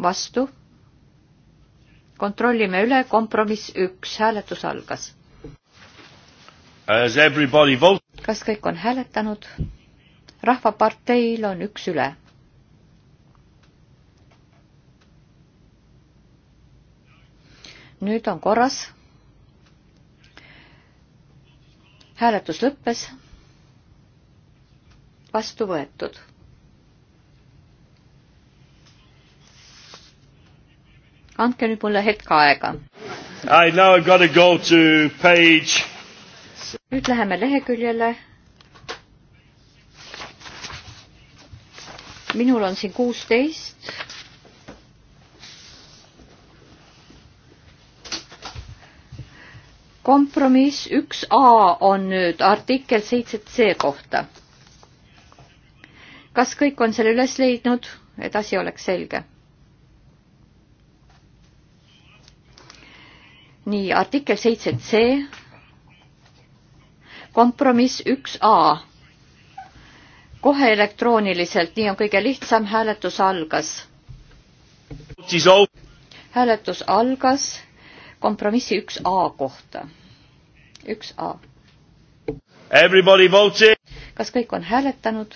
vastu. kontrollime üle, kompromiss üks, hääletus algas. kas kõik on hääletanud? rahvaparteil on üks üle. nüüd on korras. hääletus lõppes. vastu võetud andke nüüd mulle hetk aega. Go nüüd läheme leheküljele. minul on siin kuusteist. kompromiss üks A on nüüd artikkel seitse C kohta. kas kõik on selle üles leidnud, et asi oleks selge? nii artikkel seitse C, kompromiss üks A. kohe elektrooniliselt, nii on kõige lihtsam, hääletus algas. hääletus algas kompromissi üks A kohta. üks A. kas kõik on hääletanud?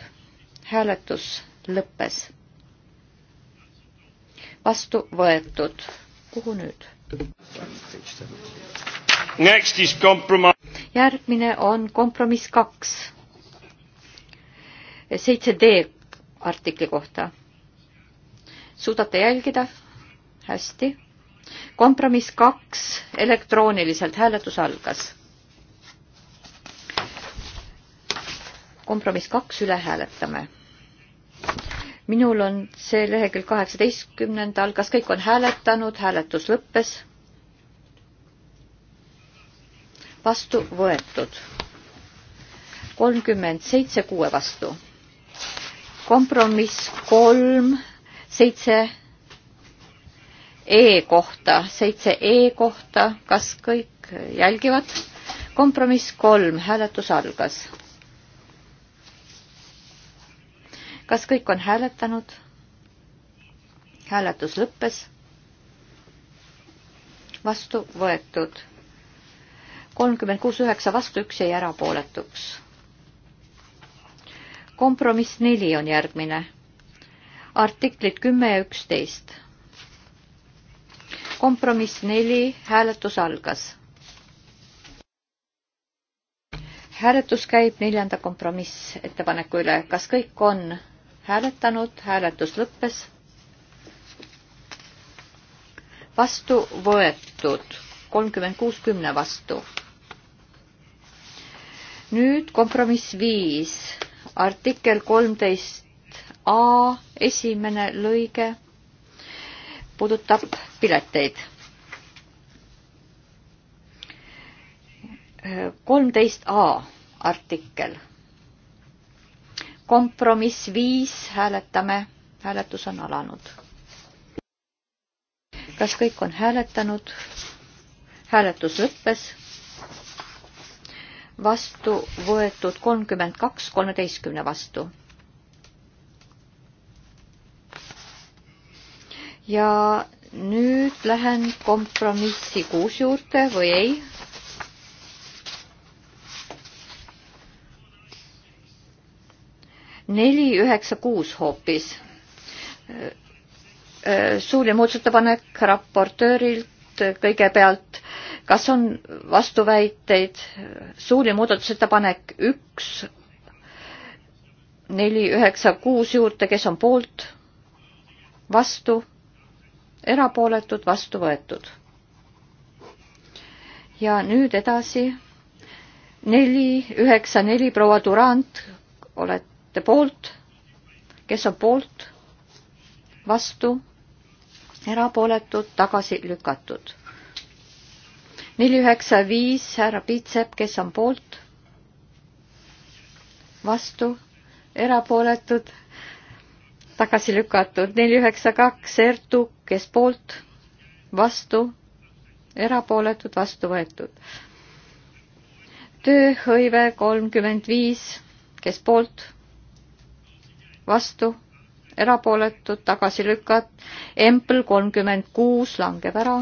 hääletus lõppes. vastu võetud. kuhu nüüd? järgmine on kompromiss kaks, seitse D artikli kohta. suudate jälgida? hästi. kompromiss kaks elektrooniliselt, hääletus algas. kompromiss kaks üle hääletame minul on see lehekülg kaheksateistkümnendal, kas kõik on hääletanud, hääletus lõppes. vastu võetud. kolmkümmend seitse kuue vastu. kompromiss kolm, seitse E kohta, seitse E kohta, kas kõik jälgivad? kompromiss kolm, hääletus algas kas kõik on hääletanud? hääletus lõppes. vastu võetud kolmkümmend kuus üheksa vastu, üks jäi erapooletuks. kompromiss neli on järgmine. artiklid kümme ja üksteist. kompromiss neli, hääletus algas. hääletus käib neljanda kompromissettepaneku üle, kas kõik on hääletanud, hääletus lõppes. vastu võetud, kolmkümmend kuus kümne vastu. nüüd kompromiss viis, artikkel kolmteist A esimene lõige puudutab pileteid. kolmteist A artikkel kompromiss viis, hääletame, hääletus on alanud. kas kõik on hääletanud? hääletus lõppes. vastu võetud kolmkümmend kaks, kolmeteistkümne vastu. ja nüüd lähen kompromissi kuus juurde või ei, neli üheksa kuus hoopis. suuline muudatusettepanek raportöörilt kõigepealt, kas on vastuväiteid, suuline muudatusettepanek üks, neli üheksa kuus juurde, kes on poolt, vastu, erapooletud, vastu võetud. ja nüüd edasi neli üheksa neli proua Durand, olete poolt, kes on poolt, vastu, erapooletud, tagasi lükatud. neli üheksa viis härra Piitsep, kes on poolt, vastu, erapooletud, tagasi lükatud. neli üheksa kaks Ertu, kes poolt, vastu, erapooletud, vastu võetud. tööhõive kolmkümmend viis, kes poolt vastu, erapooletud, tagasi lükat-, Empel kolmkümmend kuus langeb ära.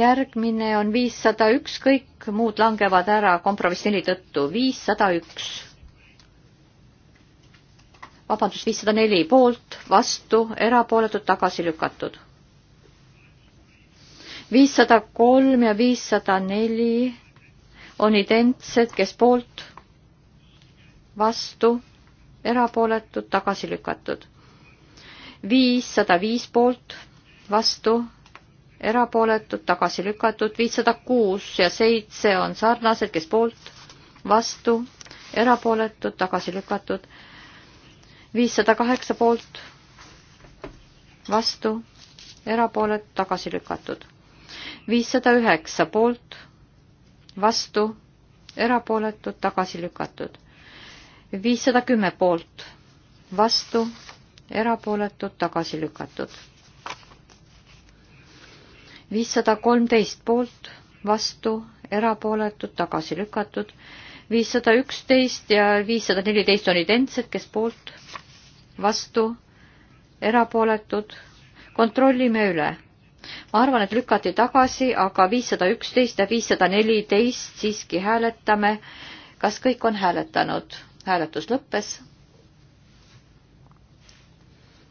järgmine on viissada üks, kõik muud langevad ära kompromiss neli tõttu, viissada üks vabandust, viissada neli poolt, vastu, erapooletud, tagasi lükatud viissada kolm ja viissada neli on identsed, kes poolt, vastu, erapooletud, tagasi lükatud. viissada viis poolt, vastu, erapooletud, tagasi lükatud, viissada kuus ja seitse on sarnased, kes poolt, vastu, erapooletud, tagasi lükatud, viissada kaheksa poolt, vastu, erapooletud, tagasi lükatud viissada üheksa poolt, vastu, erapooletud, tagasi lükatud. viissada kümme poolt, vastu, erapooletud, tagasi lükatud. viissada kolmteist poolt, vastu, erapooletud, tagasi lükatud. viissada üksteist ja viissada neliteist on identsed, kes poolt, vastu, erapooletud. kontrollime üle ma arvan, et lükati tagasi, aga viissada üksteist ja viissada neliteist siiski hääletame. kas kõik on hääletanud? hääletus lõppes.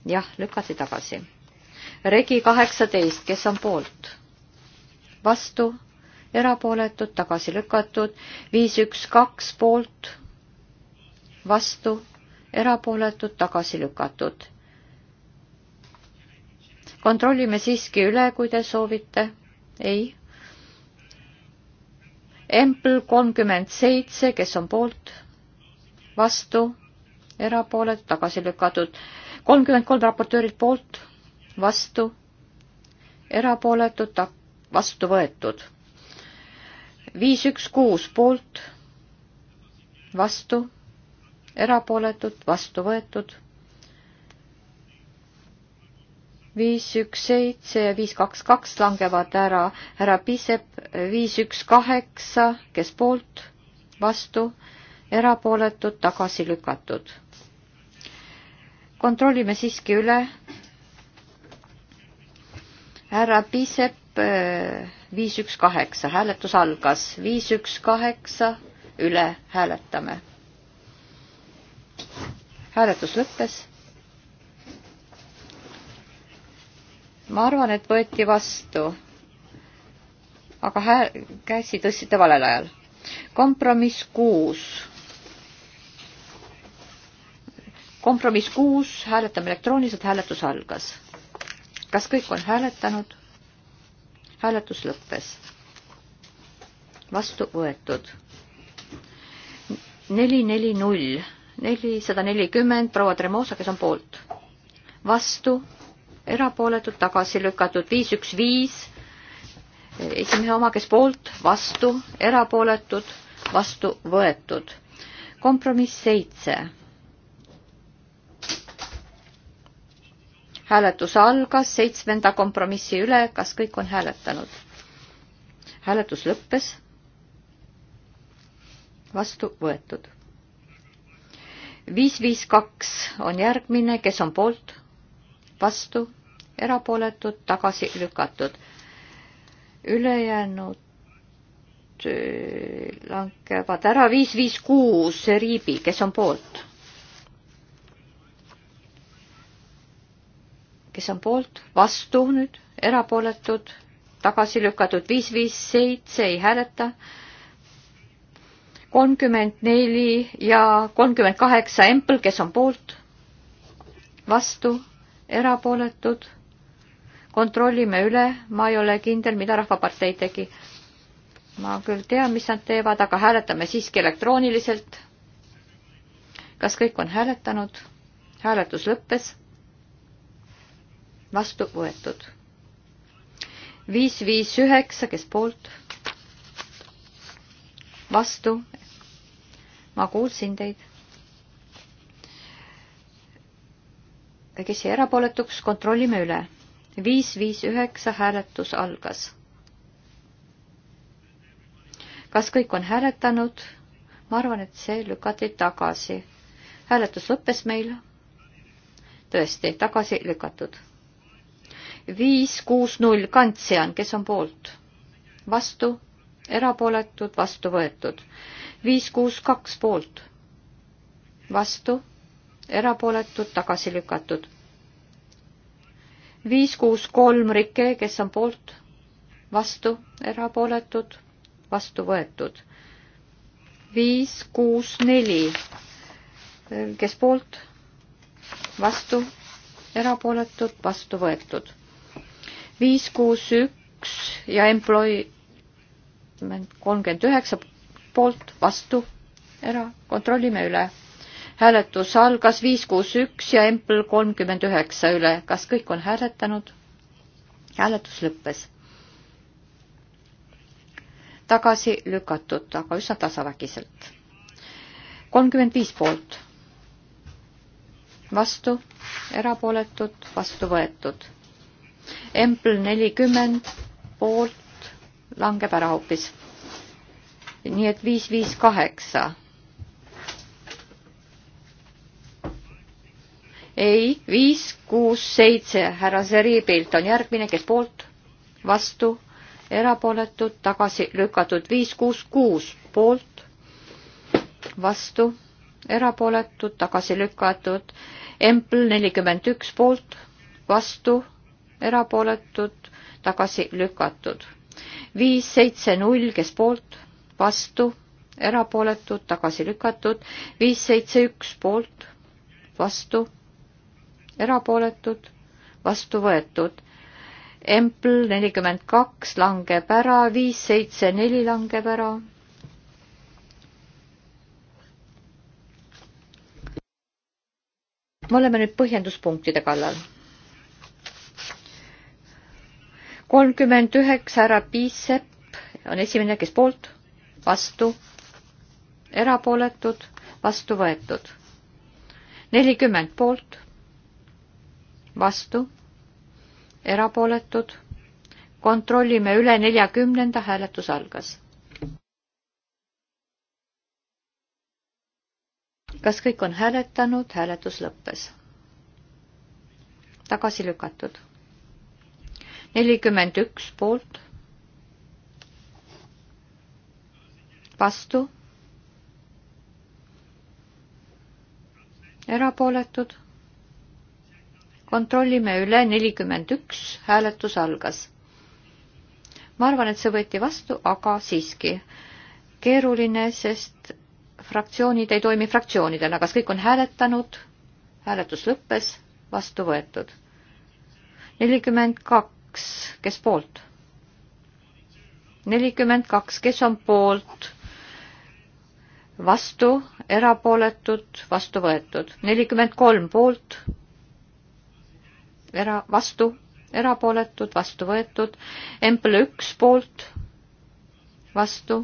jah, lükati tagasi. regi kaheksateist, kes on poolt? vastu, erapooletud, tagasi lükatud, viis, üks, kaks poolt, vastu, erapooletud, tagasi lükatud kontrollime siiski üle, kui te soovite. ei. Empl kolmkümmend seitse, kes on poolt, vastu, erapooled, tagasi lükatud. kolmkümmend kolm raportöörid poolt, vastu, erapooletud, vastu võetud. viis, üks, kuus poolt, vastu, erapooletud, vastu võetud viis, üks, seitse ja viis, kaks, kaks langevad ära. härra Pisep, viis, üks, kaheksa, kes poolt, vastu, erapooletud, tagasi lükatud. kontrollime siiski üle. härra Pisep, viis, üks, kaheksa, hääletus algas, viis, üks, kaheksa, üle hääletame. hääletus lõppes ma arvan, et võeti vastu. aga hääl, käsi tõstsite valel ajal. kompromiss kuus. kompromiss kuus, hääletame elektrooniliselt, hääletus algas. kas kõik on hääletanud? hääletus lõppes. vastu võetud. neli, neli, null, nelisada nelikümmend, proua Tremosa, kes on poolt? vastu erapooletud, tagasi lükatud, viis, üks, viis, esimehe oma, kes poolt, vastu, erapooletud, vastu võetud. kompromiss seitse. hääletus algas seitsmenda kompromissi üle, kas kõik on hääletanud? hääletus lõppes. vastu võetud. viis, viis, kaks on järgmine, kes on poolt? vastu, erapooletud, tagasi lükatud. ülejäänud äh, langevad ära viis, viis, kuus riibi, kes on poolt? kes on poolt, vastu nüüd, erapooletud, tagasi lükatud, viis, viis, seitse ei hääleta. kolmkümmend neli ja kolmkümmend kaheksa Empel, kes on poolt, vastu, erapooletud, kontrollime üle, ma ei ole kindel, mida Rahvapartei tegi. ma küll tean, mis nad teevad, aga hääletame siiski elektrooniliselt. kas kõik on hääletanud? hääletus lõppes. vastu võetud. viis, viis, üheksa, kes poolt? vastu. ma kuulsin teid kes jäi erapooletuks, kontrollime üle. viis, viis, üheksa hääletus algas. kas kõik on hääletanud? ma arvan, et see lükati tagasi. hääletus lõppes meil. tõesti, tagasi lükatud. viis, kuus, null, Kantsian, kes on poolt? vastu, erapooletud, vastu võetud. viis, kuus, kaks poolt. vastu erapooletud, tagasi lükatud. viis, kuus, kolm rike, kes on poolt, vastu, erapooletud, vastu võetud. viis, kuus, neli, kes poolt, vastu, erapooletud, vastu võetud. viis, kuus, üks ja employ kolmkümmend üheksa poolt, vastu, era, kontrollime üle hääletus algas viis, kuus, üks ja Empl kolmkümmend üheksa üle. kas kõik on hääletanud? hääletus lõppes. tagasi lükatud, aga üsna tasavägiselt. kolmkümmend viis poolt. vastu, erapooletud, vastu võetud. Empl nelikümmend poolt langeb ära hoopis. nii et viis, viis, kaheksa ei, viis, kuus, seitse härra Zeribilt on järgmine, kes poolt, vastu, erapooletud, tagasi lükatud, viis, kuus, kuus poolt, vastu, erapooletud, tagasi lükatud, Empl nelikümmend üks poolt, vastu, erapooletud, tagasi lükatud. viis, seitse, null, kes poolt, vastu, erapooletud, tagasi lükatud, viis, seitse, üks poolt, vastu erapooletud, vastu võetud. Empl nelikümmend kaks langeb ära, viis, seitse, neli langeb ära. me oleme nüüd põhjenduspunktide kallal. kolmkümmend üheksa härra Piisep on esimene, kes poolt, vastu, erapooletud, vastu võetud. nelikümmend poolt vastu, erapooletud. kontrollime üle neljakümnenda, hääletus algas. kas kõik on hääletanud, hääletus lõppes. tagasi lükatud. nelikümmend üks poolt. vastu erapooletud kontrollime üle, nelikümmend üks hääletus algas. ma arvan, et see võeti vastu, aga siiski keeruline, sest fraktsioonid ei toimi fraktsioonidena, kas kõik on hääletanud? hääletus lõppes, vastu võetud. nelikümmend kaks, kes poolt? nelikümmend kaks, kes on poolt? vastu, erapooletud, vastu võetud. nelikümmend kolm poolt era-, vastu, erapooletud, vastu võetud, Empel üks poolt, vastu,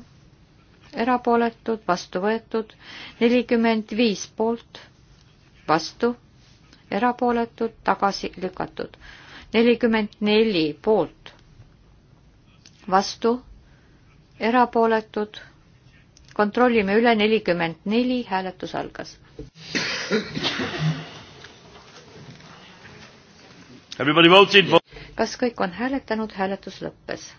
erapooletud, vastu võetud, nelikümmend viis poolt, vastu, erapooletud, tagasi lükatud, nelikümmend neli poolt, vastu, erapooletud, kontrollime üle, nelikümmend neli, hääletus algas kas kõik on hääletanud, hääletus lõppes.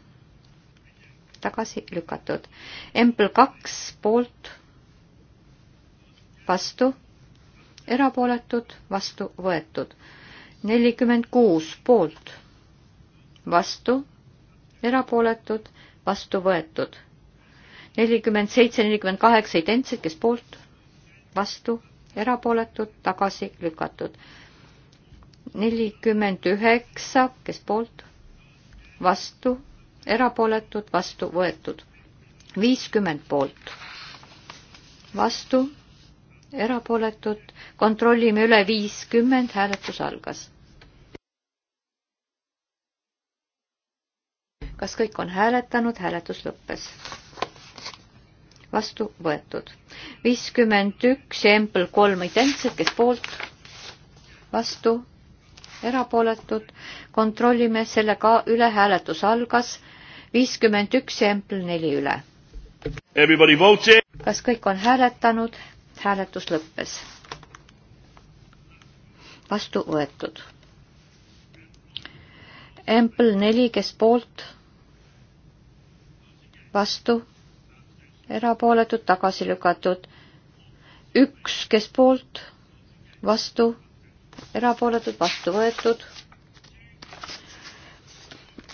tagasi lükatud. Empel kaks poolt, vastu, erapooletud, vastu võetud. nelikümmend kuus poolt, vastu, erapooletud, vastu võetud. nelikümmend seitse, nelikümmend kaheksa identsed, kes poolt, vastu, erapooletud, tagasi lükatud nelikümmend üheksa, kes poolt, vastu, erapooletud, vastu võetud. viiskümmend poolt, vastu, erapooletud, kontrollime üle viiskümmend, hääletus algas. kas kõik on hääletanud, hääletus lõppes vastu võetud. viiskümmend üks ja Empel kolm identset, kes poolt, vastu, erapooletud, kontrollime selle ka üle, hääletus algas, viiskümmend üks ja Empl neli üle. kas kõik on hääletanud? hääletus lõppes. vastu võetud. Empl neli, kes poolt? vastu? erapooletud, tagasi lükatud. üks, kes poolt? vastu? erapooletud, vastu võetud.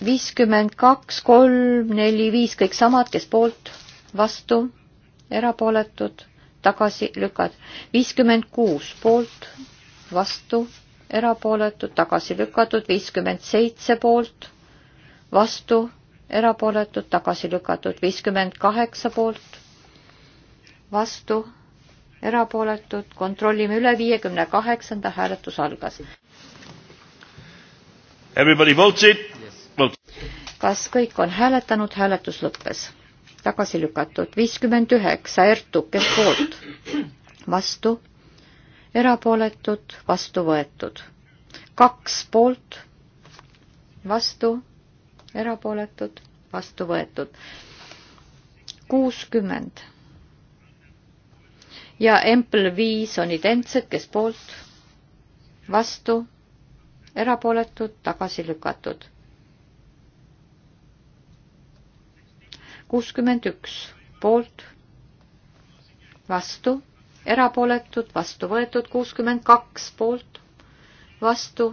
viiskümmend kaks, kolm, neli, viis, kõik samad, kes poolt, vastu, erapooletud, tagasi lükad. viiskümmend kuus poolt, vastu, erapooletud, tagasi lükatud, viiskümmend seitse poolt, vastu, erapooletud, tagasi lükatud, viiskümmend kaheksa poolt, vastu erapooletud, kontrollime üle, viiekümne kaheksanda hääletus algas. kas kõik on hääletanud, hääletus lõppes. tagasi lükatud, viiskümmend üheksa, Ertu, kes poolt? vastu, erapooletud, vastu võetud. kaks poolt, vastu, erapooletud, vastu võetud. kuuskümmend ja Empl viis on identsed, kes poolt, vastu, erapooletud, tagasi lükatud. kuuskümmend üks poolt, vastu, erapooletud, vastu võetud, kuuskümmend kaks poolt, vastu,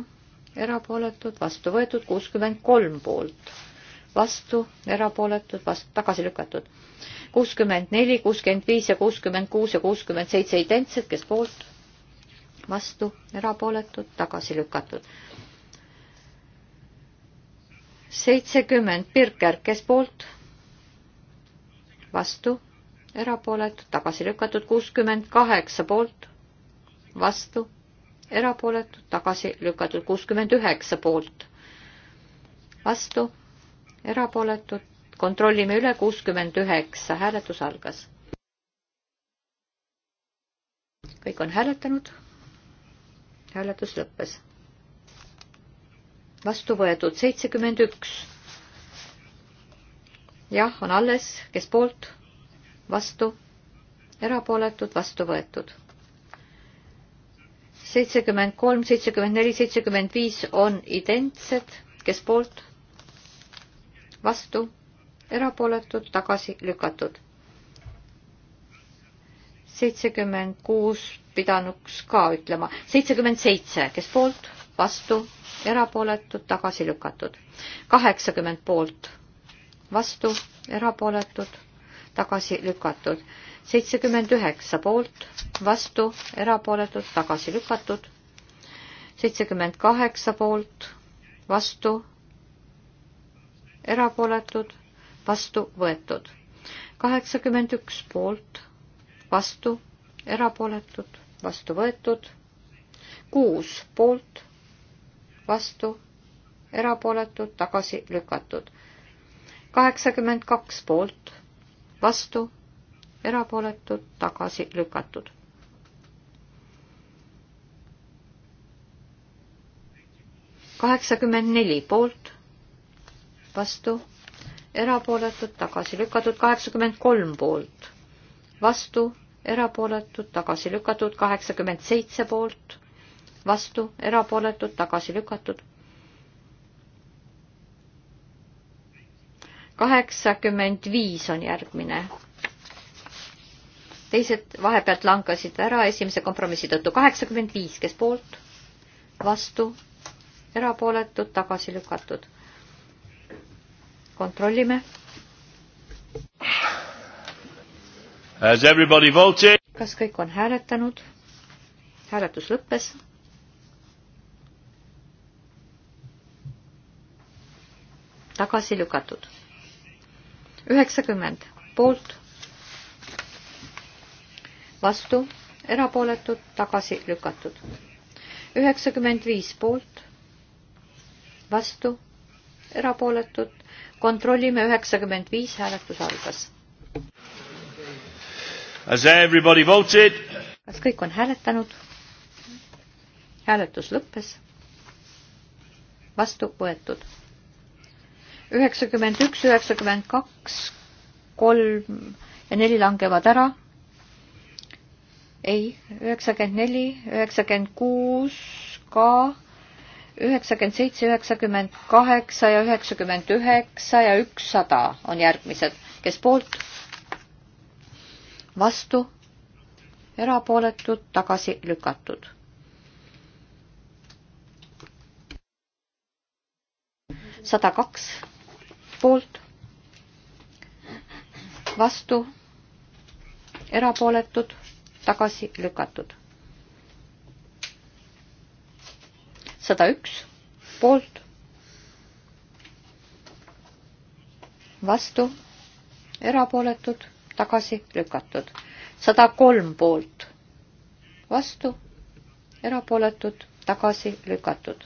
erapooletud, vastu võetud, kuuskümmend kolm poolt, vastu, erapooletud, vastu, tagasi lükatud kuuskümmend neli, kuuskümmend viis ja kuuskümmend kuus ja kuuskümmend seitse identsed, kes poolt, vastu, erapooletud, tagasi lükatud. seitsekümmend, Birker, kes poolt, vastu, erapooletud, tagasi lükatud, kuuskümmend kaheksa poolt, vastu, erapooletud, tagasi lükatud, kuuskümmend üheksa poolt, vastu, erapooletud, kontrollime üle kuuskümmend üheksa, hääletus algas. kõik on hääletanud. hääletus lõppes. vastu võetud seitsekümmend üks. jah, on alles, kes poolt, vastu, erapooletud, vastu võetud seitsekümmend kolm, seitsekümmend neli, seitsekümmend viis on identsed, kes poolt, vastu, erapooletud, tagasi lükatud. seitsekümmend kuus pidanuks ka ütlema, seitsekümmend seitse, kes poolt, vastu, erapooletud, tagasi lükatud. kaheksakümmend poolt, vastu, erapooletud, tagasi lükatud. seitsekümmend üheksa poolt, vastu, erapooletud, tagasi lükatud. seitsekümmend kaheksa poolt, vastu, erapooletud, vastu võetud. kaheksakümmend üks poolt, vastu, erapooletud, vastu võetud. kuus poolt, vastu, erapooletud, tagasi lükatud. kaheksakümmend kaks poolt, vastu, erapooletud, tagasi lükatud kaheksakümmend neli poolt, vastu, erapooletud, tagasi lükatud, kaheksakümmend kolm poolt, vastu, erapooletud, tagasi lükatud, kaheksakümmend seitse poolt, vastu, erapooletud, tagasi lükatud. kaheksakümmend viis on järgmine. teised vahepealt langesid ära esimese kompromissi tõttu. kaheksakümmend viis, kes poolt, vastu, erapooletud, tagasi lükatud kontrollime. kas kõik on hääletanud? hääletus lõppes. tagasi lükatud. üheksakümmend poolt, vastu, erapooletud, tagasi lükatud. üheksakümmend viis poolt, vastu erapooletud. kontrollime üheksakümmend viis, hääletus algas. kas kõik on hääletanud? hääletus lõppes. vastu võetud. üheksakümmend üks, üheksakümmend kaks, kolm ja neli langevad ära ei, üheksakümmend neli, üheksakümmend kuus ka üheksakümmend seitse, üheksakümmend kaheksa ja üheksakümmend üheksa ja ükssada on järgmised, kes poolt, vastu, erapooletud, tagasi lükatud. sada kaks poolt, vastu, erapooletud, tagasi lükatud sada üks poolt, vastu, erapooletud, tagasi lükatud. sada kolm poolt, vastu, erapooletud, tagasi lükatud.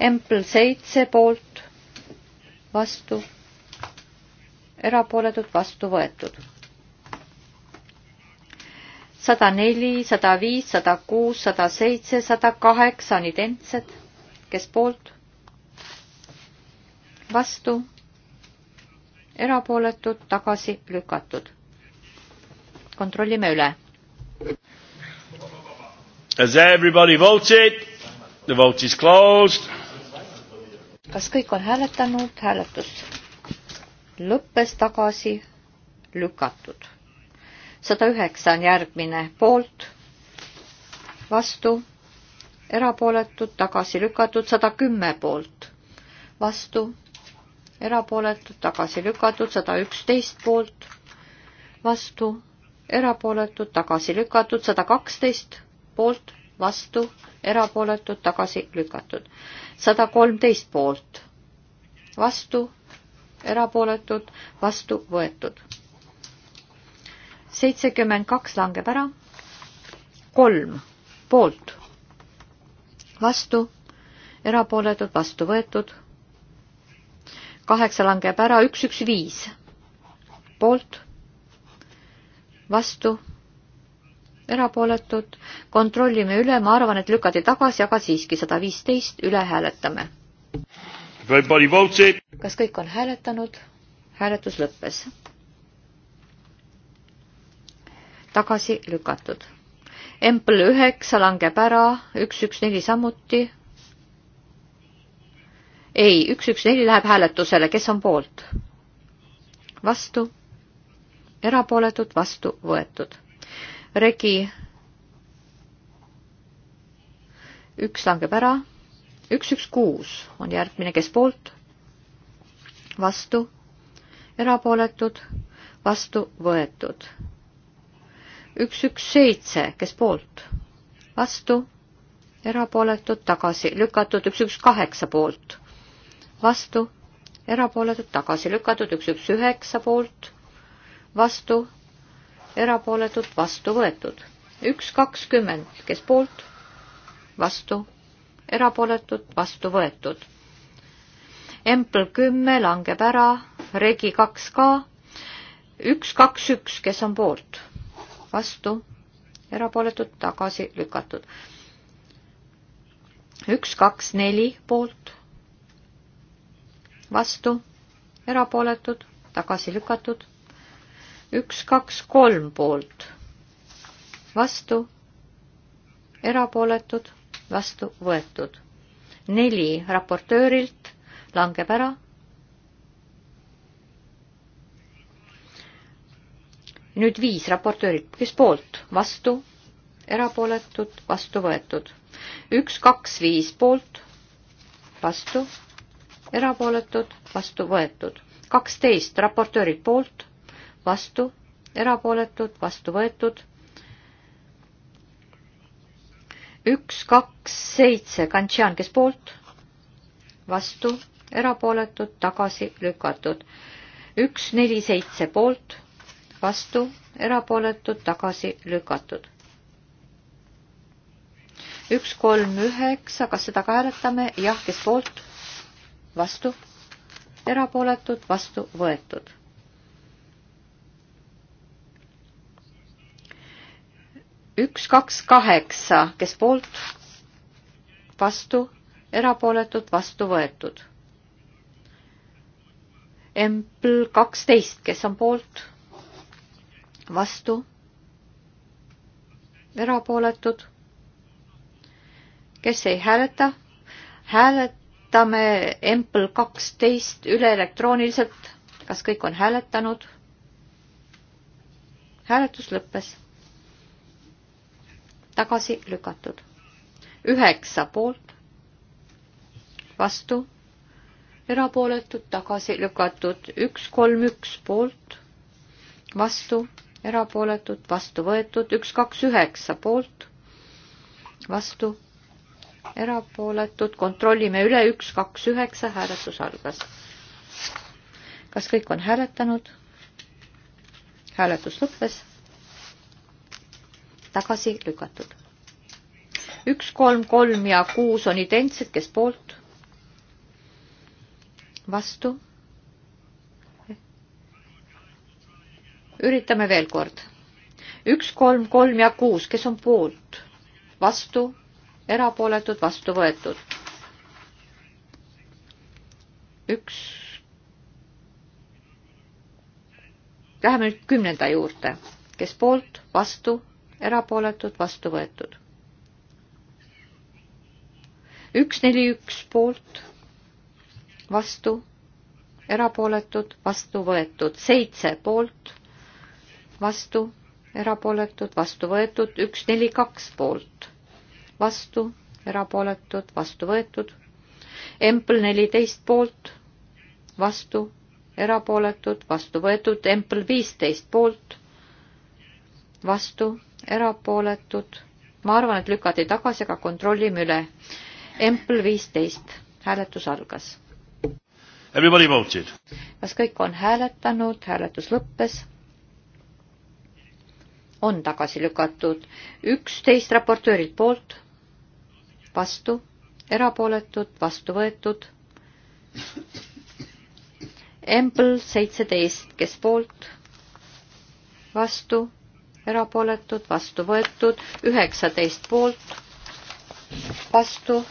Empl seitse poolt, vastu, erapooletud, vastu võetud sada neli, sada viis, sada kuus, sada seitse, sada kaheksa on identsed, kes poolt, vastu, erapooletud, tagasi lükatud. kontrollime üle. Has everybody voted? The vote is closed. kas kõik on hääletanud? hääletus lõppes tagasi lükatud sada üheksa on järgmine poolt, vastu, erapooletud, tagasi lükatud, sada kümme poolt, vastu, erapooletud, tagasi lükatud, sada üksteist poolt, vastu, erapooletud, tagasi lükatud, sada kaksteist poolt, vastu, erapooletud, tagasi lükatud, sada kolmteist poolt, vastu, erapooletud, vastu võetud seitsekümmend kaks langeb ära. kolm poolt, vastu, erapooletud, vastu võetud. kaheksa langeb ära, üks, üks, viis poolt, vastu, erapooletud. kontrollime üle, ma arvan, et lükati tagasi, aga siiski sada viisteist üle hääletame. kas kõik on hääletanud? hääletus lõppes tagasi lükatud. Empl üheksa langeb ära, üks, üks, neli samuti. ei, üks, üks, neli läheb hääletusele, kes on poolt? vastu, erapooletud, vastu võetud. regi üks langeb ära, üks, üks, kuus on järgmine, kes poolt? vastu, erapooletud, vastu võetud üks, üks, seitse, kes poolt? vastu, erapooletud, tagasi lükatud, üks, üks, kaheksa poolt. vastu, erapooletud, tagasi lükatud, üks, üks, üheksa poolt. vastu, erapooletud, vastu võetud. üks, kakskümmend, kes poolt? vastu, erapooletud, vastu võetud. Empl kümme langeb ära, regi kaks ka, üks, kaks, üks, kes on poolt vastu, erapooletud, tagasi lükatud. üks, kaks, neli poolt, vastu, erapooletud, tagasi lükatud. üks, kaks, kolm poolt, vastu, erapooletud, vastu võetud. neli raportöörilt langeb ära nüüd viis raportöörid, kes poolt, vastu, erapooletud, vastu võetud. üks, kaks, viis poolt, vastu, erapooletud, vastu võetud. kaksteist raportöörid poolt, vastu, erapooletud, vastu võetud. üks, kaks, seitse, Kantšan, kes poolt, vastu, erapooletud, tagasi lükatud. üks, neli, seitse poolt vastu, erapooletud, tagasi lükatud. üks, kolm, üheksa, kas seda ka hääletame? jah, kes poolt? vastu, erapooletud, vastu võetud. üks, kaks, kaheksa, kes poolt? vastu, erapooletud, vastu võetud. Empl kaksteist, kes on poolt? vastu, erapooletud. kes ei hääleta, hääletame Empel kaksteist üle elektrooniliselt. kas kõik on hääletanud? hääletus lõppes. tagasi lükatud. üheksa poolt, vastu, erapooletud, tagasi lükatud, üks, kolm, üks poolt, vastu erapooletud, vastu võetud, üks, kaks, üheksa poolt, vastu, erapooletud, kontrollime üle, üks, kaks, üheksa, hääletus algas. kas kõik on hääletanud? hääletus lõppes. tagasi lükatud. üks, kolm, kolm ja kuus on identsed, kes poolt? vastu üritame veel kord. üks, kolm, kolm ja kuus, kes on poolt, vastu, erapooletud, vastu võetud. üks. Läheme nüüd kümnenda juurde, kes poolt, vastu, erapooletud, vastu võetud. üks, neli, üks poolt, vastu, erapooletud, vastu võetud, seitse poolt vastu, erapooletud, vastu võetud, üks, neli, kaks poolt, vastu, erapooletud, vastu võetud, Empel neliteist poolt, vastu, erapooletud, vastu võetud, Empel viisteist poolt, vastu, erapooletud, ma arvan, et lükati tagasi, aga kontrollime üle. Empel viisteist, hääletus algas. kas kõik on hääletanud, hääletus lõppes on tagasi lükatud. üksteist raportöörilt poolt, vastu, erapooletud, vastu võetud. Embl seitseteist, kes poolt, vastu, erapooletud, vastu võetud, üheksateist poolt, vastu,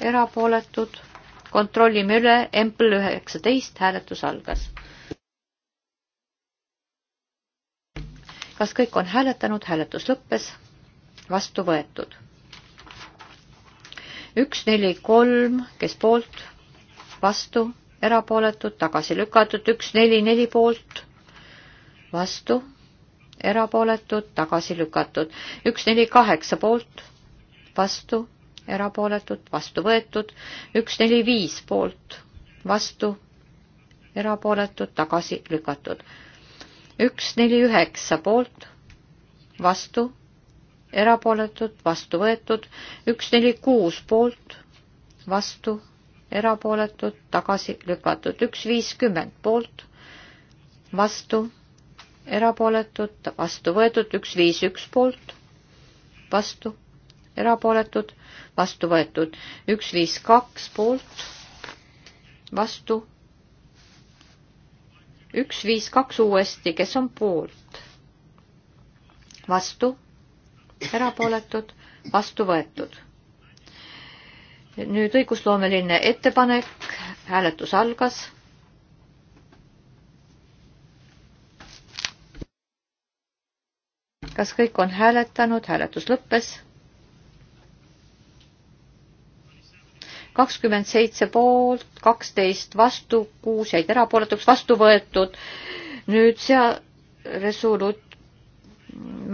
erapooletud. kontrollime üle, Embl üheksateist, hääletus algas kas kõik on hääletanud, hääletus lõppes, vastu võetud. üks, neli, kolm, kes poolt, vastu, erapooletud, tagasi lükatud, üks, neli, neli poolt, vastu, erapooletud, tagasi lükatud, üks, neli, kaheksa poolt, vastu, erapooletud, vastu võetud, üks, neli, viis poolt, vastu, erapooletud, tagasi lükatud üks, neli, üheksa poolt, vastu, erapooletud, vastu võetud, üks, neli, kuus poolt, vastu, erapooletud, tagasi lükatud, üks, viiskümmend poolt, vastu, erapooletud, vastu võetud, üks, viis, üks poolt, vastu, erapooletud, vastu võetud, üks, viis, kaks poolt, vastu üks, viis, kaks uuesti, kes on poolt? vastu, erapooletud, vastu võetud. nüüd õigusloomeline ettepanek, hääletus algas. kas kõik on hääletanud, hääletus lõppes kakskümmend seitse poolt, kaksteist vastu, kuus jäid erapooletuks, vastu võetud. nüüd seal resoluut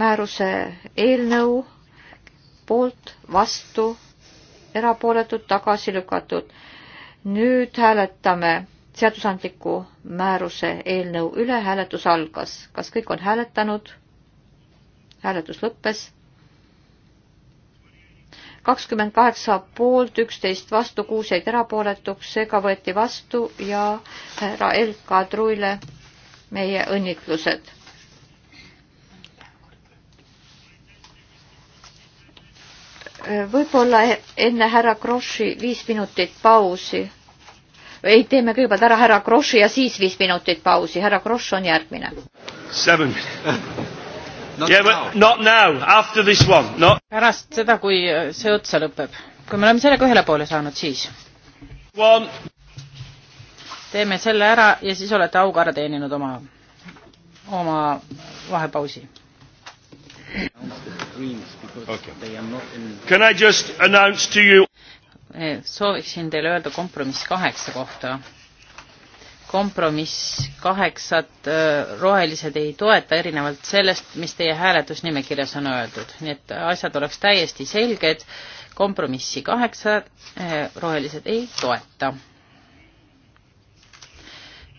määruse eelnõu poolt, vastu, erapooletud, tagasi lükatud. nüüd hääletame seadusandliku määruse eelnõu üle, hääletus algas. kas kõik on hääletanud? hääletus lõppes kakskümmend kaheksa poolt, üksteist vastu, kuus jäid erapooletuks, seega võeti vastu ja härra Elka Truile meie õnnitlused. võib-olla enne härra Kroshi viis minutit pausi. ei, teeme kõigepealt ära härra Kroshi ja siis viis minutit pausi, härra Krosh on järgmine. Seven minutes. Not yeah, now. Not now, after this one, not. pärast seda, kui äh, see otsa lõpeb, kui me oleme sellega ühele poole saanud, siis. One. teeme selle ära ja siis olete auga ära teeninud oma, oma vahepausi. Okay. Can I just announce to you? Eh, sooviksin teile öelda kompromiss kaheksa kohta kompromiss kaheksat rohelised ei toeta, erinevalt sellest, mis teie hääletusnimekirjas on öeldud. nii et asjad oleks täiesti selged, kompromissi kaheksa rohelised ei toeta.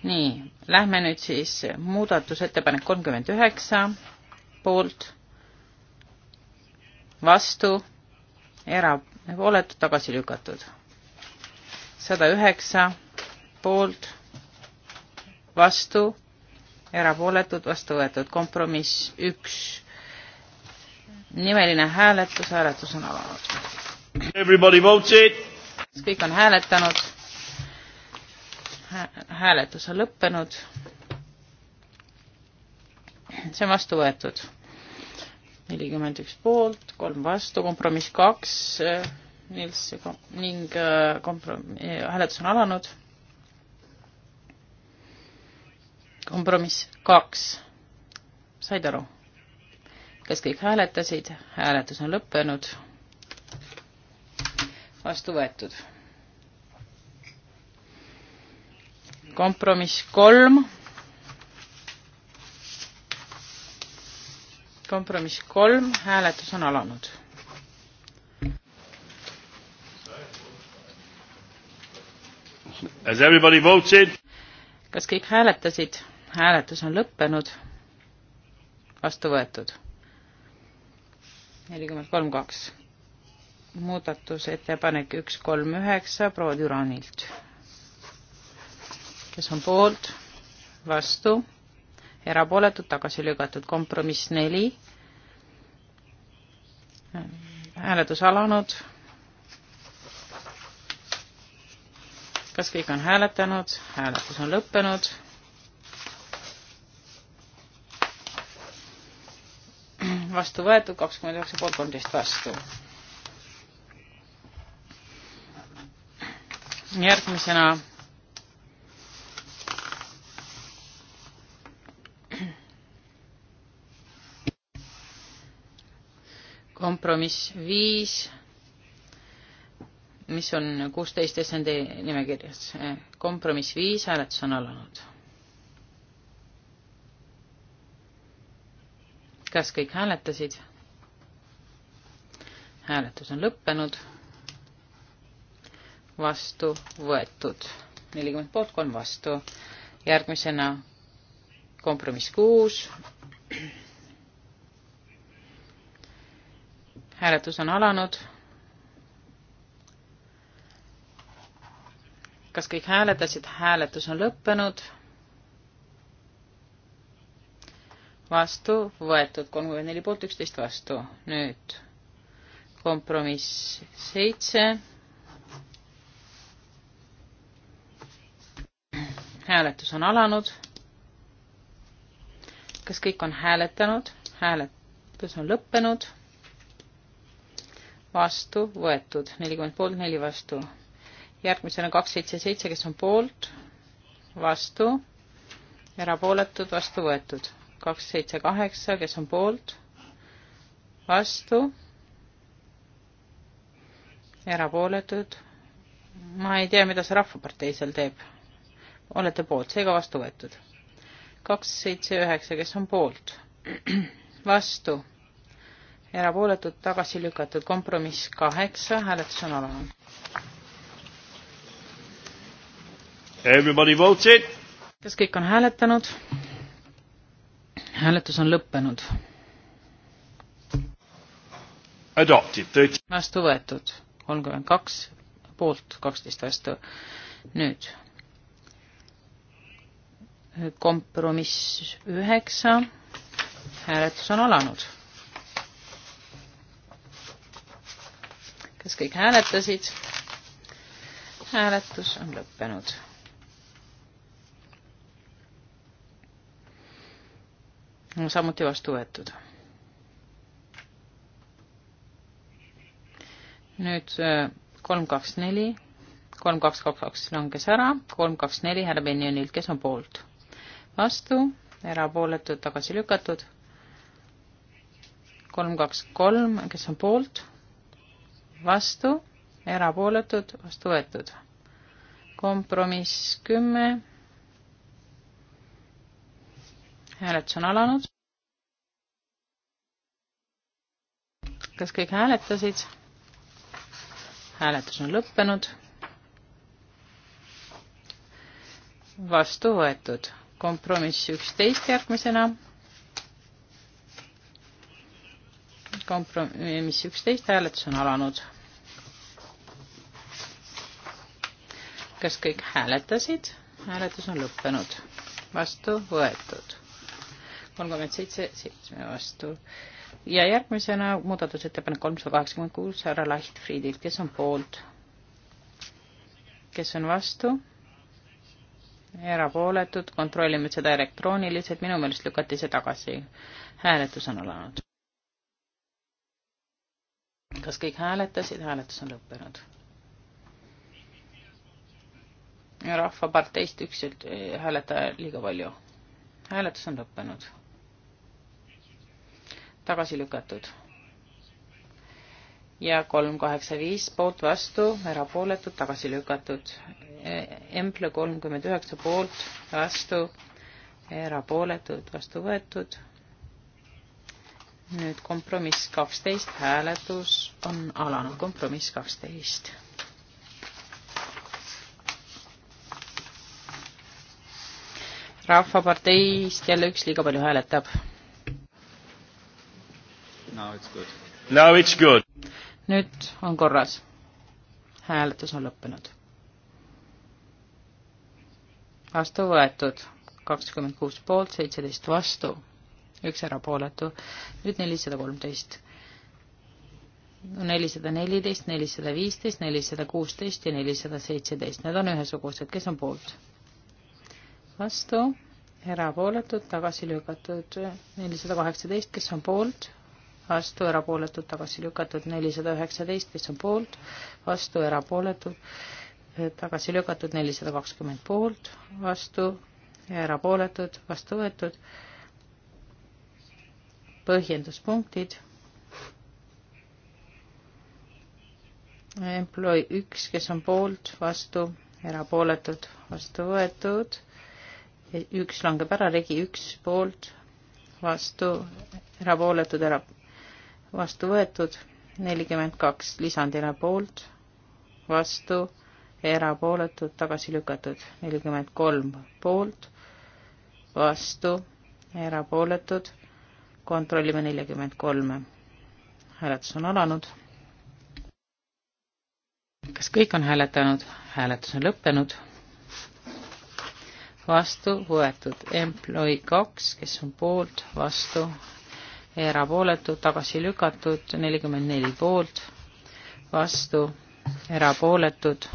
nii, lähme nüüd siis muudatusettepanek kolmkümmend üheksa poolt, vastu, erapooletud, tagasi lükatud. sada üheksa poolt vastu, erapooletud, vastu võetud, kompromiss üks. nimeline hääletus, hääletus on alanud. Everybody voted. kõik on hääletanud. hääletus on lõppenud. see on vastu võetud. nelikümmend üks poolt, kolm vastu, kompromiss kaks eh, Nils ning eh, komprom-, eh, hääletus on alanud kompromiss kaks. said aru? kas kõik hääletasid? hääletus on lõppenud. vastu võetud. kompromiss kolm. kompromiss kolm, hääletus on alanud Has everybody voted? kas kõik hääletasid? hääletus on lõppenud, vastu võetud. nelikümmend kolm, kaks. muudatusettepanek üks, kolm, üheksa proua Türanilt. kes on poolt, vastu, erapooletud, tagasi lükatud, kompromiss neli hääletus alanud. kas kõik on hääletanud? hääletus on lõppenud. vastu võetud, kakskümmend üheksa poolt, kolmteist vastu. järgmisena kompromiss viis, mis on kuusteist SND nimekirjas. kompromiss viis, hääletus on alanud kas kõik hääletasid? hääletus on lõppenud. vastu võetud. nelikümmend poolt, kolm vastu. järgmisena kompromiss kuus. hääletus on alanud. kas kõik hääletasid? hääletus on lõppenud vastu võetud, kolmkümmend neli poolt, üksteist vastu. nüüd kompromiss seitse. hääletus on alanud. kas kõik on hääletanud? hääletus on lõppenud. vastu võetud, nelikümmend poolt, neli vastu. järgmisena kaks, seitse, seitse, kes on poolt, vastu, erapooletud, vastu võetud kaks, seitse, kaheksa, kes on poolt, vastu, erapooletud. ma ei tea, mida see Rahvapartei seal teeb. olete poolt, seega vastu võetud. kaks, seitse, üheksa, kes on poolt, vastu, erapooletud, tagasi lükatud, kompromiss kaheksa, hääletus on alanud. Everybody votes it. kas kõik on hääletanud? hääletus on lõppenud. vastu võetud kolmkümmend kaks poolt, kaksteist vastu. nüüd kompromiss üheksa, hääletus on alanud. kas kõik hääletasid? hääletus on lõppenud on samuti vastu võetud. nüüd äh, kolm, kaks, neli, kolm, kaks, kaks, kaks langes ära, kolm, kaks, neli härra Benjonilt, kes on poolt? vastu, erapooletud, tagasi lükatud. kolm, kaks, kolm, kes on poolt? vastu, erapooletud, vastu võetud. kompromiss kümme hääletus on alanud. kas kõik hääletasid? hääletus on lõppenud. vastu võetud. kompromiss üksteist järgmisena. kompromiss üksteist, hääletus on alanud. kas kõik hääletasid? hääletus on lõppenud. vastu võetud kolmkümmend seitse, seitsme vastu. ja järgmisena muudatusettepanek kolmsada kaheksakümmend kuus härra Lahtfriidilt, kes on poolt? kes on vastu? erapooletud, kontrollime seda elektrooniliselt, minu meelest lükati see tagasi. hääletus on alanud. kas kõik hääletasid, hääletus on lõppenud? rahvaparteist üks eh, hääletaja liiga palju. hääletus on lõppenud tagasi lükatud. ja kolm kaheksa viis poolt vastu, erapooletud, tagasi lükatud. E, Emple kolmkümmend üheksa poolt vastu, erapooletud, vastu võetud. nüüd kompromiss kaksteist, hääletus on alanud, kompromiss kaksteist rahvaparteist jälle üks liiga palju hääletab nüüd on korras. hääletus on lõppenud. vastu võetud kakskümmend kuus poolt, seitseteist vastu, üks erapooletu, nüüd nelisada kolmteist nelisada neliteist, nelisada viisteist, nelisada kuusteist ja nelisada seitseteist, need on ühesugused, kes on poolt? vastu, erapooletud, tagasi lükatud nelisada kaheksateist, kes on poolt, vastu, erapooletud, tagasi lükatud nelisada üheksateist, kes on poolt, vastu, erapooletud, tagasi lükatud nelisada kakskümmend poolt, vastu, erapooletud, vastu võetud, põhjenduspunktid, employ üks, kes on poolt, vastu, erapooletud, vastu võetud, üks langeb ära, regi üks poolt, vastu, erapooletud, erapooletud, vastu võetud, nelikümmend kaks lisandina poolt, vastu, erapooletud, tagasi lükatud, nelikümmend kolm poolt, vastu, erapooletud, kontrollime neljakümmend kolme. hääletus on alanud. kas kõik on hääletanud? hääletus on lõppenud. vastu võetud employee kaks, kes on poolt, vastu, erapooletud, tagasi lükatud, nelikümmend neli poolt, vastu, erapooletud,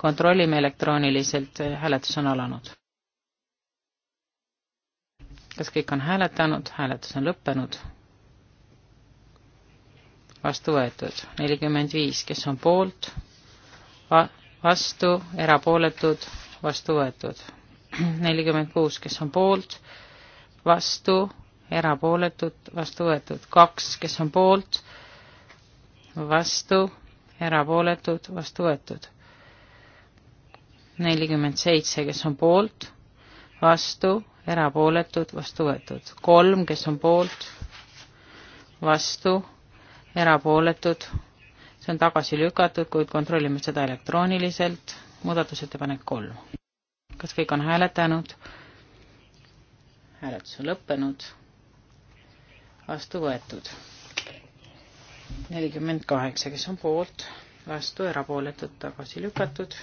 kontrollime elektrooniliselt, hääletus on alanud. kas kõik on hääletanud, hääletus on lõppenud? vastu võetud, nelikümmend viis, kes on poolt, vastu, erapooletud, vastu võetud, nelikümmend kuus, kes on poolt, vastu, erapooletud, vastu võetud. kaks, kes on poolt, vastu, erapooletud, vastu võetud. nelikümmend seitse, kes on poolt, vastu, erapooletud, vastu võetud. kolm, kes on poolt, vastu, erapooletud, see on tagasi lükatud, kuid kontrollime seda elektrooniliselt. muudatusettepanek kolm. kas kõik on hääletanud? hääletus on lõppenud vastu võetud. nelikümmend kaheksa, kes on poolt, vastu, erapooletud, tagasi lükatud.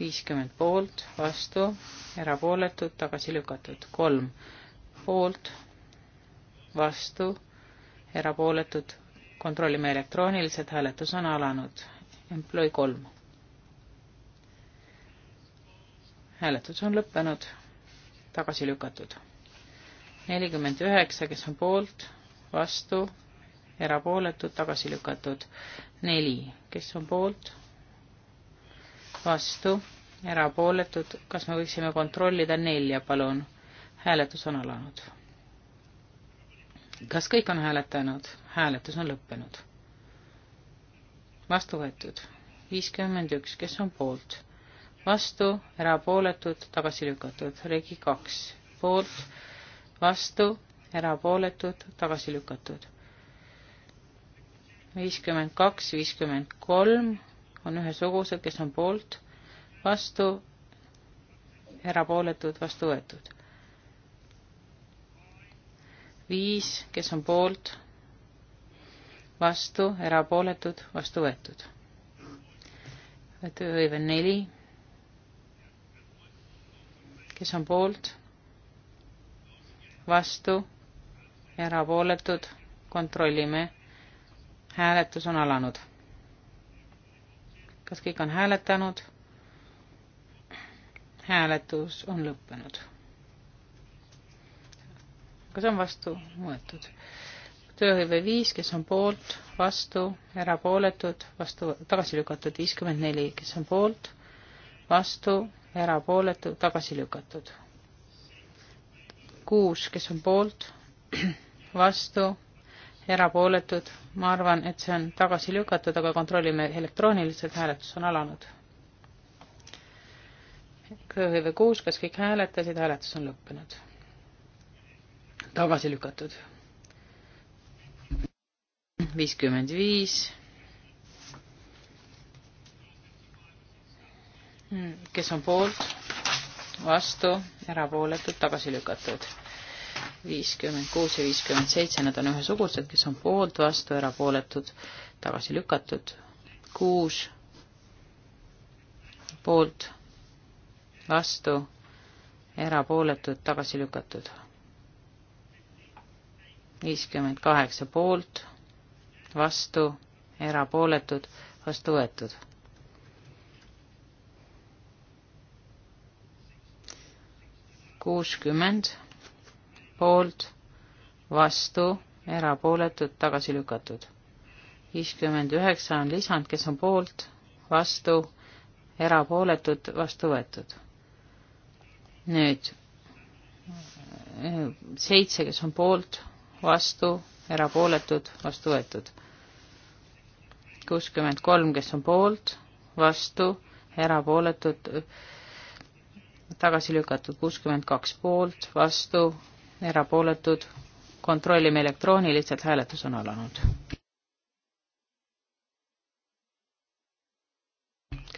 viiskümmend poolt, vastu, erapooletud, tagasi lükatud. kolm poolt, vastu, erapooletud. kontrollime elektrooniliselt, hääletus on alanud. Employ kolm. hääletus on lõppenud, tagasi lükatud nelikümmend üheksa, kes on poolt, vastu, erapooletud, tagasi lükatud. neli, kes on poolt, vastu, erapooletud, kas me võiksime kontrollida nelja, palun? hääletus on alanud. kas kõik on hääletanud? hääletus on lõppenud. vastu võetud viiskümmend üks, kes on poolt, vastu, erapooletud, tagasi lükatud, regi kaks, poolt vastu, erapooletud, tagasi lükatud. viiskümmend kaks, viiskümmend kolm on ühesugused, kes on poolt, vastu, erapooletud, vastu võetud. viis, kes on poolt, vastu, erapooletud, vastu võetud. tööhõive neli, kes on poolt vastu, erapooletud, kontrollime. hääletus on alanud. kas kõik on hääletanud? hääletus on lõppenud. kas on vastu võetud? tööhõive viis, kes on poolt, vastu, erapooletud, vastu, tagasi lükatud, viiskümmend neli, kes on poolt, vastu, erapooletu, tagasi lükatud kuus, kes on poolt, vastu, erapooletud, ma arvan, et see on tagasi lükatud, aga kontrollime elektrooniliselt, hääletus on alanud. KHV kuus, kas kõik hääletasid, hääletus on lõppenud. tagasi lükatud. viiskümmend viis. Hmm, kes on poolt? vastu, erapooletud, tagasi lükatud viiskümmend kuus ja viiskümmend seitse, nad on ühesugused, kes on poolt, vastu, erapooletud, tagasi lükatud. kuus poolt, vastu, erapooletud, tagasi lükatud. viiskümmend kaheksa poolt, vastu, erapooletud, vastu võetud kuuskümmend poolt, vastu, erapooletud, tagasi lükatud. viiskümmend üheksa on lisand, kes on poolt, vastu, erapooletud, vastu võetud. nüüd seitse, kes on poolt, vastu, erapooletud, vastu võetud. kuuskümmend kolm, kes on poolt, vastu, erapooletud, tagasi lükatud, kuuskümmend kaks poolt, vastu, erapooletud, kontrollime elektrooniliselt, hääletus on alanud.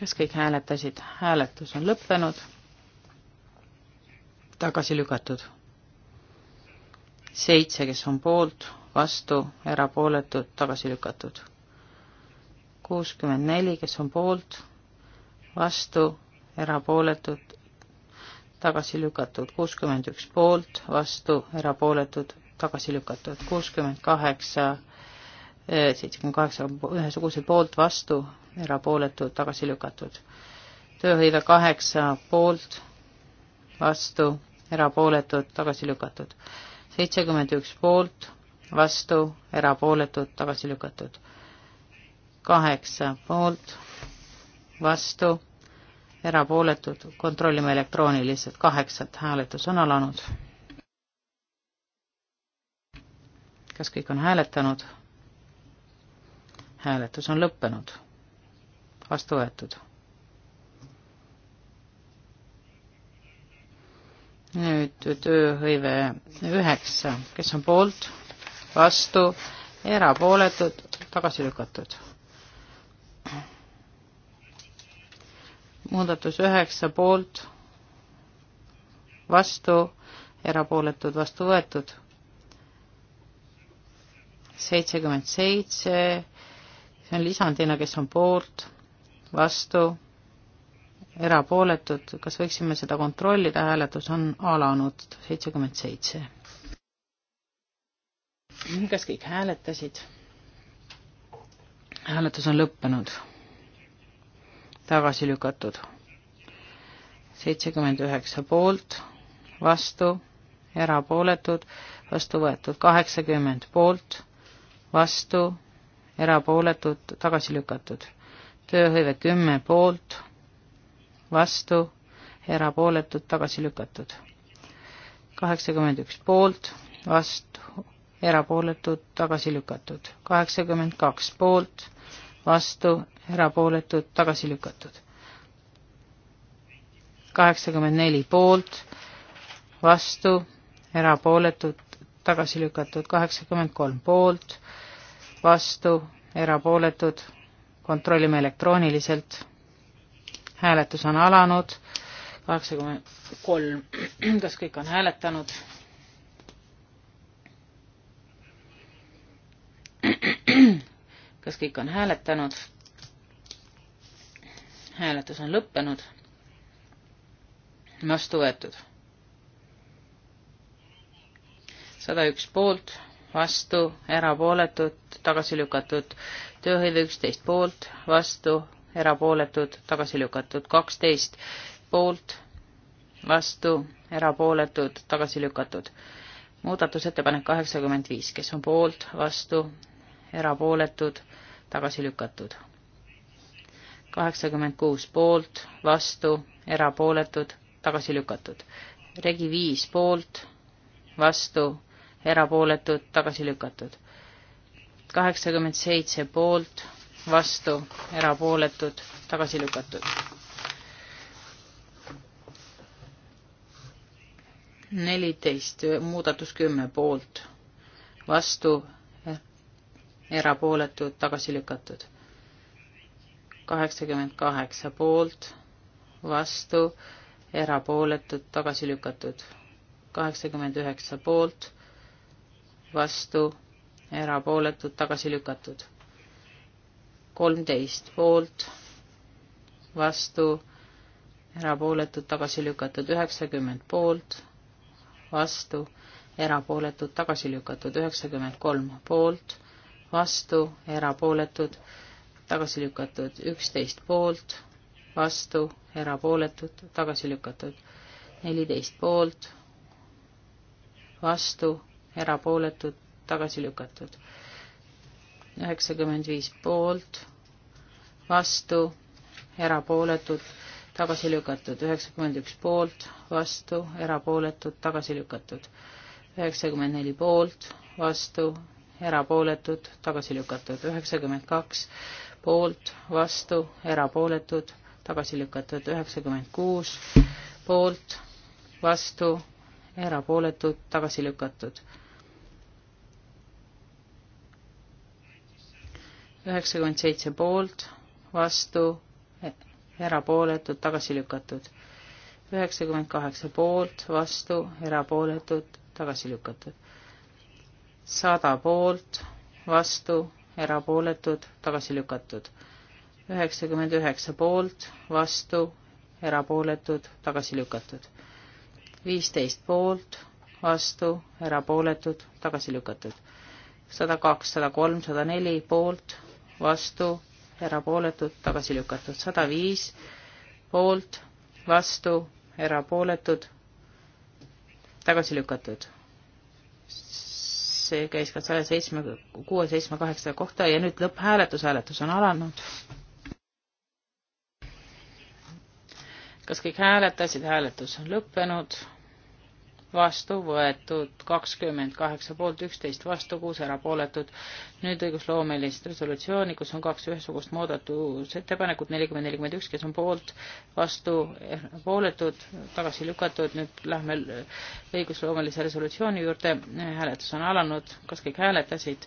kas kõik hääletasid? hääletus on lõppenud, tagasi lükatud. seitse, kes on poolt, vastu, erapooletud, tagasi lükatud. kuuskümmend neli, kes on poolt, vastu, erapooletud, tagasi lükatud, kuuskümmend üks poolt, vastu, erapooletud, tagasi lükatud, kuuskümmend kaheksa, eh, seitsekümmend kaheksa ühesugused poolt, vastu, erapooletud, tagasi lükatud. tööhõive kaheksa poolt, vastu, erapooletud, tagasi lükatud. seitsekümmend üks poolt, vastu, erapooletud, tagasi lükatud. kaheksa poolt, vastu erapooletud, kontrollime elektrooniliselt, kaheksat hääletus on alanud. kas kõik on hääletanud? hääletus on lõppenud, vastu võetud. nüüd tööhõive üheksa, kes on poolt, vastu, erapooletud, tagasi lükatud muudatus üheksa poolt, vastu, erapooletud, vastu võetud. seitsekümmend seitse, see on lisandina, kes on poolt, vastu, erapooletud, kas võiksime seda kontrollida, hääletus on alanud, seitsekümmend seitse. kas kõik hääletasid? hääletus on lõppenud tagasi lükatud. seitsekümmend üheksa poolt, vastu, erapooletud, vastu võetud kaheksakümmend poolt, vastu, erapooletud, tagasi lükatud. tööhõive kümme poolt, vastu, erapooletud, tagasi lükatud. kaheksakümmend üks poolt, vastu, erapooletud, tagasi lükatud. kaheksakümmend kaks poolt, vastu, erapooletud, tagasi lükatud. kaheksakümmend neli poolt, vastu, erapooletud, tagasi lükatud, kaheksakümmend kolm poolt, vastu, erapooletud, kontrollime elektrooniliselt. hääletus on alanud, kaheksakümmend kolm, kas kõik on hääletanud? kas kõik on hääletanud? hääletus on lõppenud. vastu võetud. sada üks poolt, vastu, erapooletud, tagasi lükatud. tööhõive üksteist poolt, vastu, erapooletud, tagasi lükatud. kaksteist poolt, vastu, erapooletud, tagasi lükatud. muudatusettepanek kaheksakümmend viis, kes on poolt, vastu, erapooletud, tagasi lükatud kaheksakümmend kuus poolt, vastu, erapooletud, tagasi lükatud. regi viis poolt, vastu, erapooletud, tagasi lükatud. kaheksakümmend seitse poolt, vastu, erapooletud, tagasi lükatud. neliteist, muudatus kümme poolt, vastu, erapooletud, tagasi lükatud kaheksakümmend kaheksa poolt, vastu, erapooletud, tagasi lükatud. kaheksakümmend üheksa poolt, vastu, erapooletud, tagasi lükatud. kolmteist poolt, vastu, erapooletud, tagasi lükatud. üheksakümmend poolt, vastu, erapooletud, tagasi lükatud. üheksakümmend kolm poolt, vastu, erapooletud tagasi lükatud, üksteist poolt, vastu, erapooletud, tagasi lükatud, neliteist poolt, vastu, erapooletud, tagasi lükatud, üheksakümmend viis poolt, vastu, erapooletud, tagasi lükatud, üheksakümmend üks poolt, vastu, erapooletud, tagasi lükatud, üheksakümmend neli poolt, vastu, erapooletud, tagasi lükatud, üheksakümmend kaks poolt, vastu, erapooletud, tagasi lükatud üheksakümmend kuus, poolt, vastu, erapooletud, tagasi lükatud. üheksakümmend seitse poolt, vastu, erapooletud, tagasi lükatud. üheksakümmend kaheksa poolt, vastu, erapooletud, tagasi lükatud. sada poolt, vastu, erapooletud, tagasi lükatud. üheksakümmend üheksa poolt, vastu, erapooletud, tagasi lükatud. viisteist poolt, vastu, erapooletud, tagasi lükatud. sada kaks, sada kolm, sada neli poolt, vastu, erapooletud, tagasi lükatud. sada viis poolt, vastu, erapooletud, tagasi lükatud see käis ka saja seitsme, kuue, seitsme, kaheksa kohta ja nüüd lõpphääletus, hääletus on alanud. kas kõik hääletasid, hääletus on lõppenud vastu võetud, kakskümmend kaheksa poolt, üksteist vastu, kuus erapooletut. nüüd õigusloomelist resolutsiooni, kus on kaks ühesugust muudatusettepanekut, nelikümmend, nelikümmend üks, kes on poolt, vastu, erapooletud, tagasi lükatud, nüüd lähme õigusloomelise resolutsiooni juurde, hääletus on alanud, kas kõik hääletasid?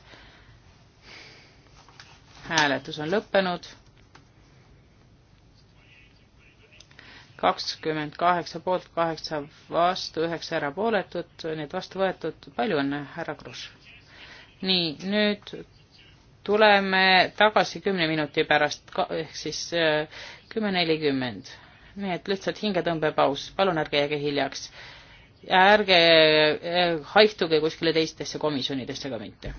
hääletus on lõppenud kakskümmend kaheksa poolt, kaheksa vastu, üheksa erapooletut, need vastu võetud, palju õnne, härra Kruš. nii, nüüd tuleme tagasi kümne minuti pärast, ehk siis äh, kümme nelikümmend. nii et lihtsalt hingetõmbepaus, palun ärge jääge hiljaks. ja ärge äh, haihtuge kuskile teistesse komisjonidesse ka mitte.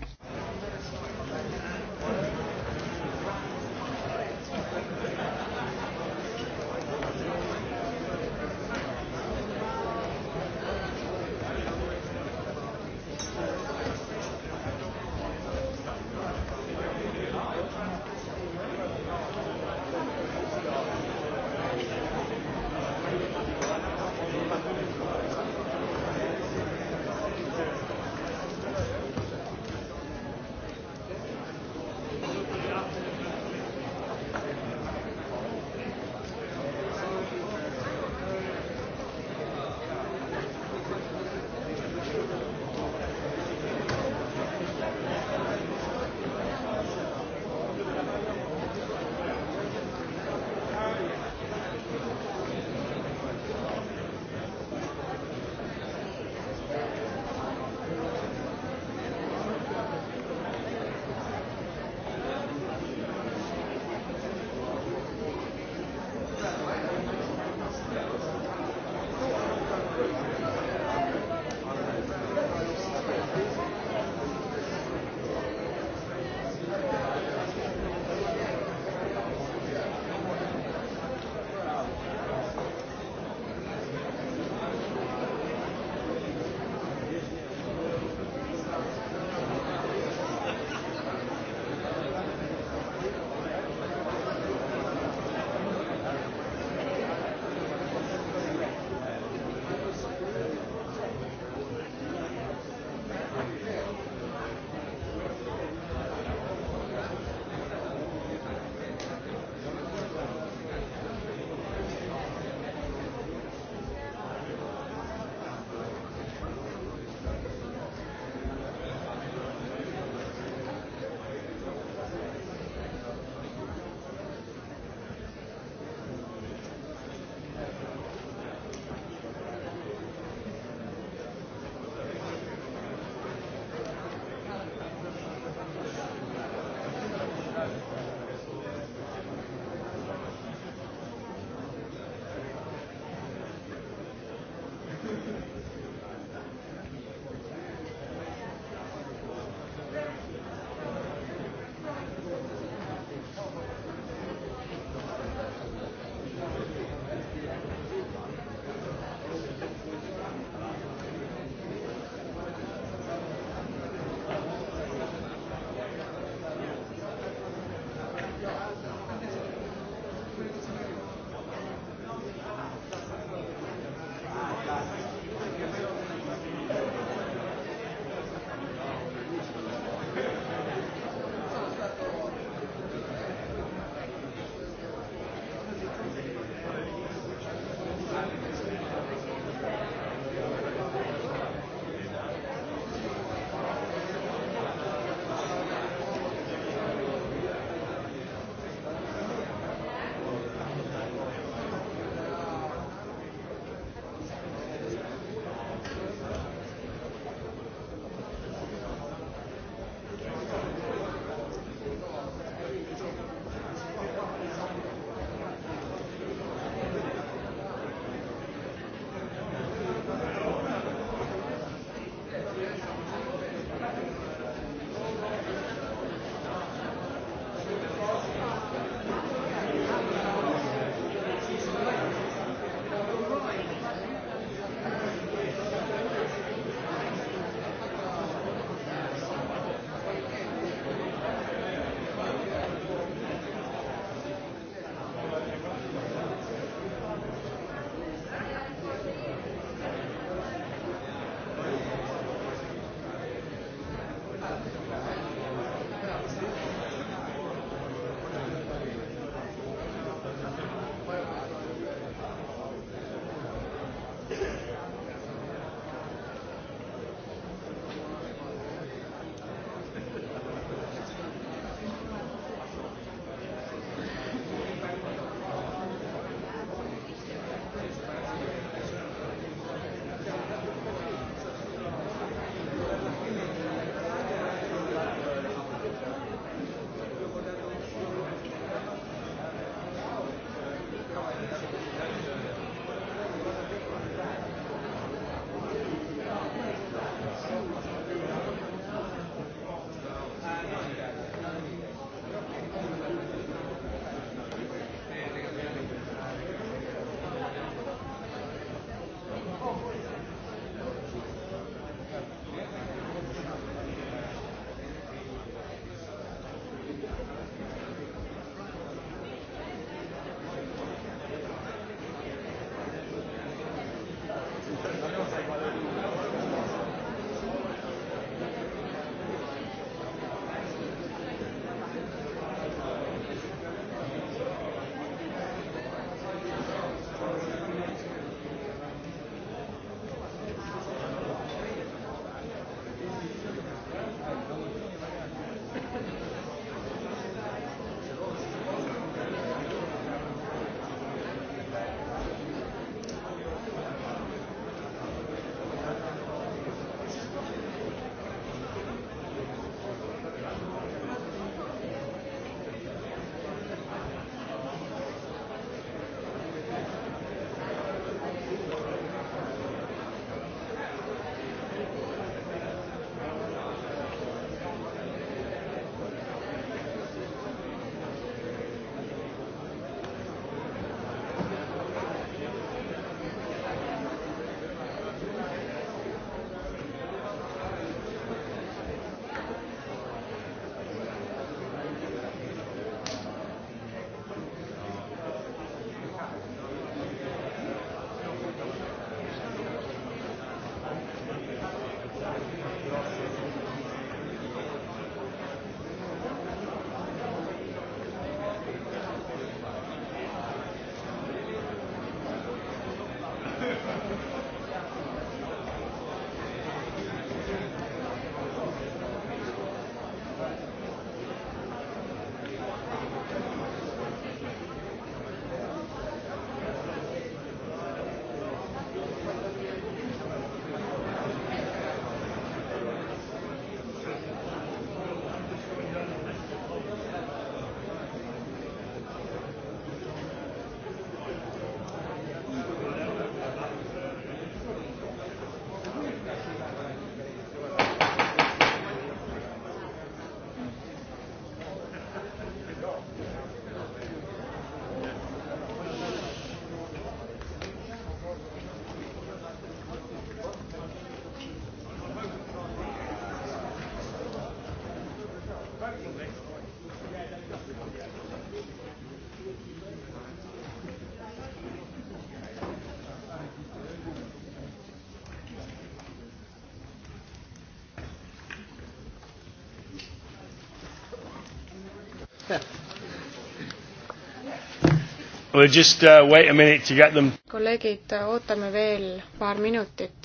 We'll just uh, wait a minute to get them. kolleegid, ootame veel paar minutit.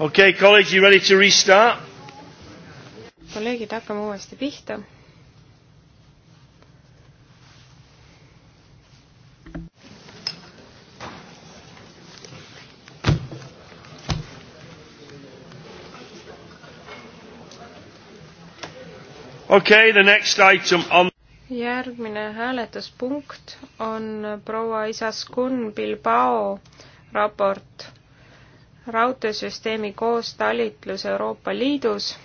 okei okay,, kolleegid, you ready to restart? kolleegid, hakkame uuesti pihta. okei okay,, the next item on järgmine hääletuspunkt on proua Isaskun Bilbao raport raudteesüsteemi koostalitlus Euroopa Liidus.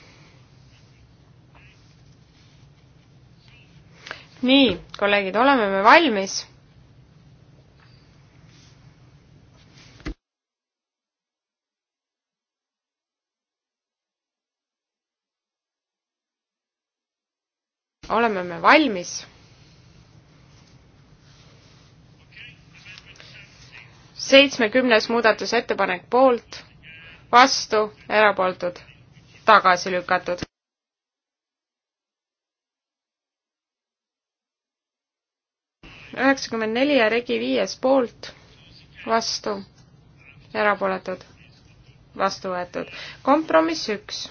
nii, kolleegid, oleme me valmis oleme me valmis seitsmekümnes muudatusettepanek poolt, vastu, erapooletud, tagasi lükatud. üheksakümmend neli ja regi viies poolt, vastu, erapooletud, vastu võetud. kompromiss üks,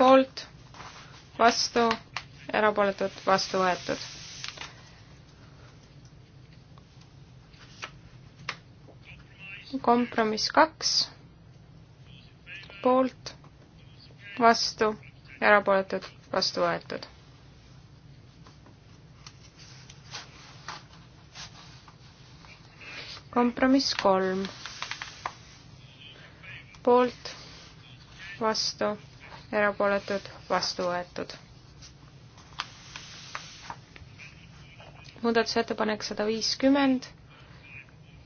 poolt, vastu, erapooletud, vastu võetud kompromiss kaks, poolt, vastu, erapooletud, vastu võetud. kompromiss kolm, poolt, vastu, erapooletud, vastu võetud muudatusettepanek sada viiskümmend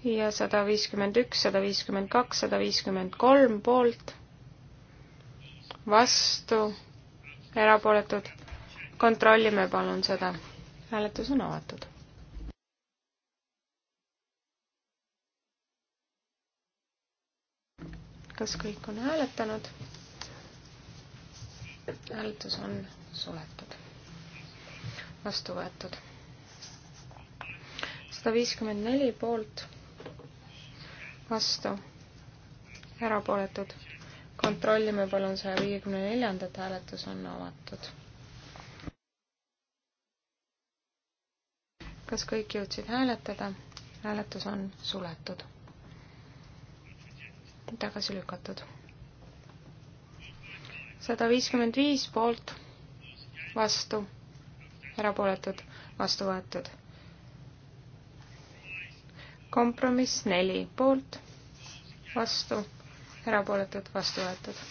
ja sada viiskümmend üks, sada viiskümmend kaks, sada viiskümmend kolm poolt, vastu, erapooletud. kontrollime palun seda. hääletus on avatud. kas kõik on hääletanud? hääletus on suletud, vastu võetud. sada viiskümmend neli poolt vastu, erapooletud. kontrollime palun saja viiekümne neljandat, hääletus on avatud. kas kõik jõudsid hääletada? hääletus on suletud. tagasi lükatud. sada viiskümmend viis poolt, vastu, erapooletud, vastu võetud kompromiss neli poolt, vastu, erapooletud, vastu võetud.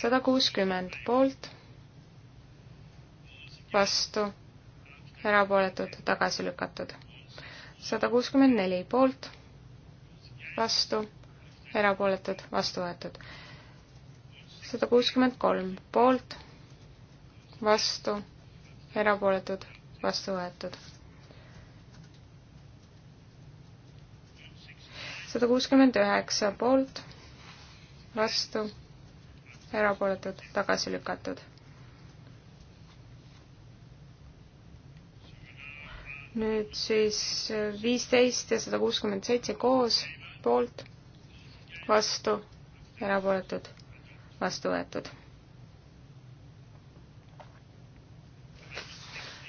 sada kuuskümmend poolt, vastu, erapooletud, tagasi lükatud. sada kuuskümmend neli poolt, vastu, erapooletud, vastu võetud. sada kuuskümmend kolm poolt, vastu, erapooletud, vastu võetud sada kuuskümmend üheksa poolt, vastu, erapooletud, tagasi lükatud. nüüd siis viisteist ja sada kuuskümmend seitse koos, poolt, vastu, erapooletud, vastu võetud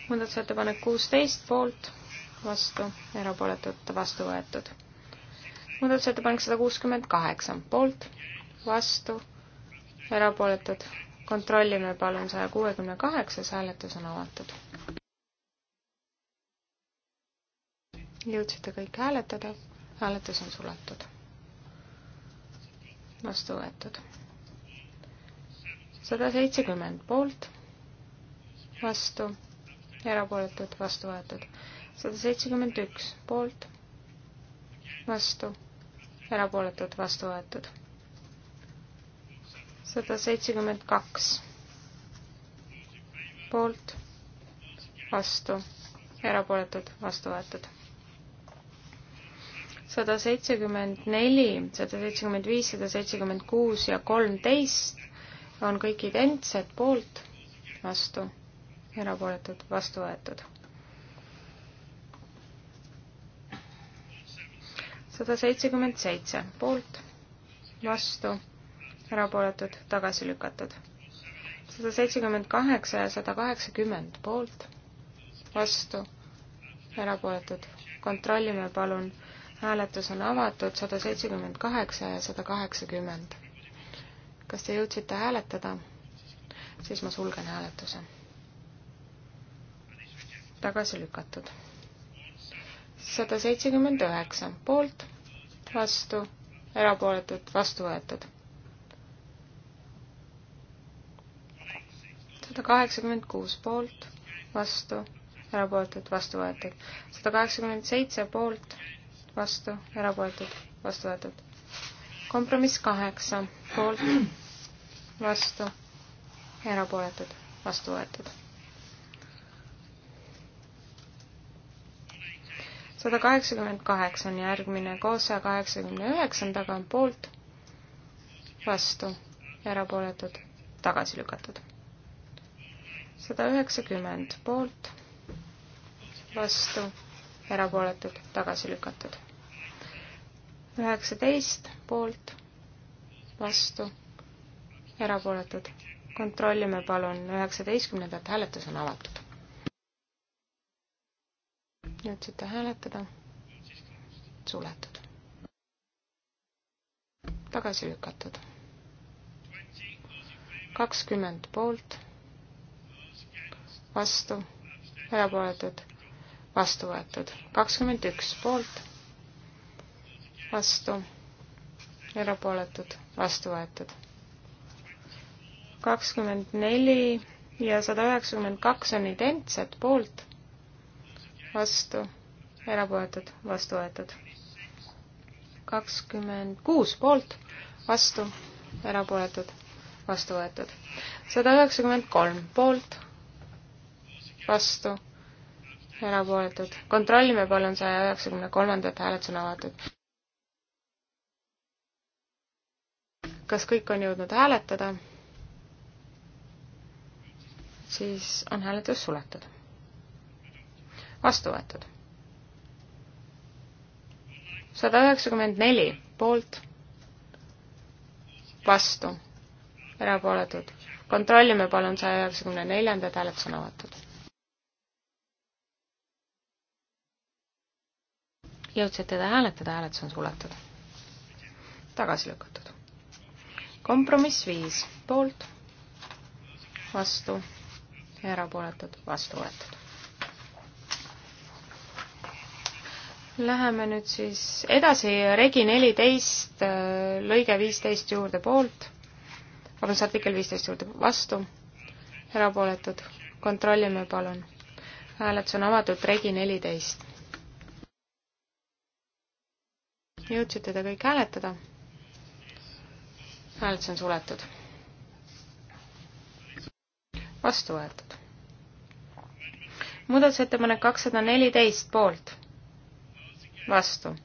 muudatusettepanek kuusteist poolt, vastu, erapooletult vastu võetud muudatusettepanek sada kuuskümmend kaheksa, poolt, vastu, erapooletud. kontrollime palun saja kuuekümne kaheksas, hääletus on avatud. jõudsite kõik hääletada, hääletus on suletud. vastu võetud. sada seitsekümmend poolt, vastu, erapooletud, vastu võetud. sada seitsekümmend üks poolt, vastu erapooletud, vastu võetud. sada seitsekümmend kaks poolt, vastu, erapooletud, vastu võetud. sada seitsekümmend neli, sada seitsekümmend viis, sada seitsekümmend kuus ja kolmteist on kõik identsed, poolt, vastu, erapooletud, vastu võetud sada seitsekümmend seitse poolt, vastu, erapooletud, tagasi lükatud. sada seitsekümmend kaheksa ja sada kaheksakümmend poolt, vastu, erapooletud. kontrollime palun, hääletus on avatud, sada seitsekümmend kaheksa ja sada kaheksakümmend. kas te jõudsite hääletada? siis ma sulgen hääletuse. tagasi lükatud sada seitsekümmend üheksa poolt, vastu, erapooletud, vastu võetud. sada kaheksakümmend kuus poolt, vastu, erapooletud, vastu võetud. sada kaheksakümmend seitse poolt, vastu, erapooletud, vastu võetud. kompromiss kaheksa poolt, vastu, erapooletud, vastu võetud sada kaheksakümmend kaheksa on järgmine koos saja kaheksakümne üheksandaga on poolt, vastu, erapooletud, tagasi lükatud. sada üheksakümmend poolt, vastu, erapooletud, tagasi lükatud. üheksateist poolt, vastu, erapooletud. kontrollime palun, üheksateistkümnendat hääletus on avatud jõudsite hääletada. suletud. tagasi lükatud. kakskümmend poolt, vastu, erapooletud, vastu võetud. kakskümmend üks poolt, vastu, erapooletud, vastu võetud. kakskümmend neli ja sada üheksakümmend kaks on identsed poolt vastu, erapooletud, vastu võetud. kakskümmend kuus poolt, vastu, erapooletud, vastu võetud. sada üheksakümmend kolm poolt, vastu, erapooletud. kontrollime palun saja üheksakümne kolmandat, hääletus on avatud. kas kõik on jõudnud hääletada? siis on hääletus suletud vastu võetud. sada üheksakümmend neli poolt, vastu, erapooletud. kontrollime palun saja üheksakümne neljandat hääletus on avatud. jõudsite te hääletada, hääletus on suletud. tagasi lükatud. kompromiss viis poolt, vastu, erapooletud, vastu võetud Läheme nüüd siis edasi regi neliteist äh, lõige viisteist juurde poolt, vabandust, artikkel viisteist juurde vastu, erapooletud, kontrollime palun. hääletus on avatud regi neliteist. jõudsite te kõik hääletada? hääletus on suletud. vastu võetud. muudatusettepanek kakssada neliteist poolt vastu,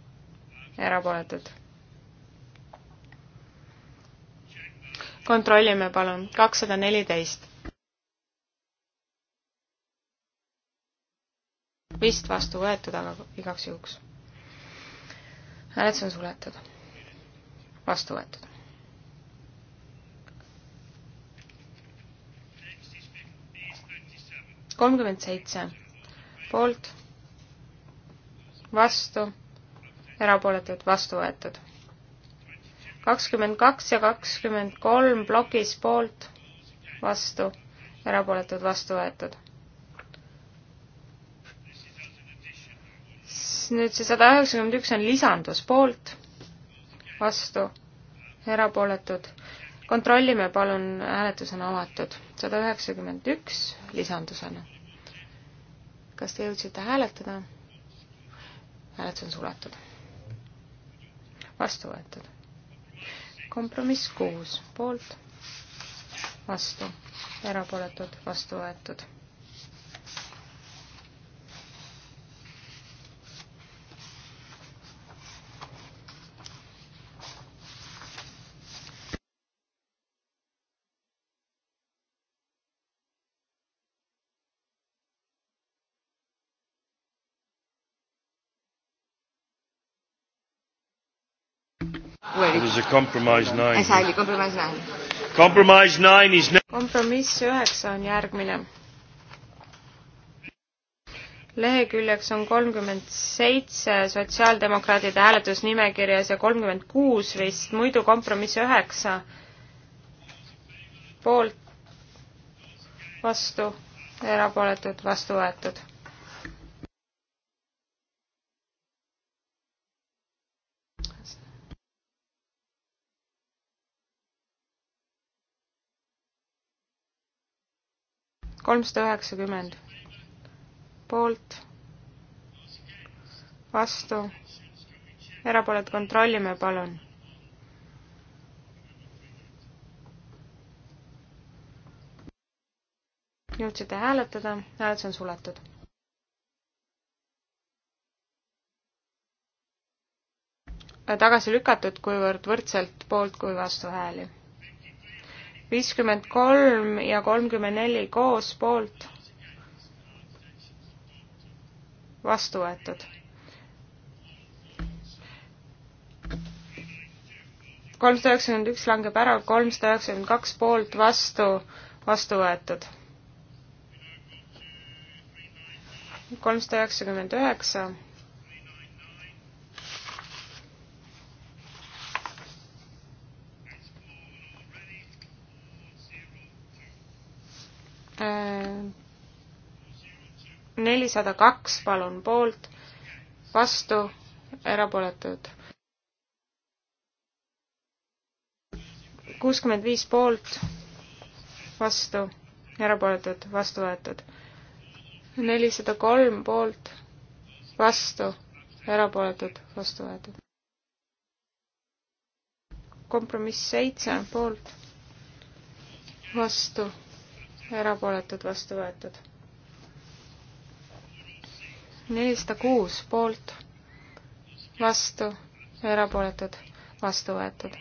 erapooletud. kontrollime palun, kakssada neliteist. vist vastu võetud, aga igaks juhuks. hääletus on suletud. vastu võetud. kolmkümmend seitse poolt vastu, erapooletud, vastu võetud. kakskümmend kaks ja kakskümmend kolm plokis poolt, vastu, erapooletud, vastu võetud. nüüd see sada üheksakümmend üks on lisandus poolt, vastu, erapooletud. kontrollime palun, hääletus on avatud. sada üheksakümmend üks lisandusena. kas te jõudsite hääletada? hääletus on suletud. vastu võetud. kompromiss kuus, poolt, vastu, erapooletud, vastu võetud entirely. kompromiss üheksa on järgmine. leheküljeks on kolmkümmend seitse sotsiaaldemokraatide hääletusnimekirjas ja kolmkümmend kuus vist, muidu kompromiss üheksa. poolt, vastu, erapooletud, vastu võetud kolmsada üheksakümmend poolt, vastu, erapooled kontrollime, palun. jõudsite hääletada, hääletus on suletud. tagasi lükatud, kuivõrd võrdselt poolt kui vastuhääli viiskümmend kolm ja kolmkümmend neli koos poolt vastu võetud. kolmsada üheksakümmend üks langeb ära, kolmsada üheksakümmend kaks poolt vastu, vastu võetud. kolmsada üheksakümmend üheksa nelisada kaks, palun, poolt, vastu, erapooletud. kuuskümmend viis poolt, vastu, erapooletud, vastu võetud. nelisada kolm poolt, vastu, erapooletud, vastu võetud. kompromiss seitse poolt, vastu, erapooletud, vastu võetud nelisada kuus poolt, vastu, erapooletud, vastu võetud.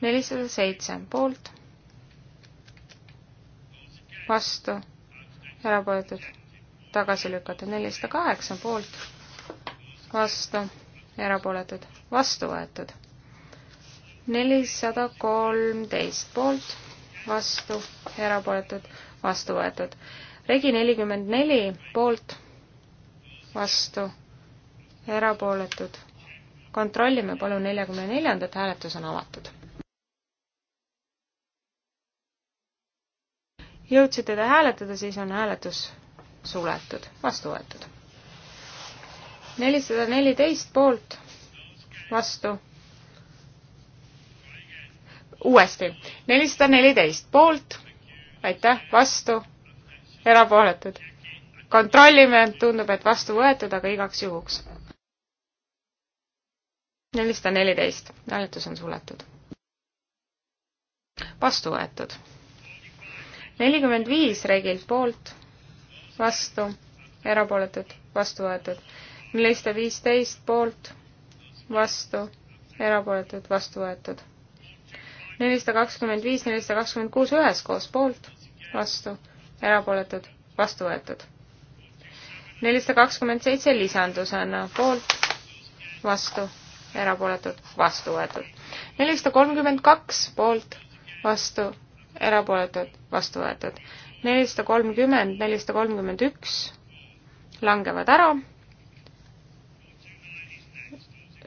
nelisada seitse poolt, vastu, erapooletud, tagasi lükatud. nelisada kaheksa poolt, vastu, erapooletud, vastu võetud. nelisada kolmteist poolt, vastu, erapooletud, vastu võetud. regi nelikümmend neli poolt vastu, erapooletud. kontrollime palun neljakümne neljandat, hääletus on avatud. jõudsite te hääletada, siis on hääletus suletud, vastu võetud. nelisada neliteist poolt, vastu. uuesti, nelisada neliteist poolt, aitäh, vastu, erapooletud kontrollime, tundub, et vastu võetud, aga igaks juhuks. nelisada neliteist, hääletus on suletud. vastu võetud. nelikümmend viis regilt poolt, vastu, erapooletud, vastu võetud. nelisada viisteist poolt, vastu, erapooletud, vastu võetud. nelisada kakskümmend viis, nelisada kakskümmend kuus üheskoos poolt, vastu, erapooletud, vastu võetud nelisada kakskümmend seitse lisandusena poolt, vastu, erapooletud, vastu võetud. nelisada kolmkümmend kaks poolt, vastu, erapooletud, vastu võetud. nelisada kolmkümmend, nelisada kolmkümmend üks langevad ära.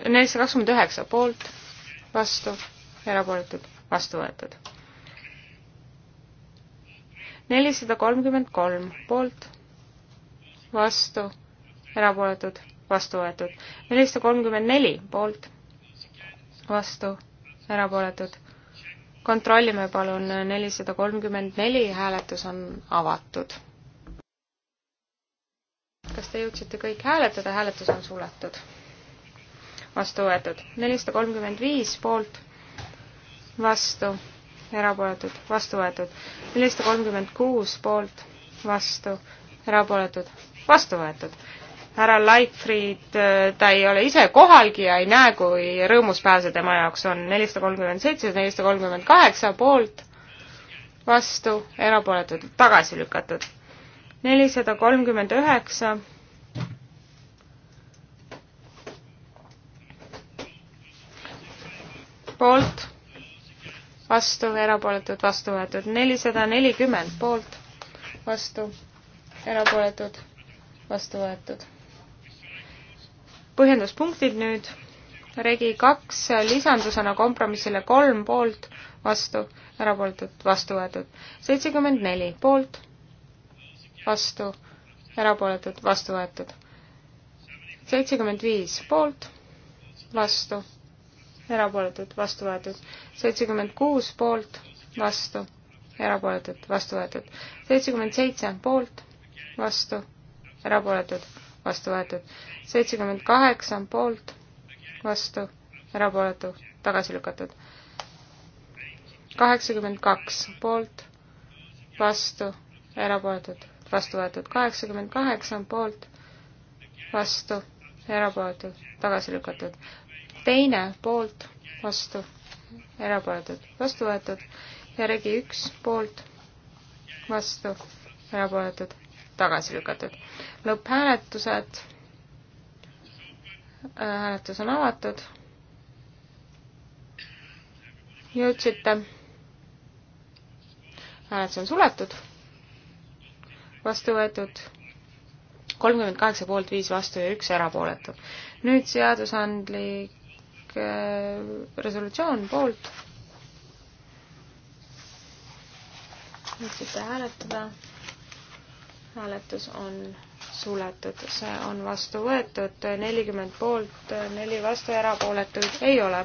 nelisada kakskümmend üheksa poolt, vastu, erapooletud, vastu võetud. nelisada kolmkümmend kolm poolt vastu, erapooletud, vastu võetud. nelisada kolmkümmend neli poolt, vastu, erapooletud. kontrollime palun, nelisada kolmkümmend neli, hääletus on avatud. kas te jõudsite kõik hääletada, hääletus on suletud? vastu võetud. nelisada kolmkümmend viis poolt, vastu, erapooletud, vastu võetud. nelisada kolmkümmend kuus poolt, vastu, erapooletud, vastu võetud. härra Leifrid, äh, ta ei ole ise kohalgi ja ei näe, kui rõõmuspääse tema jaoks on. nelisada kolmkümmend seitse, nelisada kolmkümmend kaheksa poolt, vastu, erapooletud, tagasi lükatud. nelisada kolmkümmend üheksa poolt, vastu, erapooletud, vastu võetud, nelisada nelikümmend poolt, vastu, erapooletud, vastu võetud. põhjenduspunktid nüüd. regi kaks lisandusena kompromissile kolm poolt, vastu, erapooletud, vastu võetud. seitsekümmend neli poolt, vastu, erapooletud, vastu võetud. seitsekümmend viis poolt, vastu, erapooletud, vastu võetud. seitsekümmend kuus poolt, vastu erapooletut, vastu võetud. seitsekümmend seitse poolt, vastu, erapooletud, vastu võetud. seitsekümmend kaheksa on poolt, vastu, erapooletu, tagasi lükatud. kaheksakümmend kaks poolt, vastu, erapooletud, vastu võetud. kaheksakümmend kaheksa on poolt, vastu, erapooletud, tagasi lükatud. teine poolt, vastu, erapooletud, vastu võetud ja regi üks poolt, vastu, erapooletud, tagasi lükatud. lõpphääletused. Äh, hääletus on avatud. jõudsite. hääletus on suletud. vastu võetud kolmkümmend kaheksa poolt, viis vastu ja üks erapooletu. nüüd seadusandlik äh, resolutsioon poolt. võiksite hääletada hääletus on suletud, see on vastu võetud, nelikümmend poolt, neli vastu, erapooletuid ei ole.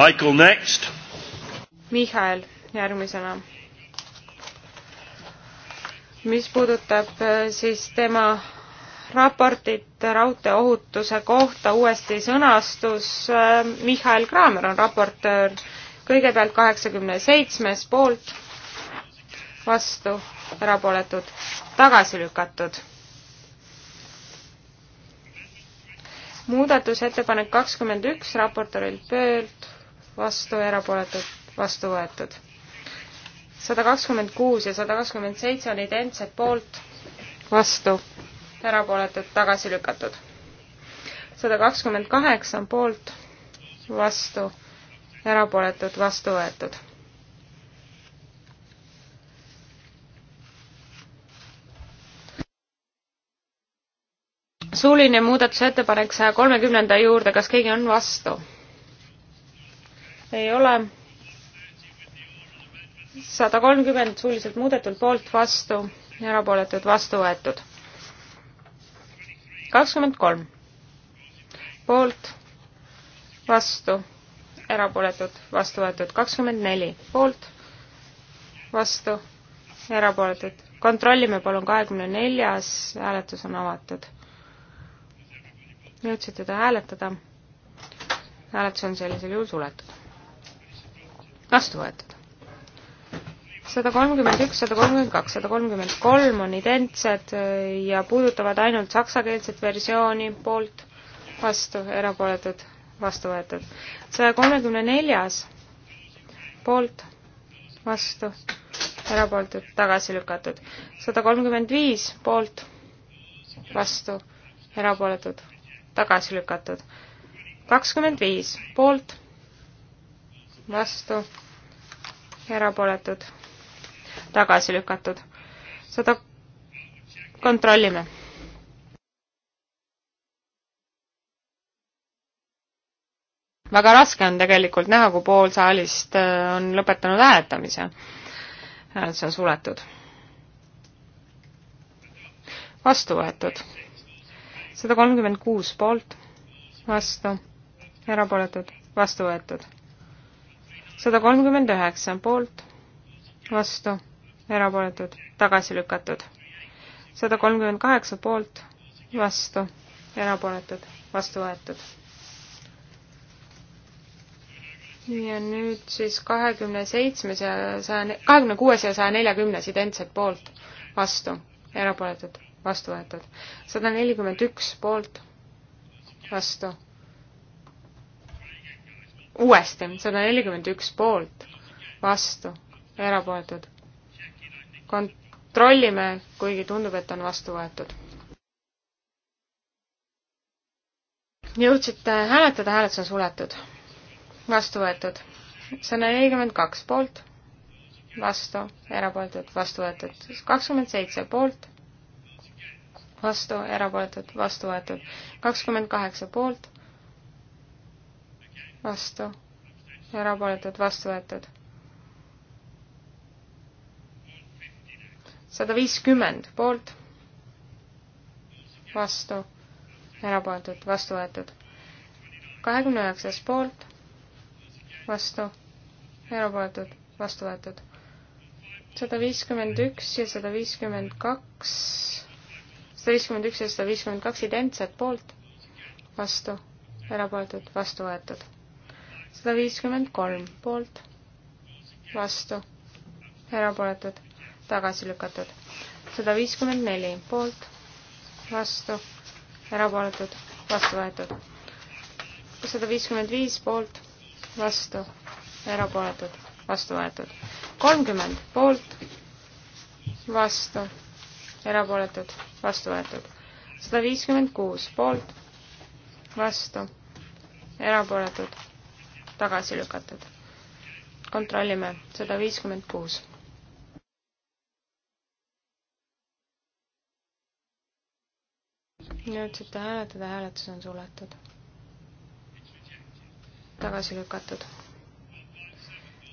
Michael next. Michael järgmisena. mis puudutab eh, siis tema raportit raudteeohutuse kohta uuesti sõnastus. Ähm, Mihhail Kraamer on raportöör. kõigepealt kaheksakümne seitsmes poolt, vastu, erapooletud, tagasi lükatud. muudatusettepanek kakskümmend üks raportöörilt pöörd, vastu, erapooletud, vastu võetud. sada kakskümmend kuus ja sada kakskümmend seitse on identsed poolt, vastu erapooletud, tagasi lükatud. sada kakskümmend kaheksa on poolt, vastu, erapooletud, vastu võetud. suuline muudatusettepanek saja kolmekümnenda juurde, kas keegi on vastu? ei ole. sada kolmkümmend suuliselt muudetult poolt, vastu, erapooletud, vastu võetud kakskümmend kolm. poolt, vastu, erapooletud, vastu võetud. kakskümmend neli, poolt, vastu, erapooletud. kontrollime palun, kahekümne neljas hääletus on avatud. jõudsite te hääletada? hääletus on sellisel juhul suletud. vastu võetud sada kolmkümmend üks, sada kolmkümmend kaks, sada kolmkümmend kolm on identsed äh, ja puudutavad ainult saksakeelset versiooni poolt vastu, erapooletud, vastu võetud. saja kolmekümne neljas poolt vastu, erapooletud, tagasi lükatud. sada kolmkümmend viis poolt vastu, erapooletud, tagasi lükatud. kakskümmend viis poolt vastu, erapooletud tagasi lükatud. seda kontrollime. väga raske on tegelikult näha, kui pool saalist äh, on lõpetanud hääletamise. hääletus on suletud. vastu võetud. sada kolmkümmend kuus poolt, vastu, erapooletud, vastu võetud. sada kolmkümmend üheksa poolt, vastu erapooletud, tagasi lükatud. sada kolmkümmend kaheksa poolt, vastu, erapooletud, vastu võetud. ja nüüd siis kahekümne seitsmes ja saja, kahekümne kuues ja saja neljakümnes identsed poolt, vastu, erapooletud, vastu võetud. sada nelikümmend üks poolt, vastu. uuesti, sada nelikümmend üks poolt, vastu, erapooletud kontrollime, kuigi tundub, et on vastu võetud. jõudsite hääletada, hääletus on suletud. vastu võetud. sada nelikümmend kaks poolt, vastu, erapooletud, vastu võetud. kakskümmend seitse poolt, vastu, erapooletud, vastu võetud. kakskümmend kaheksa poolt, vastu, erapooletud, vastu võetud sada viiskümmend poolt, vastu, erapooletud, vastu võetud. kahekümne üheksas poolt, vastu, erapooletud, vastu võetud. sada viiskümmend üks ja sada viiskümmend kaks, sada viiskümmend üks ja sada viiskümmend kaks identsed poolt, vastu, erapooletud, vastu võetud. sada viiskümmend kolm poolt, vastu, erapooletud tagasi lükatud. sada viiskümmend neli poolt, vastu, erapooletud, vastu võetud. sada viiskümmend viis poolt, vastu, erapooletud, vastu võetud. kolmkümmend poolt, vastu, erapooletud, vastu võetud. sada viiskümmend kuus poolt, vastu, erapooletud, tagasi lükatud. kontrollime, sada viiskümmend kuus nüüd saate hääletada, hääletus on suletud. tagasi lükatud.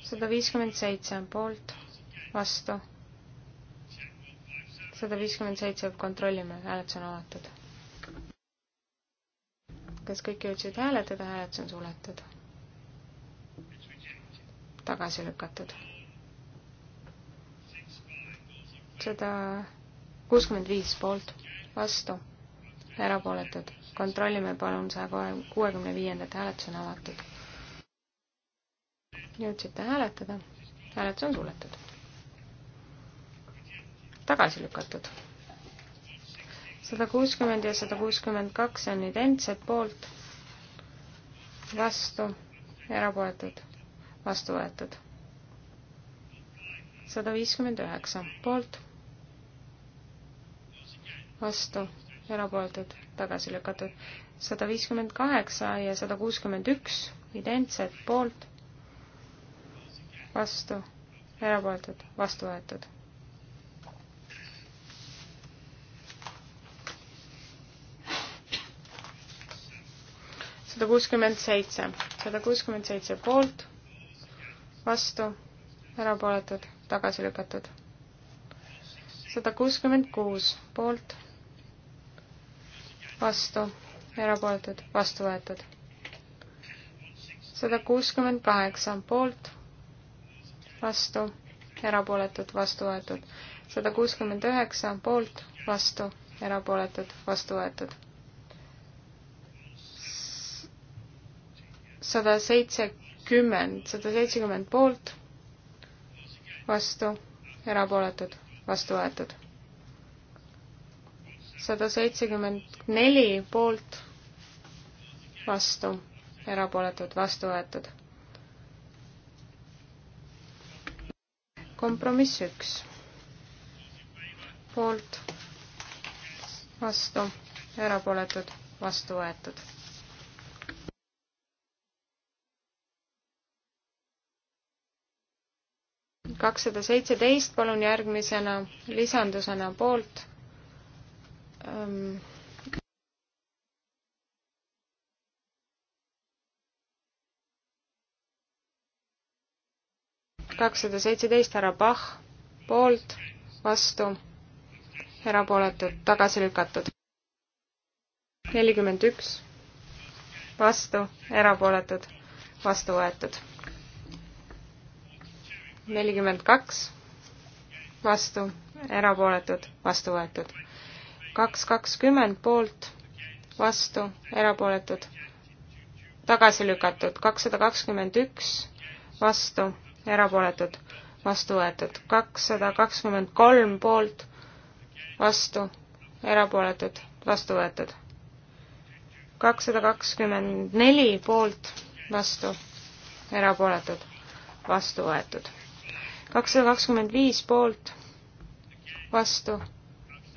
sada viiskümmend seitse poolt, vastu. sada viiskümmend seitse, kontrollime, hääletus on avatud. kas kõik jõudsid hääletada, hääletus on suletud? tagasi lükatud. sada kuuskümmend viis poolt, vastu erapooletud. kontrollime palun saja kuuekümne viiendat, hääletus on avatud. jõudsite hääletada, hääletus on suletud. tagasi lükatud. sada kuuskümmend ja sada kuuskümmend kaks on identsed poolt, vastu, erapooletud, vastu võetud. sada viiskümmend üheksa poolt, vastu erapooletud, tagasi lükatud. sada viiskümmend kaheksa ja sada kuuskümmend üks identsed poolt, vastu, erapooletud, vastu võetud. sada kuuskümmend seitse, sada kuuskümmend seitse poolt, vastu, erapooletud, tagasi lükatud. sada kuuskümmend kuus poolt vastu, erapooletud, vastu võetud. sada kuuskümmend kaheksa poolt, vastu, erapooletud, vastu võetud. sada kuuskümmend üheksa poolt, vastu, erapooletud, vastu võetud. sada seitsekümmend, sada seitsekümmend poolt, vastu, erapooletud, vastu võetud sada seitsekümmend neli poolt, vastu, erapooletud, vastu võetud. kompromiss üks, poolt, vastu, erapooletud, vastu võetud kakssada seitseteist, palun järgmisena lisandusena poolt, ähm, kakssada seitseteist härra Pahh poolt, vastu, erapooletud, tagasi lükatud. nelikümmend üks vastu, erapooletud, vastu võetud. nelikümmend kaks vastu, erapooletud, vastu võetud kaks kakskümmend poolt, vastu, erapooletud, tagasi lükatud, kakssada kakskümmend üks, vastu, erapooletud, vastu võetud, kakssada kakskümmend kolm poolt, vastu, erapooletud, vastu võetud, kakssada kakskümmend neli poolt, vastu, erapooletud, vastu võetud, kakssada kakskümmend viis poolt, vastu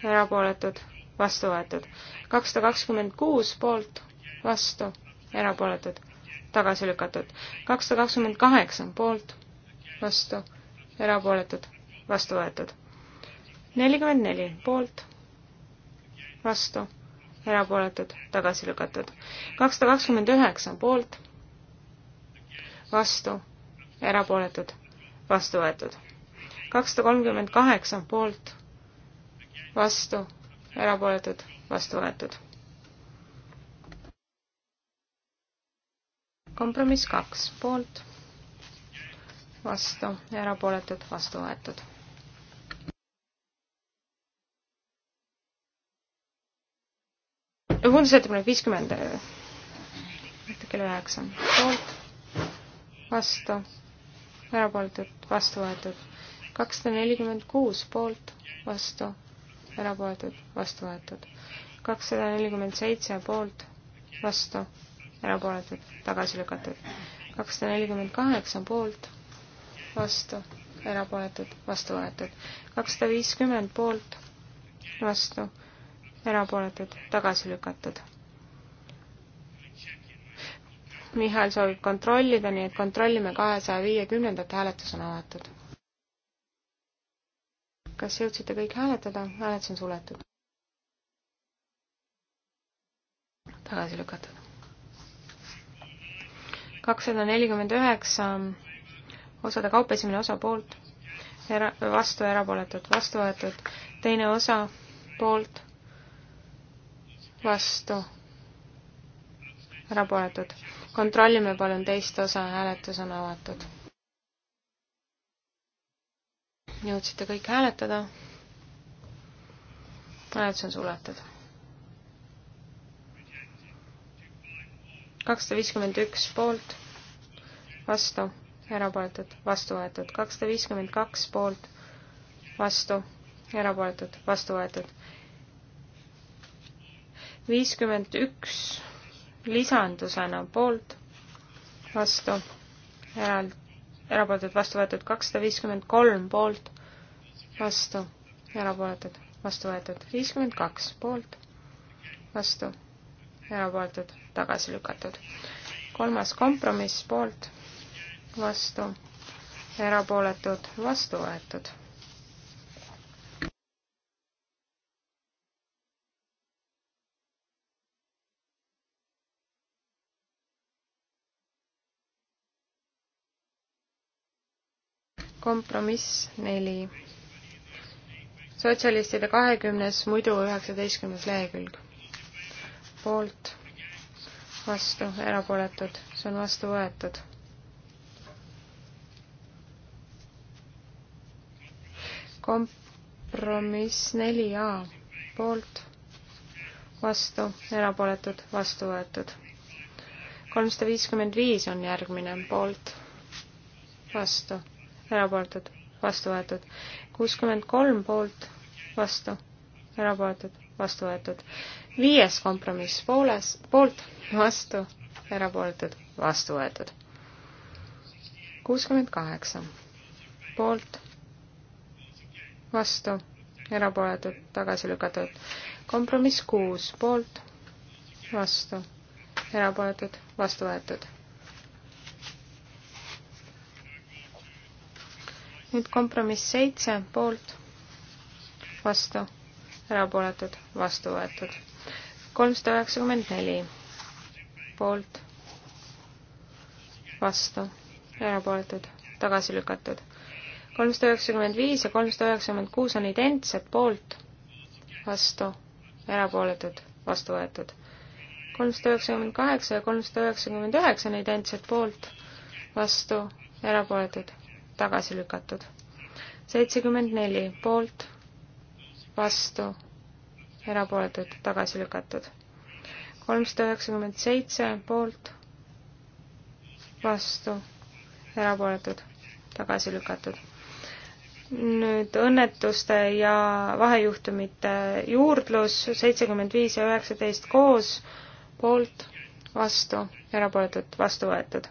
erapooletud, vastu võetud. kakssada kakskümmend kuus poolt, vastu, erapooletud, tagasi lükatud. kakssada kakskümmend kaheksa poolt, vastu, erapooletud, vastu võetud. nelikümmend neli poolt, vastu, erapooletud, tagasi lükatud. kakssada kakskümmend üheksa poolt, vastu, erapooletud, vastu võetud. kakssada kolmkümmend kaheksa poolt vastu, erapooletud, vastu võetud. kompromiss kaks, poolt, vastu, erapooletud, vastu võetud. muudatusettepanek viiskümmend, kell üheksa, poolt, vastu, erapooletud, vastu võetud, kakssada nelikümmend kuus poolt, vastu, erapooletud, vastu võetud. kakssada nelikümmend seitse poolt, vastu, erapooletud, tagasi lükatud. kakssada nelikümmend kaheksa poolt, vastu, erapooletud, vastu võetud. kakssada viiskümmend poolt, vastu, erapooletud, tagasi lükatud. Mihhail soovib kontrollida, nii et kontrollime kahesaja viiekümnendat, hääletus on avatud kas jõudsite kõik hääletada? hääletus on suletud. tagasi lükatud. kakssada nelikümmend üheksa osade kaupa esimene osa poolt, era-, vastu erapooletud, vastu võetud, teine osa poolt, vastu, erapooletud. kontrollime palun teist osa, hääletus on avatud jõudsite kõik hääletada. hääletus on suletud. kakssada viiskümmend üks poolt, vastu, erapooletud, vastu võetud. kakssada viiskümmend kaks poolt, vastu, erapooletud, vastu võetud. viiskümmend üks lisandusena poolt, vastu, eraldi erapooletud, vastu võetud kakssada viiskümmend kolm poolt, vastu, erapooletud, vastu võetud viiskümmend kaks poolt, vastu, erapooletud, tagasi lükatud. kolmas kompromiss poolt, vastu, erapooletud, vastu võetud kompromiss neli. sotsialistide kahekümnes, muidu üheksateistkümnes lehekülg. poolt, vastu, erapooletud, see on vastu võetud. kompromiss neli A, poolt, vastu, erapooletud, vastu võetud. kolmsada viiskümmend viis on järgmine, poolt, vastu erapooletud, vastu võetud. kuuskümmend kolm poolt, vastu, erapooletud, vastu võetud. viies kompromiss pooles, poolt, vastu, erapooletud, vastu võetud. kuuskümmend kaheksa poolt, vastu, erapooletud, tagasi lükatud. kompromiss kuus poolt, vastu, erapooletud, vastu võetud nüüd kompromiss seitse poolt, vastu, erapooletud, vastu võetud. kolmsada üheksakümmend neli poolt, vastu, erapooletud, tagasi lükatud. kolmsada üheksakümmend viis ja kolmsada üheksakümmend kuus on identsed poolt, vastu, erapooletud, vastu võetud. kolmsada üheksakümmend kaheksa ja kolmsada üheksakümmend üheksa on identsed poolt, vastu, erapooletud tagasi lükatud. seitsekümmend neli poolt, vastu, erapooletud, tagasi lükatud. kolmsada üheksakümmend seitse poolt, vastu, erapooletud, tagasi lükatud. nüüd õnnetuste ja vahejuhtumite juurdlus, seitsekümmend viis ja üheksateist koos, poolt, vastu, erapooletud, vastu võetud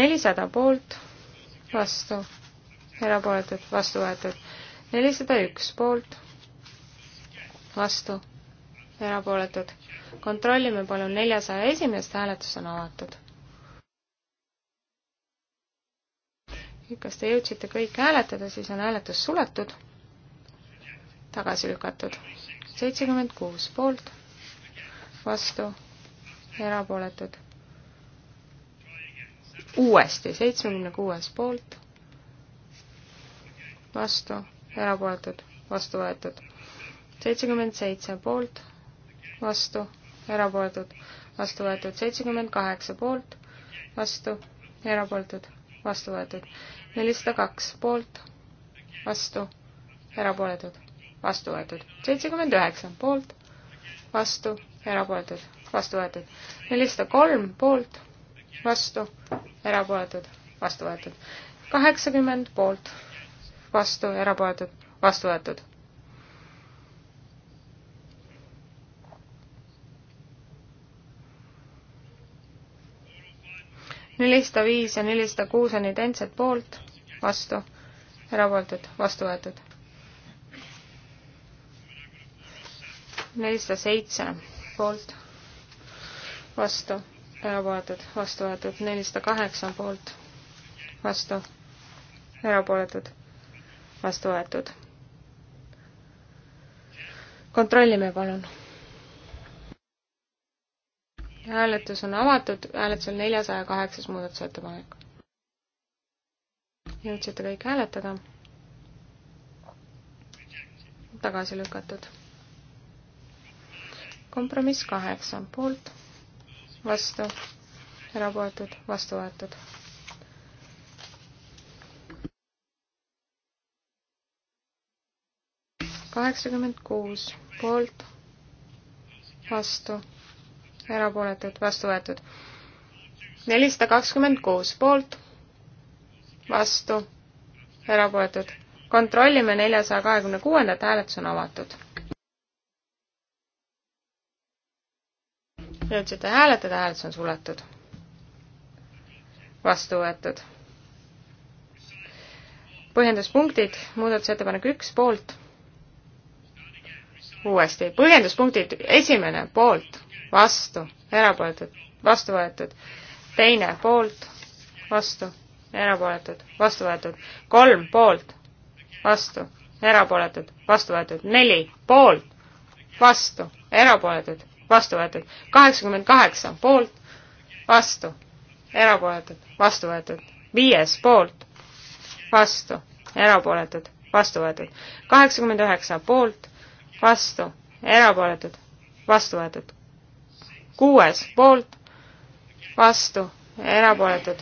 nelisada poolt, vastu, erapooletud, vastu võetud. nelisada üks poolt, vastu, erapooletud. kontrollime palun neljasaja esimest, hääletus on avatud. kas te jõudsite kõik hääletada, siis on hääletus suletud, tagasi lükatud. seitsekümmend kuus poolt, vastu, erapooletud uuesti, seitsmekümne kuues poolt, vastu, erapooletud, vastu võetud. seitsekümmend seitse poolt, vastu, erapooletud, vastu võetud. seitsekümmend kaheksa poolt, vastu, erapooletud, vastu võetud. nelisada kaks poolt, vastu, erapooletud, vastu võetud. seitsekümmend üheksa poolt, vastu, erapooletud, vastu võetud. nelisada kolm poolt vastu, erapooletud, vastu võetud. kaheksakümmend poolt, vastu, erapooletud, vastu võetud. nelisada viis ja nelisada kuus on identsed poolt, vastu, erapooletud, vastu võetud. nelisada seitse poolt, vastu erapooletud, vastu võetud, nelisada kaheksa poolt, vastu, erapooletud, vastu võetud. kontrollime, palun. hääletus on avatud, hääletusel neljasaja kaheksas muudatusettepanek. jõudsite kõik hääletada? tagasi lükatud. kompromiss kaheksa poolt vastu, erapooletud, vastu võetud. kaheksakümmend kuus poolt, vastu, erapooletud, vastu võetud. nelisada kakskümmend kuus poolt, vastu, erapooletud. kontrollime neljasaja kahekümne kuuendat, hääletus on avatud jõudsite hääletada, hääletus on suletud. vastu võetud. põhjenduspunktid, muudatusettepanek üks, poolt. uuesti, põhjenduspunktid, esimene, poolt, vastu, erapooletud, vastu võetud. teine, poolt, vastu, erapooletud, vastu võetud. kolm, poolt, vastu, erapooletud, vastu võetud. neli, poolt, vastu, erapooletud vastu võetud. kaheksakümmend kaheksa poolt, vastu, erapooletud, vastu võetud. viies poolt, vastu, erapooletud, vastu võetud. kaheksakümmend üheksa poolt, vastu, erapooletud, vastu võetud. kuues poolt, vastu, erapooletud.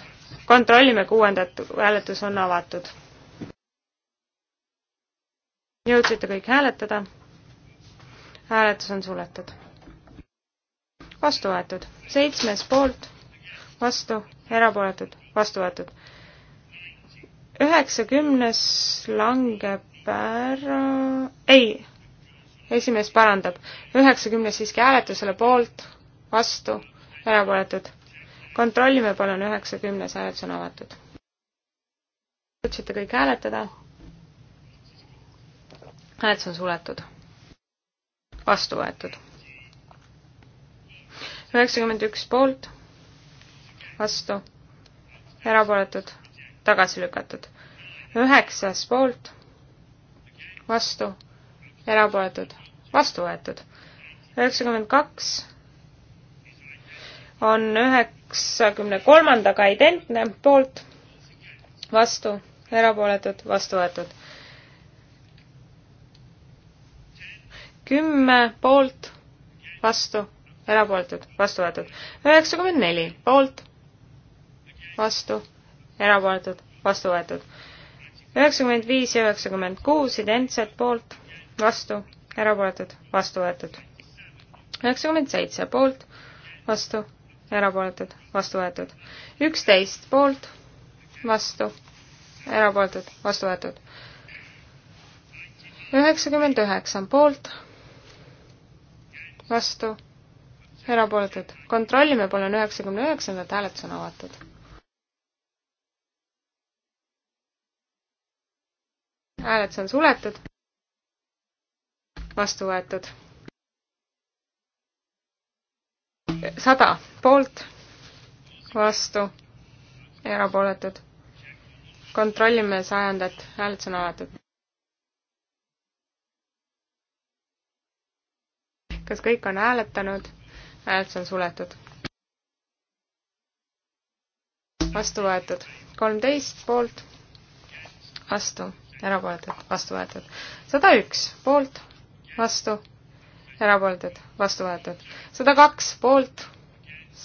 kontrollime kuuendat, hääletus on avatud. jõudsite kõik hääletada? hääletus on suletud vastu võetud. seitsmes poolt, vastu, erapooletud, vastu võetud. üheksakümnes langeb ära, ei, esimees parandab. üheksakümnes siiski hääletusele poolt, vastu, erapooletud. kontrollime palun, üheksakümnes hääletus on avatud. jõudsite kõik hääletada? hääletus on suletud. vastu võetud üheksakümmend üks poolt, vastu, erapooletud, tagasi lükatud. üheksas poolt, vastu, erapooletud, vastu võetud. üheksakümmend kaks on üheksakümne kolmandaga identne, poolt, vastu, erapooletud, vastu võetud. kümme poolt, vastu erapooletud, vastu võetud. üheksakümmend neli poolt, vastu, erapooletud, vastu võetud. üheksakümmend viis ja üheksakümmend kuus identsed poolt, vastu, erapooletud, vastu võetud. üheksakümmend seitse poolt, vastu, erapooletud, vastu võetud. üksteist poolt, vastu, erapooletud, vastu võetud. üheksakümmend üheksa poolt, vastu erapooletud. kontrollime palun üheksakümne üheksandat, hääletus on avatud. hääletus on suletud. vastu võetud. sada poolt, vastu, erapooletud. kontrollime sajandat, hääletus on avatud. kas kõik on hääletanud? hääletus on suletud. vastu võetud kolmteist poolt, vastu, erapooletud, vastu võetud. sada üks poolt, vastu, erapooletud, vastu võetud. sada kaks poolt,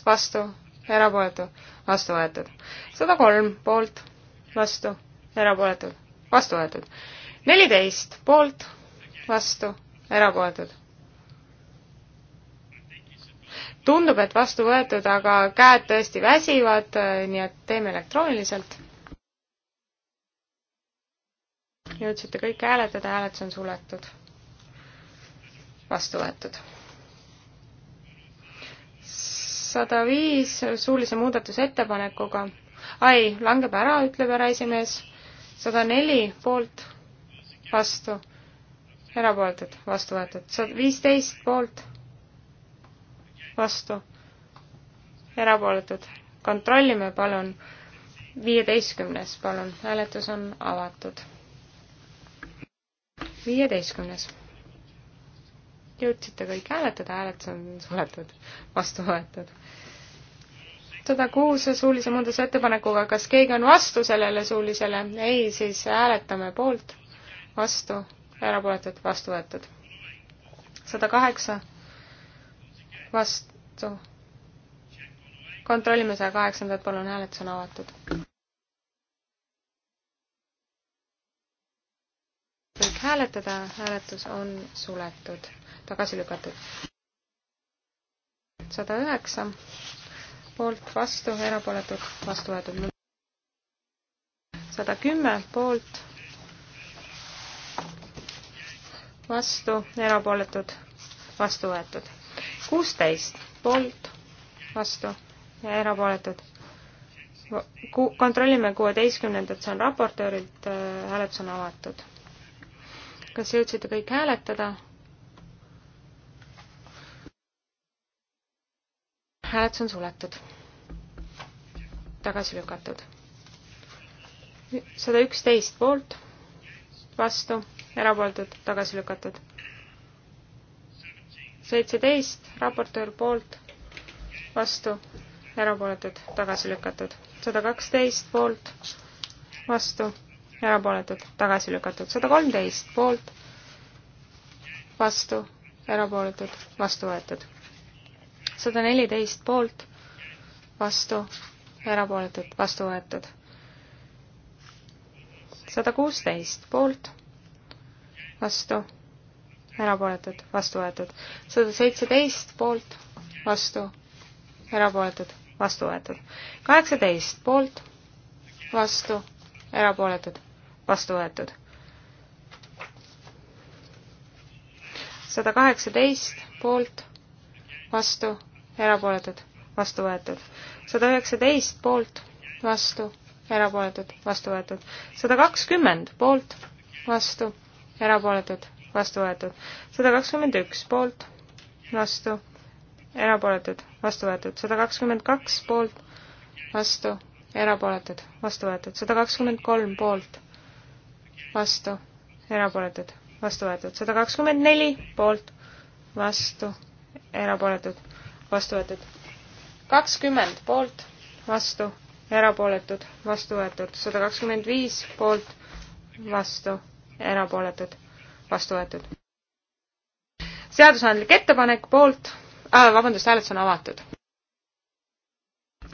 vastu, erapooletu, vastu võetud. sada kolm poolt, vastu, erapooletud, vastu võetud. neliteist poolt, vastu, erapooletud, tundub, et vastu võetud, aga käed tõesti väsivad, nii et teeme elektrooniliselt. jõudsite kõik hääletada, hääletus on suletud. vastu võetud. sada viis suulise muudatusettepanekuga. ai, langeb ära, ütleb härraesimees. sada neli poolt, vastu, erapooletud, vastu võetud. sada viisteist poolt vastu, erapooletud. kontrollime palun, viieteistkümnes, palun, hääletus on avatud. viieteistkümnes. jõudsite kõik hääletada, hääletus on suletud, vastu võetud sada kuus suulise muudatusettepanekuga, kas keegi on vastu sellele suulisele? ei, siis hääletame poolt, vastu, erapooletud, vastu võetud. sada kaheksa vastu. kontrollime saja kaheksandat, palun, hääletus on avatud. kõik hääletada, hääletus on suletud, tagasi lükatud. sada üheksa, poolt, vastu, erapooletud, vastu võetud. sada kümme, poolt, vastu, erapooletud, vastu võetud kuusteist poolt, vastu ja erapooletud. kontrollime kuueteistkümnendat, see on raportöörilt, äh, hääletus on avatud. kas jõudsite kõik hääletada? hääletus on suletud. tagasi lükatud. sada üksteist poolt, vastu, erapooletud, tagasi lükatud seitseteist, raportöör poolt, vastu, erapooletud, tagasi lükatud. sada kaksteist poolt, vastu, erapooletud, tagasi lükatud. sada kolmteist poolt, vastu, erapooletud, vastu võetud. sada neliteist poolt, vastu, erapooletud, vastu võetud. sada kuusteist poolt, vastu erapooletud, vastu võetud. sada seitseteist poolt, vastu, erapooletud, vastu võetud. kaheksateist poolt, vastu, erapooletud, vastu võetud. sada kaheksateist poolt, vastu, erapooletud, vastu võetud. sada üheksateist poolt, vastu, erapooletud, vastu võetud. sada kakskümmend poolt, vastu, erapooletud, vastu võetud. sada kakskümmend üks poolt, vastu, erapooletud, vastu võetud. sada kakskümmend kaks poolt, vastu, erapooletud, vastu võetud. sada kakskümmend kolm poolt, vastu, erapooletud, vastu võetud. sada kakskümmend neli poolt, vastu, erapooletud, vastu võetud. kakskümmend poolt, vastu, erapooletud, vastu võetud. sada kakskümmend viis poolt, vastu, erapooletud vastu võetud. seadusandlik ettepanek poolt äh,, vabandust, hääletus on avatud.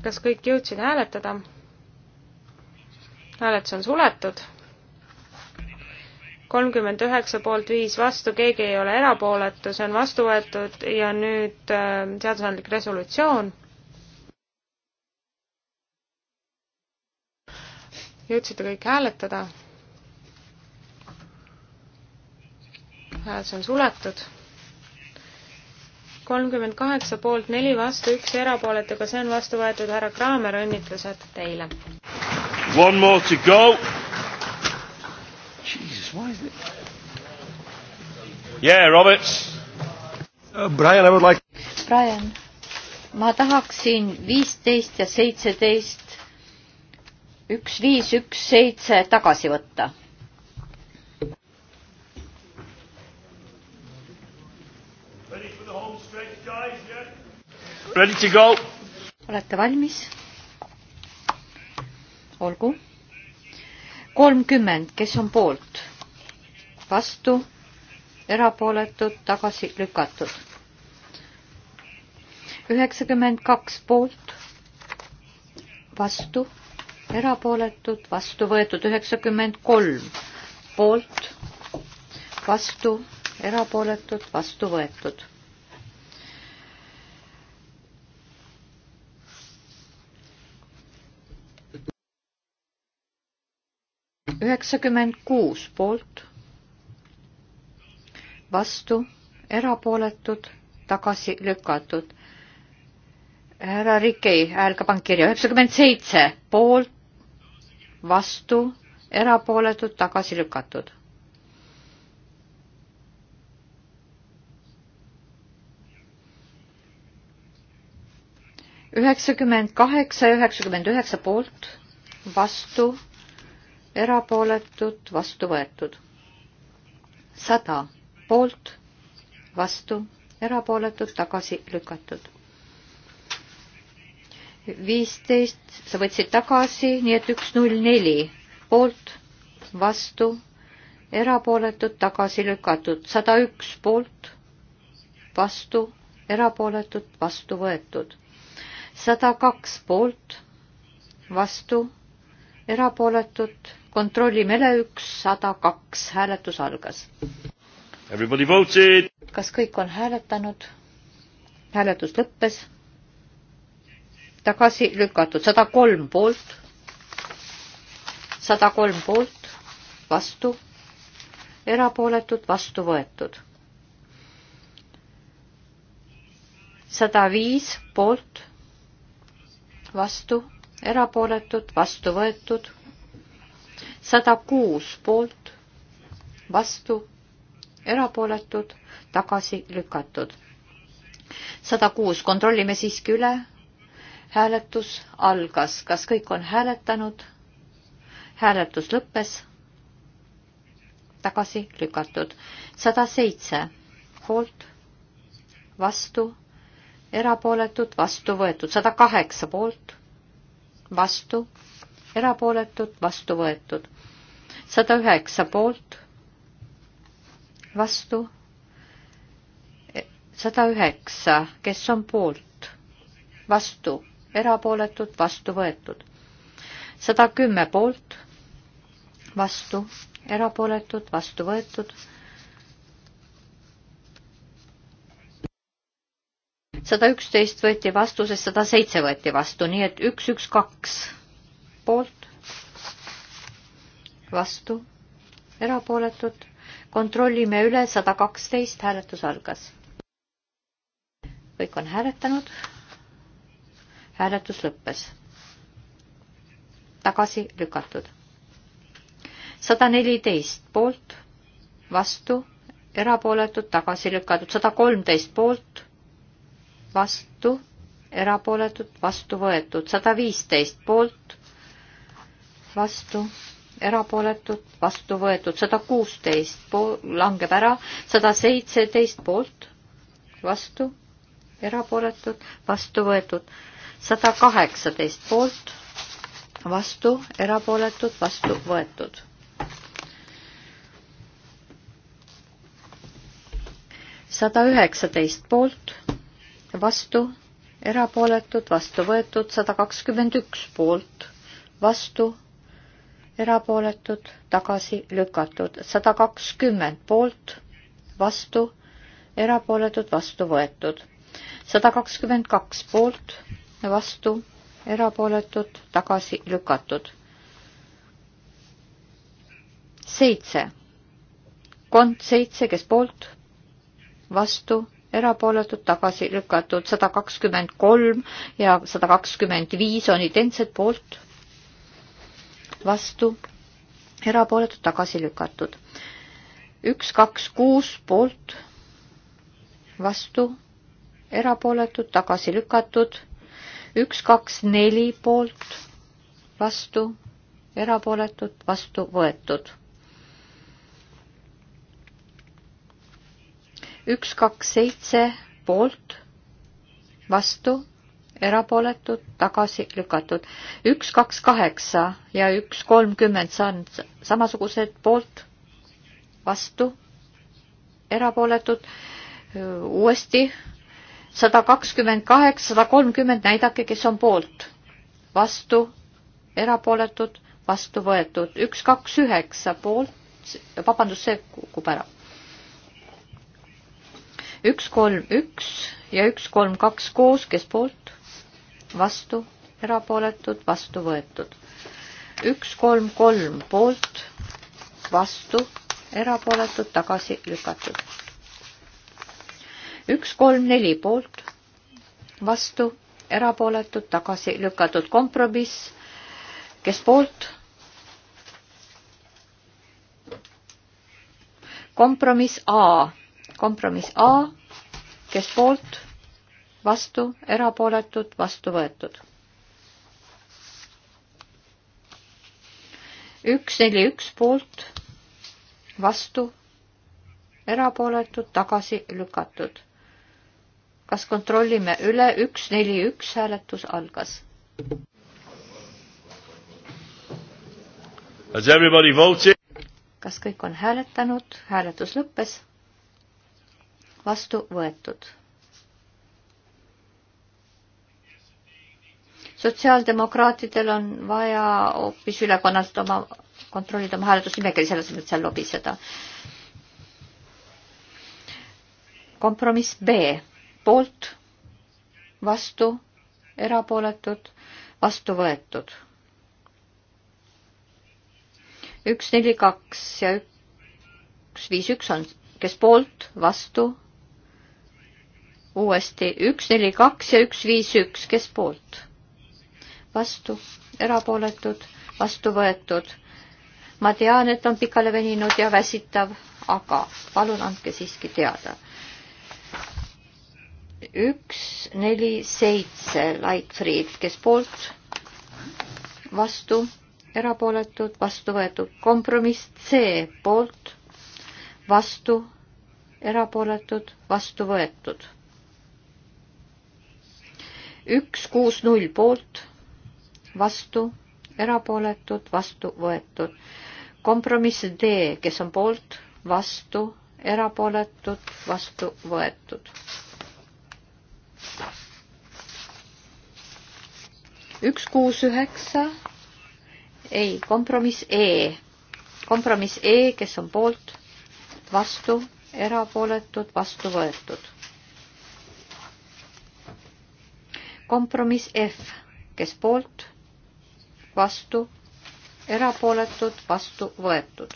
kas kõik jõudsid hääletada? hääletus on suletud. kolmkümmend üheksa poolt viis vastu, keegi ei ole erapooletu, see on vastu võetud ja nüüd äh, seadusandlik resolutsioon. jõudsite kõik hääletada? hääletus on suletud. kolmkümmend kaheksa poolt, neli vastu, üks erapooletuga, see on vastu võetud, härra Kraamer, õnnitlused teile. One more to go. Jesus, why is it? Yeah, Roberts. Uh, Brian, I would like. Brian, ma tahaksin viisteist ja seitseteist, üks viis, üks seitse tagasi võtta Ready to go? olete valmis? olgu. kolmkümmend, kes on poolt? vastu, erapooletud, tagasi lükatud. üheksakümmend kaks poolt, vastu, erapooletud, vastu võetud üheksakümmend kolm poolt, vastu, erapooletud, vastu võetud üheksakümmend kuus poolt, vastu, erapooletud, tagasi lükatud. härra Rikei hääl ka pannud kirja, üheksakümmend seitse poolt, vastu, erapooletud, tagasi lükatud üheksakümmend kaheksa ja üheksakümmend üheksa poolt, vastu, erapooletud, vastu võetud. sada poolt, vastu, erapooletud, tagasi lükatud viisteist, sa võtsid tagasi, nii et üks null neli poolt, vastu, erapooletud, tagasi lükatud, sada üks poolt, vastu, erapooletud, vastu võetud, sada kaks poolt, vastu, erapooletud, kontrollime üle, üks sada kaks, hääletus algas. kas kõik on hääletanud? hääletus lõppes. tagasi lükatud, sada kolm poolt, sada kolm poolt, vastu, erapooletud, vastu võetud. sada viis poolt, vastu, erapooletud, vastu võetud sada kuus poolt, vastu, erapooletud, tagasi lükatud. sada kuus, kontrollime siiski üle. hääletus algas, kas kõik on hääletanud? hääletus lõppes, tagasi lükatud. sada seitse poolt, vastu, erapooletud, vastu võetud, sada kaheksa poolt, vastu erapooletud, vastu võetud. sada üheksa poolt, vastu, sada üheksa, kes on poolt, vastu, erapooletud, vastu võetud. sada kümme poolt, vastu, erapooletud, vastu võetud. sada üksteist võeti vastu, sest sada seitse võeti vastu, nii et üks, üks, kaks poolt, vastu, erapooletud. kontrollime üle, sada kaksteist, hääletus algas. kõik on hääletanud. hääletus lõppes. tagasi lükatud. sada neliteist poolt, vastu, erapooletud, tagasi lükatud, sada kolmteist poolt, vastu erapooletud, vastu võetud, sada viisteist poolt, vastu, erapooletud, vastu võetud, sada kuusteist langeb ära, sada seitseteist poolt, vastu, erapooletud, vastu võetud, sada kaheksateist poolt, vastu, erapooletud, vastu võetud sada üheksateist poolt, vastu, erapooletud, vastu võetud, sada kakskümmend üks poolt, vastu, erapooletud, tagasi lükatud, sada kakskümmend poolt, vastu, erapooletud, vastu võetud, sada kakskümmend kaks poolt, vastu, erapooletud, tagasi lükatud. seitse, kond seitse, kes poolt, vastu, erapooletud, tagasi lükatud, sada kakskümmend kolm ja sada kakskümmend viis on identsed poolt vastu, erapooletud tagasi lükatud. üks, kaks, kuus poolt, vastu, erapooletud tagasi lükatud. üks, kaks, neli poolt, vastu, erapooletud, vastu võetud. üks, kaks, seitse poolt, vastu erapooletud, tagasi lükatud. üks, kaks, kaheksa ja üks, kolmkümmend saan samasugused poolt, vastu, erapooletud. uuesti sada kakskümmend kaheksa, sada kolmkümmend, näidake, kes on poolt, vastu, erapooletud, vastu võetud. üks, kaks, üheksa poolt, vabandust, see kukub ära üks, kolm, üks ja üks, kolm, kaks koos, kes poolt, vastu, erapooletud, vastu võetud. üks, kolm, kolm poolt, vastu, erapooletud, tagasi lükatud. üks, kolm, neli poolt, vastu, erapooletud, tagasi lükatud. kompromiss, kes poolt? kompromiss A, kompromiss A, kes poolt? vastu, erapooletud, vastu võetud. üks, neli, üks poolt, vastu, erapooletud, tagasi lükatud. kas kontrollime üle, üks, neli, üks hääletus algas. Has everybody voted? kas kõik on hääletanud, hääletus lõppes, vastu võetud sotsiaaldemokraatidel on vaja hoopis ülekonnast oma, kontrollida oma hääletusnimekiri, selles mõttes seal lobiseda. kompromiss B, poolt, vastu, erapooletud, vastu võetud. üks, neli, kaks ja üks, viis, üks on, kes poolt, vastu, uuesti üks, neli, kaks ja üks, viis, üks, kes poolt vastu, erapooletud, vastu võetud. ma tean, et on pikale veninud ja väsitav, aga palun andke siiski teada. üks, neli, seitse, Lightfried, kes poolt, vastu, erapooletud, vastu võetud, kompromiss C poolt, vastu, erapooletud, vastu võetud üks kuus null poolt, vastu, erapooletud, vastu võetud. kompromiss D, kes on poolt, vastu, erapooletud, vastu võetud. üks, kuus, üheksa. ei, kompromiss E. kompromiss E, kes on poolt, vastu, erapooletud, vastu võetud. kompromiss F, kes poolt vastu, erapooletud, vastu võetud.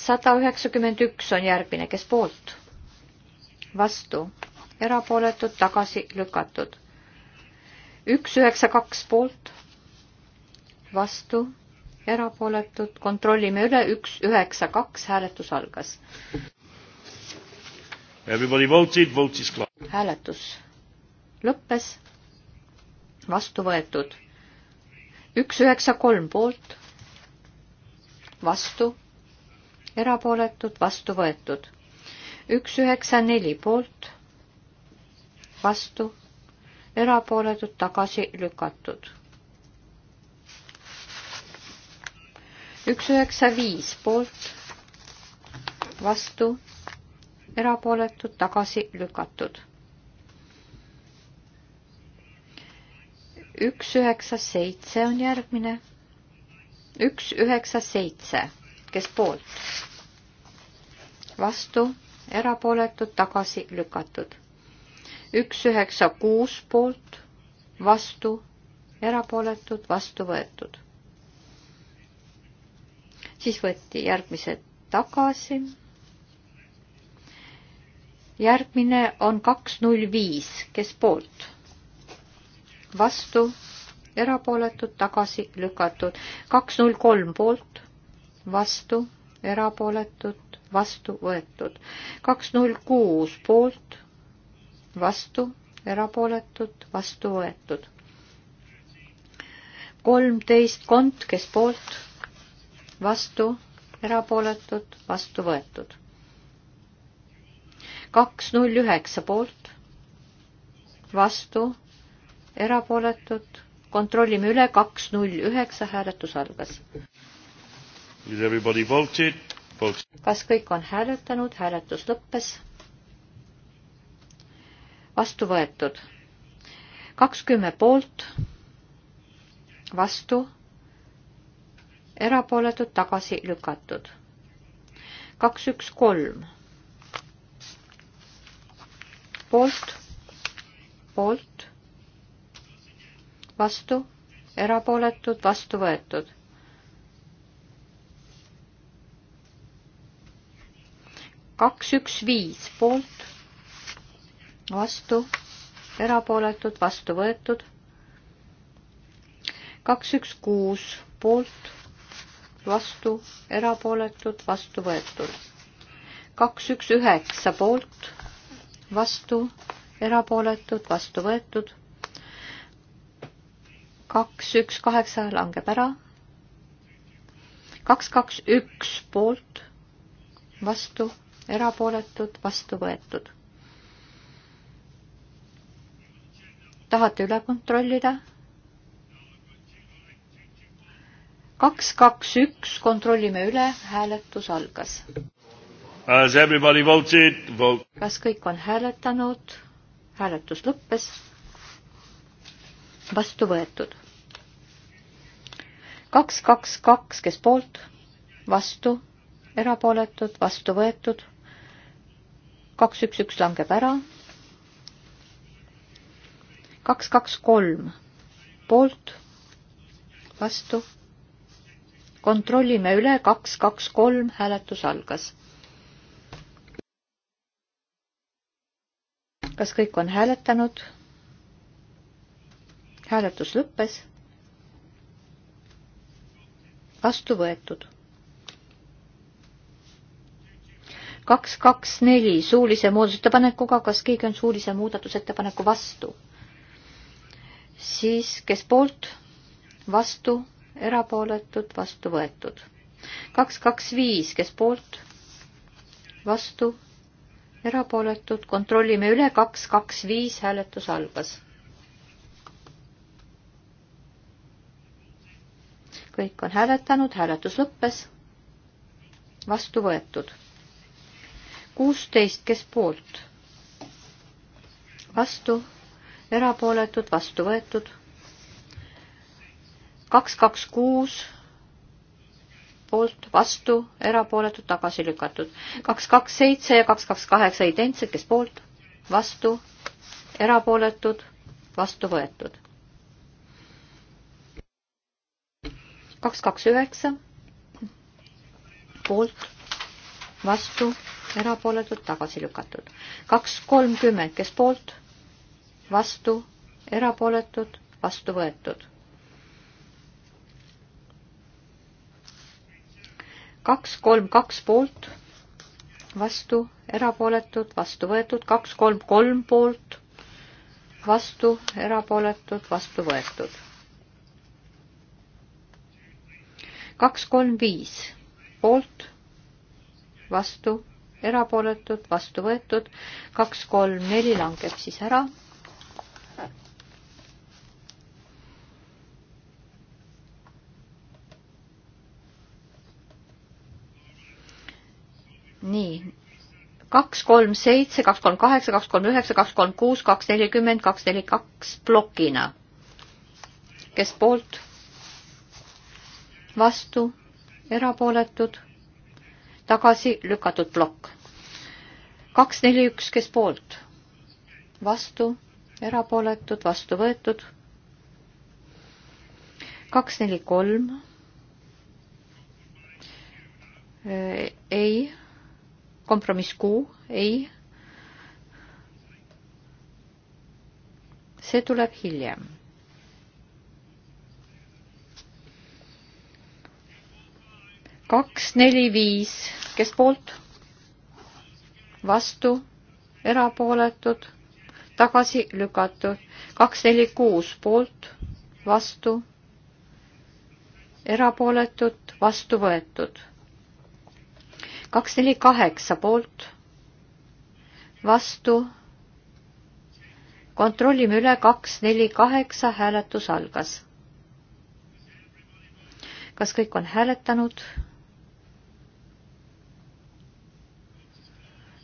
sada üheksakümmend üks on järgmine, kes poolt? vastu, erapooletud, tagasi lükatud. üks üheksa kaks poolt, vastu, erapooletud, kontrollime üle, üks üheksa kaks, hääletus algas. Everybody voted, vote is closed. hääletus lõppes, vastu võetud. üks üheksa kolm poolt, vastu, erapooletud, vastu võetud. üks üheksa neli poolt, vastu, erapooletud, tagasi lükatud. üks üheksa viis poolt, vastu erapooletud, tagasi lükatud. üks üheksa seitse on järgmine. üks üheksa seitse, kes poolt? vastu, erapooletud, tagasi lükatud. üks üheksa kuus poolt, vastu, erapooletud, vastu võetud. siis võeti järgmised tagasi järgmine on kaks null viis, kes poolt? vastu, erapooletud, tagasi lükatud. kaks null kolm poolt, vastu, erapooletud, vastu võetud. kaks null kuus poolt, vastu, erapooletud, vastu võetud. kolmteist kont, kes poolt, vastu, erapooletud, vastu võetud kaks null üheksa poolt, vastu, erapooletud, kontrollime üle, kaks null üheksa hääletus algas. kas kõik on hääletanud, hääletus lõppes? vastu võetud. kakskümmend poolt, vastu, erapooletud, tagasi lükatud. kaks, üks, kolm poolt, poolt, vastu, erapooletud, vastu võetud. kaks, üks, viis poolt, vastu, erapooletud, vastu võetud. kaks, üks, kuus poolt, vastu, erapooletud, vastu võetud. kaks, üks, üheksa poolt vastu, erapooletud, vastu võetud. kaks, üks, kaheksa langeb ära. kaks, kaks, üks poolt, vastu, erapooletud, vastu võetud. tahate üle kontrollida? kaks, kaks, üks, kontrollime üle, hääletus algas Has everybody voted? Vote. kas kõik on hääletanud? hääletus lõppes. vastu võetud. kaks, kaks, kaks, kes poolt, vastu, erapooletud, vastu võetud. kaks, üks, üks langeb ära. kaks, kaks, kolm, poolt, vastu. kontrollime üle, kaks, kaks, kolm, hääletus algas kas kõik on hääletanud? hääletus lõppes. vastu võetud. kaks, kaks, neli suulise muudatusettepanekuga, kas keegi on suulise muudatusettepaneku vastu? siis, kes poolt, vastu, erapooletud, vastu võetud. kaks, kaks, viis, kes poolt, vastu erapooletud, kontrollime üle, kaks, kaks, viis, hääletus algas. kõik on hääletanud, hääletus lõppes. vastu võetud. kuusteist, kes poolt? vastu, erapooletud, vastu võetud. kaks, kaks, kuus poolt, vastu, erapooletud, tagasi lükatud. kaks, kaks, seitse ja kaks, kaks, kaheksa identsed, kes poolt, vastu, erapooletud, vastu võetud. kaks, kaks, üheksa, poolt, vastu, erapooletud, tagasi lükatud. kaks, kolmkümmend, kes poolt, vastu, erapooletud, vastu võetud kaks, kolm, kaks poolt, vastu, erapooletud, vastu võetud, kaks, kolm, kolm poolt, vastu, erapooletud, vastu võetud. kaks, kolm, viis poolt, vastu, erapooletud, vastu võetud, kaks, kolm, neli langeb siis ära nii, kaks, kolm, seitse, kaks, kolm, kaheksa, kaks, kolm, üheksa, kaks, kolm, kuus, kaks, nelikümmend, kaks, neli, kaks plokina. kes poolt? vastu, erapooletud, tagasi lükatud plokk. kaks, neli, üks, kes poolt? vastu, erapooletud, vastu võetud. kaks, neli, kolm. ei kompromiss Q, ei. see tuleb hiljem. kaks, neli, viis, kes poolt? vastu, erapooletud, tagasi lükatud, kaks, neli, kuus poolt, vastu, erapooletud, vastu võetud kaks, neli, kaheksa poolt, vastu. kontrollime üle, kaks, neli, kaheksa, hääletus algas. kas kõik on hääletanud?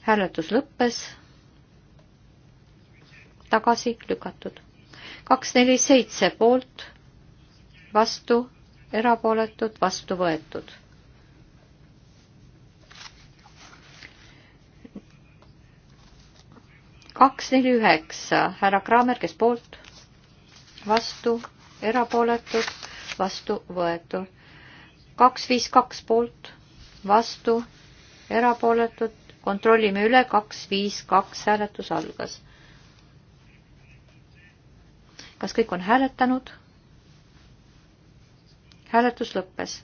hääletus lõppes. tagasi lükatud. kaks, neli, seitse poolt, vastu, erapooletud, vastu võetud kaks, neli, üheksa, härra Kraamer, kes poolt, vastu, erapooletud, vastu võetud. kaks, viis, kaks poolt, vastu, erapooletud, kontrollime üle, kaks, viis, kaks, hääletus algas. kas kõik on hääletanud? hääletus lõppes.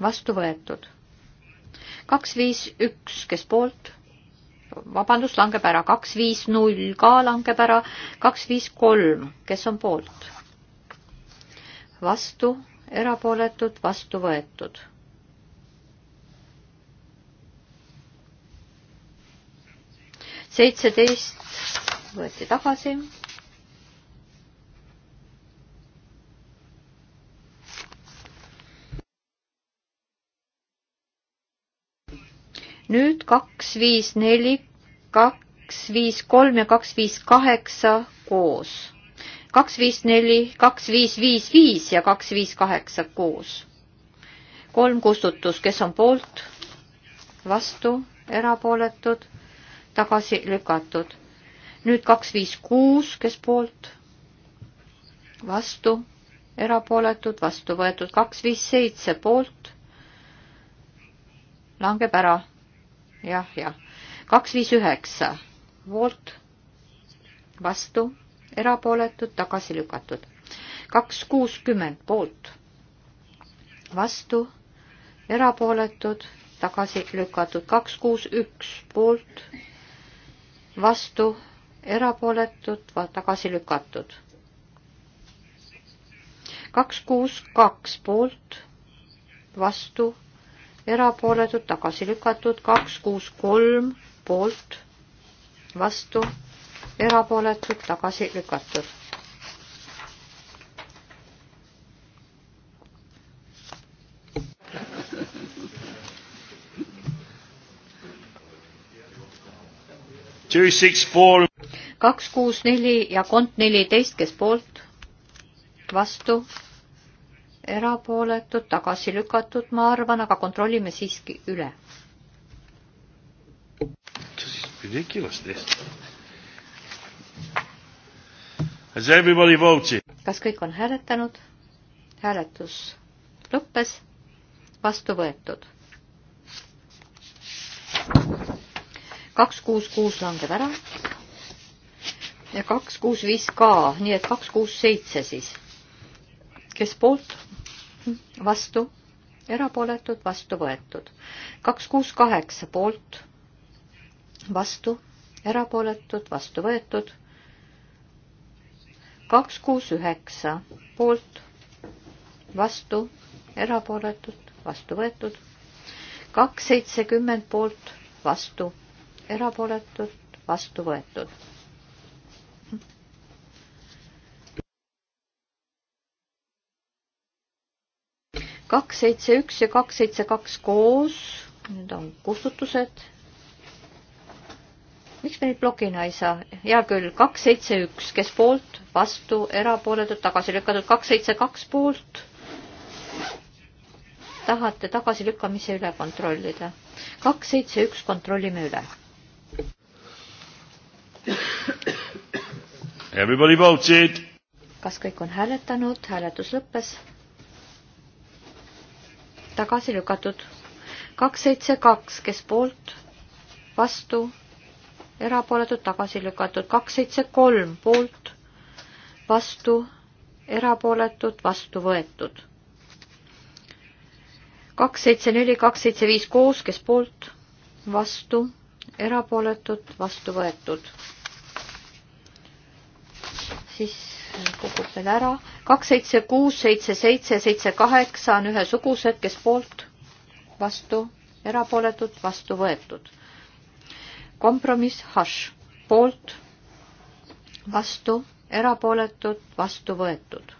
vastu võetud. kaks, viis, üks, kes poolt vabandust, langeb ära, kaks, viis, null ka langeb ära, kaks, viis, kolm, kes on poolt? vastu, erapooletud, vastu võetud. seitseteist võeti tagasi nüüd kaks, viis, neli, kaks, viis, kolm ja kaks, viis, kaheksa koos. kaks, viis, neli, kaks, viis, viis, viis ja kaks, viis, kaheksa koos. kolm kustutus, kes on poolt, vastu, erapooletud, tagasi lükatud. nüüd kaks, viis, kuus, kes poolt, vastu, erapooletud, vastu võetud, kaks, viis, seitse poolt, langeb ära jah, jah. kaks, viis, üheksa poolt, vastu, erapooletud, tagasi lükatud. kaks, kuuskümmend poolt, vastu, erapooletud, tagasi lükatud. kaks, kuus, üks poolt, vastu, erapooletud, tagasi lükatud kaks kuus kaks poolt, vastu, erapooletud, tagasi lükatud, kaks, kuus, kolm poolt, vastu, erapooletud, tagasi lükatud. kaks, kuus, neli ja kont neliteist, kes poolt, vastu erapooletud, tagasi lükatud, ma arvan, aga kontrollime siiski üle. kas kõik on hääletanud? hääletus lõppes, vastu võetud. kaks kuus kuus langeb ära ja kaks kuus viis ka, nii et kaks kuus seitse siis. kes poolt? vastu, erapooletud, vastu võetud. kaks, kuus, kaheksa poolt, vastu, erapooletud, vastu võetud. kaks, kuus, üheksa poolt, vastu, erapooletud, vastu võetud. kaks, seitsekümmend poolt, vastu, erapooletud, vastu võetud kaks, seitse, üks ja kaks, seitse, kaks koos. Need on kustutused. miks me neid blokina ei saa? hea küll, kaks, seitse, üks, kes poolt, vastu, erapooletud, tagasi lükatud, kaks, seitse, kaks poolt. tahate tagasilükkamise üle kontrollida? kaks, seitse, üks, kontrollime üle. Everybody votes it. kas kõik on hääletanud, hääletus lõppes tagasi lükatud. kaks, seitse, kaks, kes poolt, vastu, erapooletud, tagasi lükatud. kaks, seitse, kolm, poolt, vastu, erapooletud, vastu võetud. kaks, seitse, neli, kaks, seitse, viis koos, kes poolt, vastu, erapooletud, vastu võetud. siis kukub veel ära. kaks, seitse, kuus, seitse, seitse, seitse, kaheksa on ühesugused, kes poolt, vastu, erapooletud, vastu võetud. kompromiss, hašš, poolt, vastu, erapooletud, vastu võetud.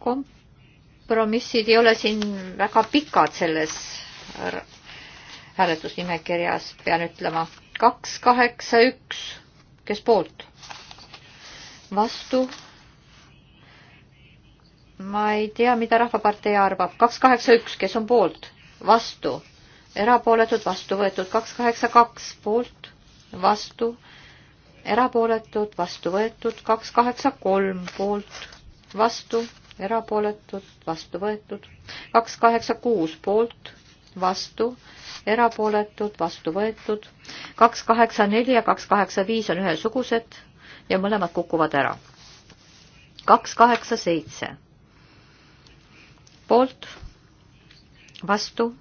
kompromissid ei ole siin väga pikad selles hääletusnimekirjas, pean ütlema. kaks, kaheksa, üks, kes poolt? vastu? ma ei tea, mida Rahvapartei arvab. kaks, kaheksa, üks, kes on poolt? vastu? erapooletud, vastu võetud. kaks, kaheksa, kaks, poolt? vastu? erapooletud, vastu võetud. kaks, kaheksa, kolm, poolt? vastu? erapooletud, vastu võetud. kaks, kaheksa, kuus, poolt? vastu, erapooletud, vastu võetud. kaks kaheksa neli ja kaks kaheksa viis on ühesugused ja mõlemad kukuvad ära. kaks kaheksa seitse. poolt, vastu,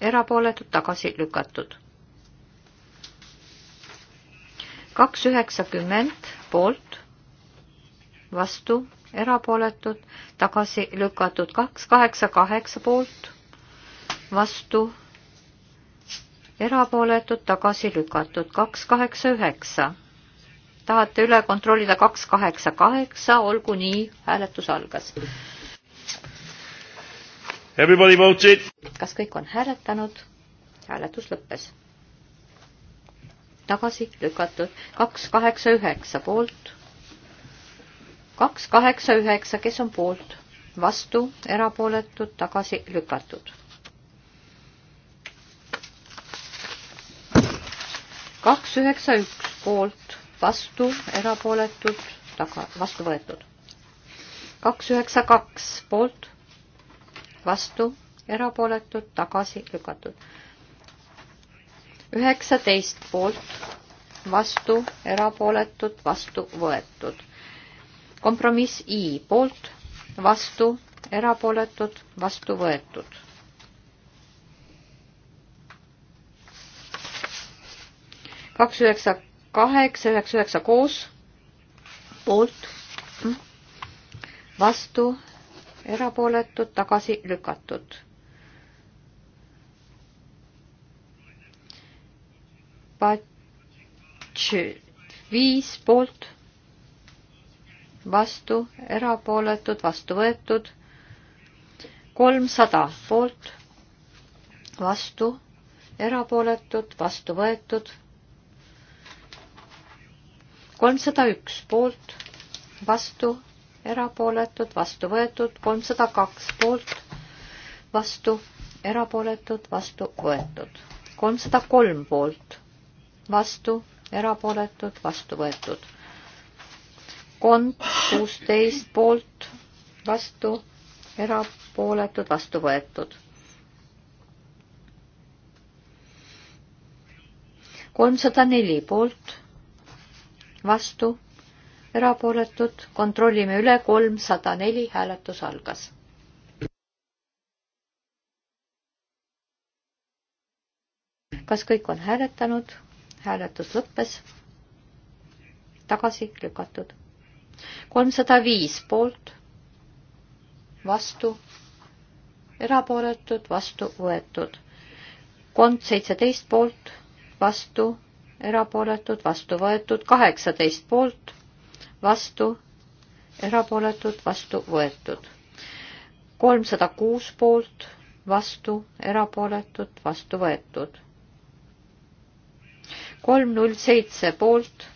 erapooletud, tagasi lükatud. kaks üheksakümmend poolt, vastu, erapooletud, tagasi lükatud, kaks kaheksa kaheksa poolt vastu, erapooletud, tagasi lükatud, kaks kaheksa üheksa. tahate üle kontrollida kaks kaheksa kaheksa, olgu nii, hääletus algas. Everybody voted. kas kõik on hääletanud? hääletus lõppes. tagasi lükatud, kaks kaheksa üheksa poolt. kaks kaheksa üheksa, kes on poolt? vastu, erapooletud, tagasi lükatud kaks üheksa üks poolt, vastu, erapooletud, taga, vastu võetud. kaks üheksa kaks poolt, vastu, erapooletud, tagasi lükatud. üheksateist poolt, vastu, erapooletud, vastu võetud. kompromiss I poolt, vastu, erapooletud, vastu võetud kaks üheksa kaheksa, üheksa üheksa koos, poolt, vastu, erapooletud, tagasi lükatud. Patš viis poolt, vastu, erapooletud, vastu võetud, kolmsada poolt, vastu, erapooletud, vastu võetud kolmsada üks poolt, vastu, erapooletud, vastu võetud, kolmsada kaks poolt, vastu, erapooletud, vastu võetud, kolmsada kolm poolt, vastu, erapooletud, vastu võetud, kond kuusteist poolt, vastu, erapooletud, vastu võetud kolmsada neli poolt, vastu, erapooletud, kontrollime üle, kolmsada neli, hääletus algas kas kõik on hääletanud? hääletus lõppes. tagasi lükatud. kolmsada viis poolt, vastu, erapooletud, vastu võetud. kond seitseteist poolt, vastu, erapooletud, vastu võetud, kaheksateist poolt, vastu, erapooletud, vastu võetud. kolmsada kuus poolt, vastu, erapooletud, vastu võetud. kolm null seitse poolt,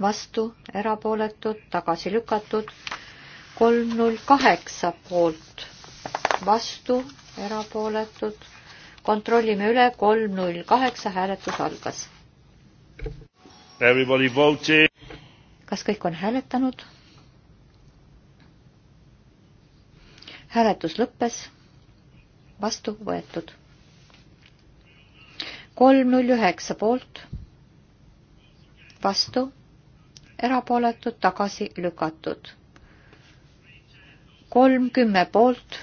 vastu, erapooletud, tagasi lükatud. kolm null kaheksa poolt, vastu, erapooletud kontrollime üle, kolm null kaheksa hääletus algas kas kõik on hääletanud? hääletus lõppes, vastu võetud. kolm null üheksa poolt, vastu, erapooletud, tagasi lükatud. kolm kümme poolt,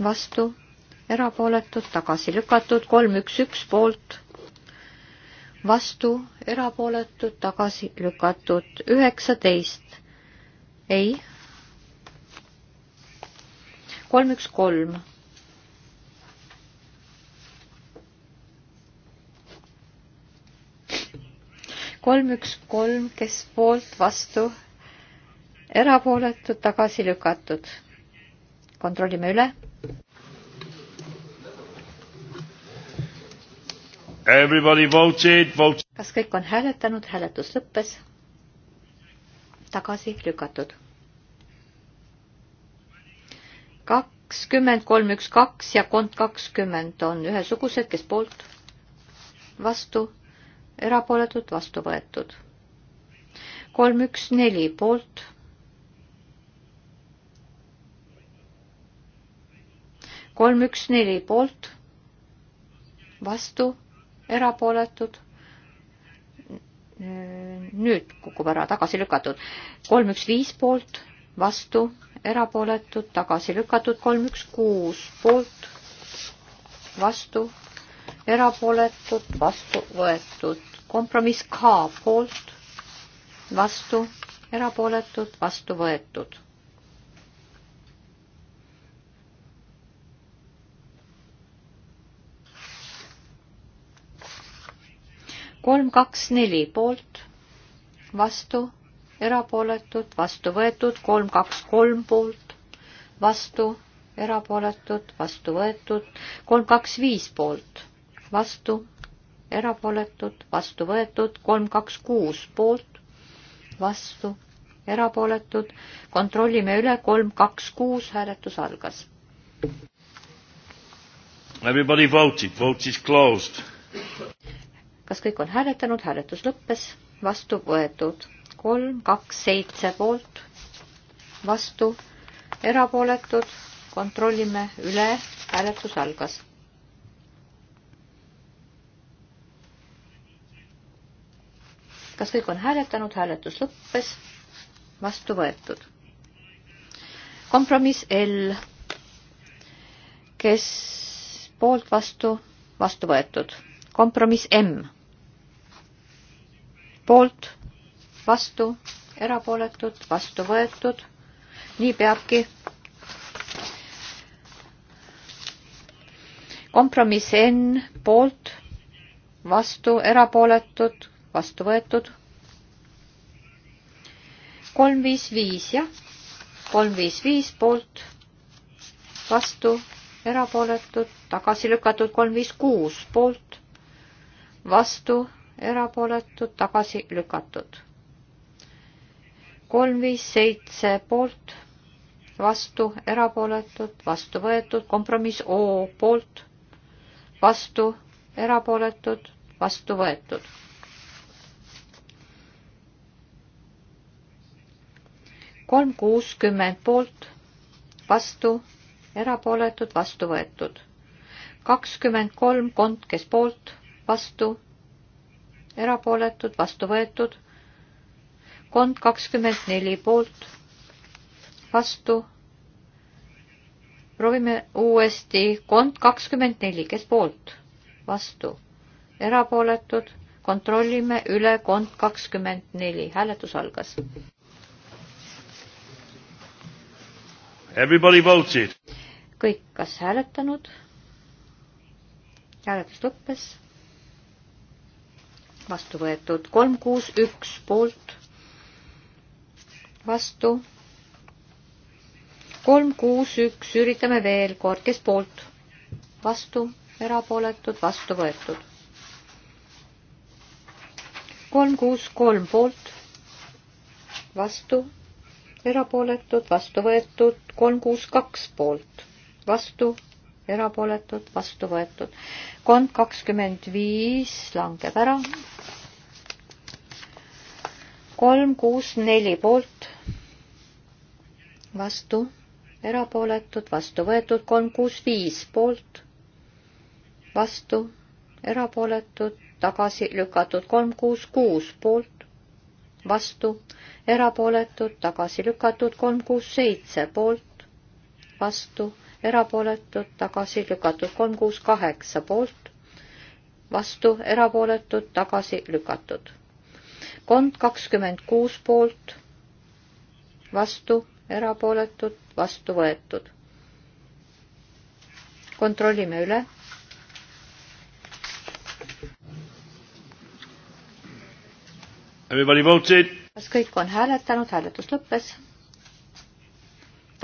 vastu, erapooletud, tagasi lükatud, kolm üks üks poolt vastu, erapooletud, tagasi lükatud, üheksateist, ei, kolm, üks, kolm. kolm, üks, kolm, kes poolt, vastu, erapooletud, tagasi lükatud. kontrollime üle Voted, voted. kas kõik on hääletanud, hääletus lõppes. tagasi lükatud. kakskümmend kolm, üks, kaks ja kond kakskümmend on ühesugused, kes poolt, vastu, erapooletud, vastu võetud. kolm, üks, neli poolt. kolm, üks, neli poolt, vastu erapooletud. nüüd kukub ära, tagasi lükatud. kolm, üks, viis poolt, vastu, erapooletud, tagasi lükatud, kolm, üks, kuus poolt, vastu, erapooletud, vastu võetud. kompromiss K poolt, vastu, erapooletud, vastu võetud kolm, kaks, neli poolt, vastu, erapooletud, vastu võetud, kolm, kaks, kolm poolt, vastu, erapooletud, vastu võetud, kolm, kaks, viis poolt, vastu, erapooletud, vastu võetud, kolm, kaks, kuus poolt, vastu, erapooletud, kontrollime üle, kolm, kaks, kuus, hääletus algas. Everybody voted, vote is closed kas kõik on hääletanud, hääletus lõppes, vastu võetud kolm, kaks, seitse poolt, vastu, erapooletud, kontrollime üle, hääletus algas. kas kõik on hääletanud, hääletus lõppes, vastu võetud. kompromiss L, kes poolt vastu, vastu võetud. kompromiss M poolt, vastu, erapooletud, vastu võetud. nii peabki. kompromiss N poolt, vastu, erapooletud, vastu võetud. kolm, viis, viis, jah. kolm, viis, viis poolt, vastu, erapooletud, tagasi lükatud kolm, viis, kuus poolt, vastu erapooletud, tagasi lükatud. kolm, viis, seitse poolt, vastu, erapooletud, vastu võetud, kompromiss O poolt, vastu, erapooletud, vastu võetud. kolm, kuuskümmend poolt, vastu, erapooletud, vastu võetud. kakskümmend kolm kond, kes poolt, vastu erapooletud, vastu võetud. kond kakskümmend neli poolt, vastu. proovime uuesti, kond kakskümmend neli, kes poolt, vastu, erapooletud, kontrollime üle kond kakskümmend neli, hääletus algas. Everybody voted. kõik, kas hääletanud? hääletus lõppes vastu võetud. kolm, kuus, üks poolt, vastu. kolm, kuus, üks, üritame veel kord, kes poolt, vastu, erapooletud, vastu võetud. kolm, kuus, kolm poolt, vastu, erapooletud, vastu võetud, kolm, kuus, kaks poolt, vastu erapooletud, vastu võetud. kond kakskümmend viis langeb ära, kolm, kuus, neli poolt, vastu, erapooletud, vastu võetud, kolm, kuus, viis poolt, vastu, erapooletud, tagasi lükatud, kolm, kuus, kuus poolt, vastu, erapooletud, tagasi lükatud, kolm, kuus, seitse poolt, vastu, erapooletud, tagasi lükatud, kolm, kuus, kaheksa poolt, vastu, erapooletud, tagasi lükatud kond kakskümmend kuus poolt, vastu, erapooletud, vastu võetud. kontrollime üle. kas kõik on hääletanud, hääletus lõppes?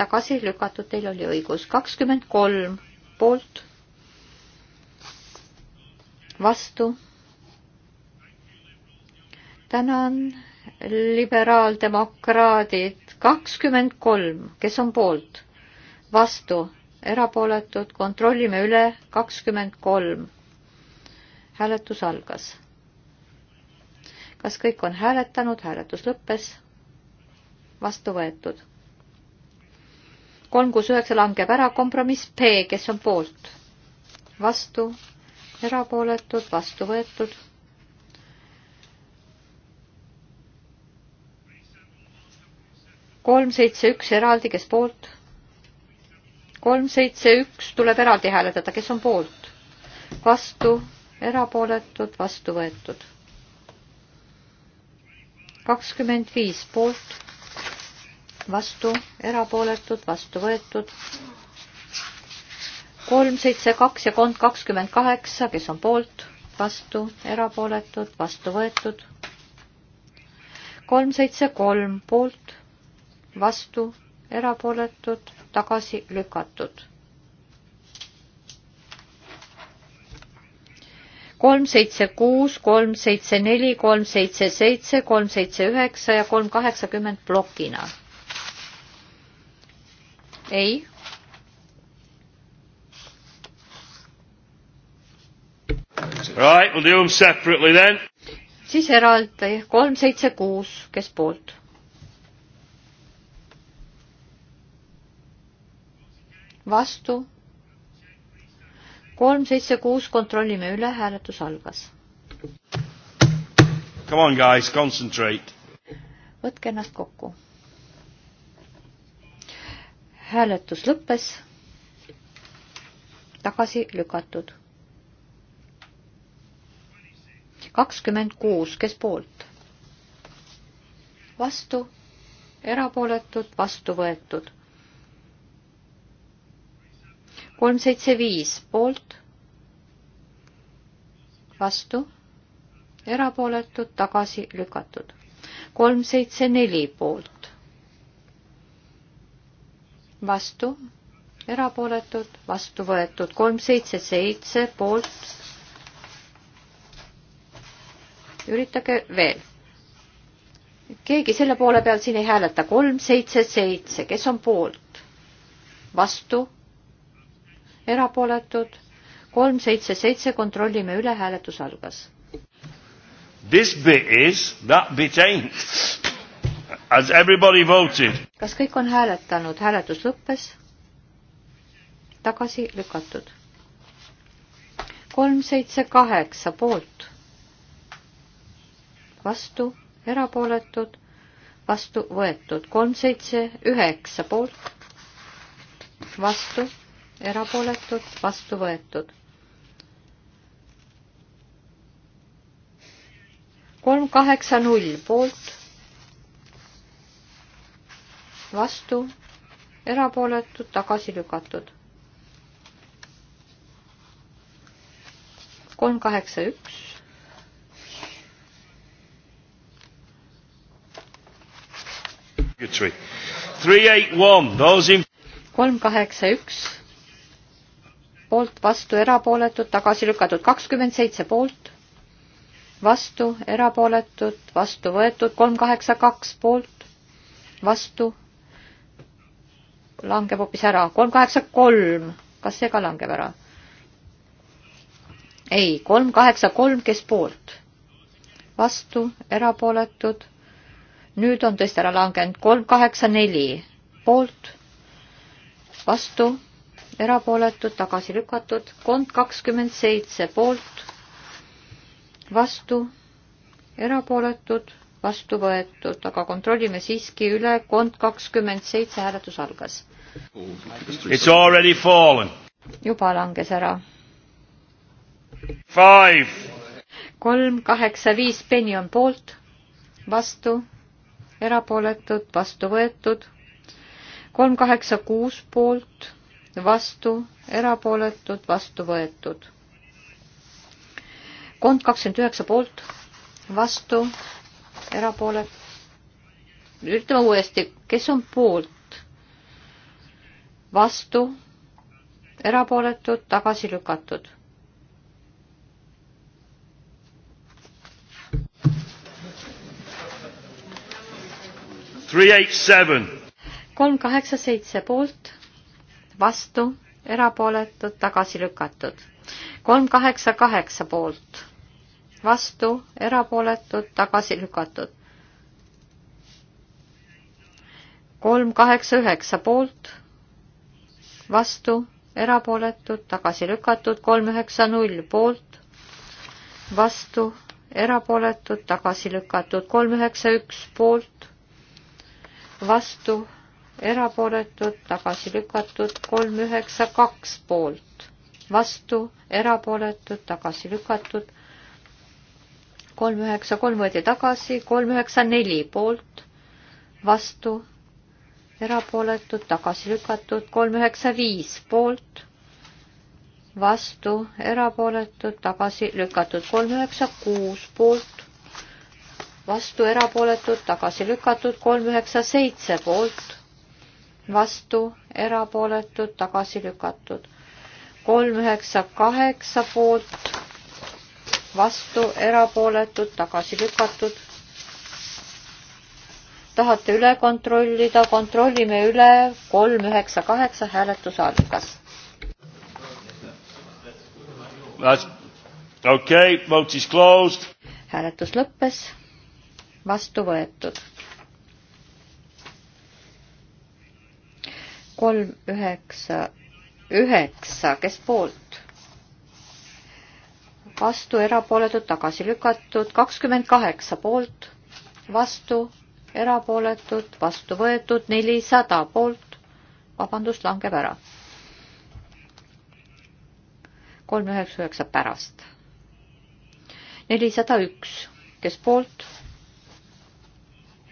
tagasi lükatud, teil oli õigus, kakskümmend kolm poolt, vastu tänan, liberaaldemokraadid kakskümmend kolm, kes on poolt, vastu, erapooletud, kontrollime üle, kakskümmend kolm. hääletus algas. kas kõik on hääletanud, hääletus lõppes, vastu võetud. kolm kuus üheksa langeb ära, kompromiss P, kes on poolt, vastu, erapooletud, vastu võetud kolm, seitse, üks eraldi, kes poolt? kolm, seitse, üks tuleb eraldi hääletada, kes on poolt? vastu, erapooletud, vastu võetud. kakskümmend viis poolt, vastu, erapooletud, vastu võetud. kolm, seitse, kaks ja kond kakskümmend kaheksa, kes on poolt, vastu, erapooletud, vastu võetud. kolm, seitse, kolm poolt vastu, erapooletud, tagasi lükatud. kolm, seitse, kuus, kolm, seitse, neli, kolm, seitse, seitse, kolm, seitse, üheksa ja kolm, kaheksakümmend plokina. ei Right, we'll do them separately then. siis eraldi kolm, seitse, kuus, kes poolt? vastu. kolm, seitse, kuus, kontrollime üle, hääletus algas. Come on guys, concentrate. võtke ennast kokku. hääletus lõppes. tagasi lükatud. kakskümmend kuus, kes poolt? vastu, erapooletud, vastu võetud kolm, seitse, viis poolt, vastu, erapooletud, tagasi lükatud. kolm, seitse, neli poolt, vastu, erapooletud, vastu võetud. kolm, seitse, seitse poolt. üritage veel. keegi selle poole peal siin ei hääleta. kolm, seitse, seitse, kes on poolt? vastu erapooletud, kolm, seitse, seitse, kontrollime üle, hääletus algas. This bit is, that bit ain't. Has everybody voted? kas kõik on hääletanud, hääletus lõppes? tagasi lükatud. kolm, seitse, kaheksa poolt, vastu, erapooletud, vastu võetud, kolm, seitse, üheksa poolt, vastu erapooletud, vastu võetud. kolm kaheksa null poolt, vastu, erapooletud, tagasi lükatud. kolm kaheksa üks. kolm kaheksa üks poolt, vastu, erapooletud, tagasi lükatud, kakskümmend seitse poolt, vastu, erapooletud, vastu võetud, kolm kaheksa kaks poolt, vastu, langeb hoopis ära, kolm kaheksa kolm, kas see ka langeb ära? ei, kolm kaheksa kolm, kes poolt? vastu, erapooletud, nüüd on tõesti ära langenud, kolm kaheksa neli poolt, vastu, erapooletud, tagasi lükatud, kond kakskümmend seitse poolt, vastu, erapooletud, vastu võetud, aga kontrollime siiski üle, kond kakskümmend seitse hääletus algas. It's already fallen. juba langes ära. Five. kolm, kaheksa, viis penni on poolt, vastu, erapooletud, vastu võetud, kolm, kaheksa, kuus poolt vastu, erapooletud, vastu võetud. kond kakskümmend üheksa poolt, vastu, erapoolet-. ütleme uuesti, kes on poolt, vastu, erapooletud, tagasi lükatud kolm kaheksa seitse poolt vastu, erapooletud, tagasi lükatud. kolm kaheksa kaheksa poolt, vastu, erapooletud, tagasi lükatud. kolm kaheksa üheksa poolt, vastu, erapooletud, tagasi lükatud, kolm üheksa null poolt, vastu, erapooletud, tagasi lükatud, kolm üheksa üks poolt, vastu, erapooletud, tagasi lükatud, kolm üheksa kaks poolt, vastu, erapooletud, tagasi lükatud, kolm üheksa kolm võeti tagasi, kolm üheksa neli poolt, vastu, erapooletud, tagasi lükatud, kolm üheksa viis poolt, vastu, erapooletud, tagasi lükatud, kolm üheksa kuus poolt, vastu, erapooletud, tagasi lükatud, kolm üheksa seitse poolt vastu, erapooletud, tagasi lükatud. kolm üheksa kaheksa poolt, vastu, erapooletud, tagasi lükatud. tahate üle kontrollida, kontrollime üle, kolm üheksa kaheksa hääletus algas. okei okay,, vote is closed. hääletus lõppes, vastu võetud kolm, üheksa, üheksa, kes poolt? vastu, erapooletud, tagasi lükatud, kakskümmend kaheksa poolt, vastu, erapooletud, vastu võetud, nelisada poolt, vabandust, langeb ära. kolm üheksa üheksa pärast. nelisada üks, kes poolt,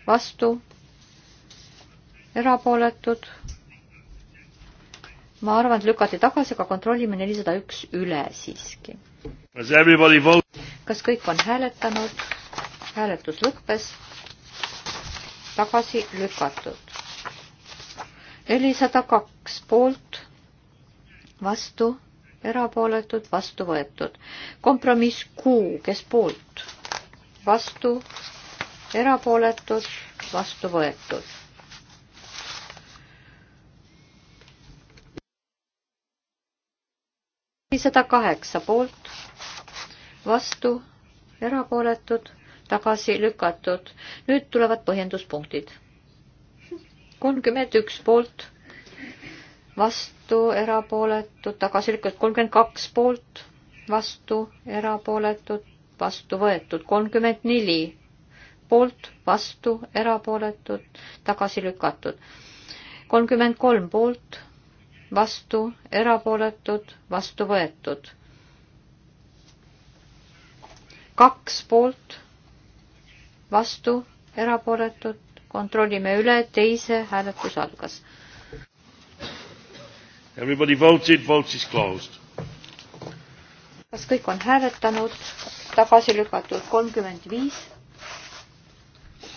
vastu, erapooletud ma arvan, et lükati tagasi, aga kontrollime nelisada üks üle siiski. kas kõik on hääletanud? hääletus lõppes. tagasi lükatud. nelisada kaks poolt, vastu, erapooletud, vastu võetud. kompromiss Q, kes poolt? vastu, erapooletud, vastu võetud sada kaheksa poolt, vastu, erapooletud, tagasi lükatud. nüüd tulevad põhjenduspunktid. kolmkümmend üks poolt, vastu, erapooletud, tagasi lükatud, kolmkümmend kaks poolt, vastu, erapooletud, vastu võetud, kolmkümmend neli poolt, vastu, erapooletud, tagasi lükatud. kolmkümmend kolm poolt vastu, erapooletud, vastu võetud. kaks poolt, vastu, erapooletud, kontrollime üle, teise hääletus algas. Everybody voted, votes is closed. kas kõik on hääletanud? tagasi lükatud kolmkümmend viis.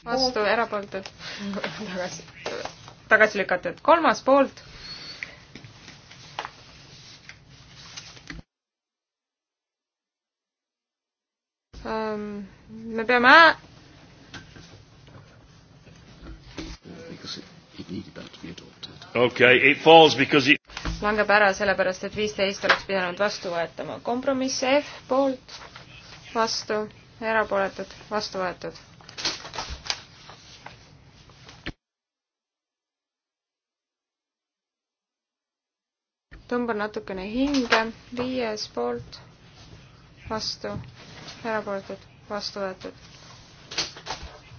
vastu, erapooletud, tagasi, tagasi lükatud, kolmas poolt Ähm, me peame okay, it falls because it langeb ära sellepärast, et viisteist oleks pidanud vastu võetama. kompromiss F poolt, vastu, erapooletud, vastu võetud. tõmban natukene hinge, viies poolt, vastu, erapooletud, vastu võetud.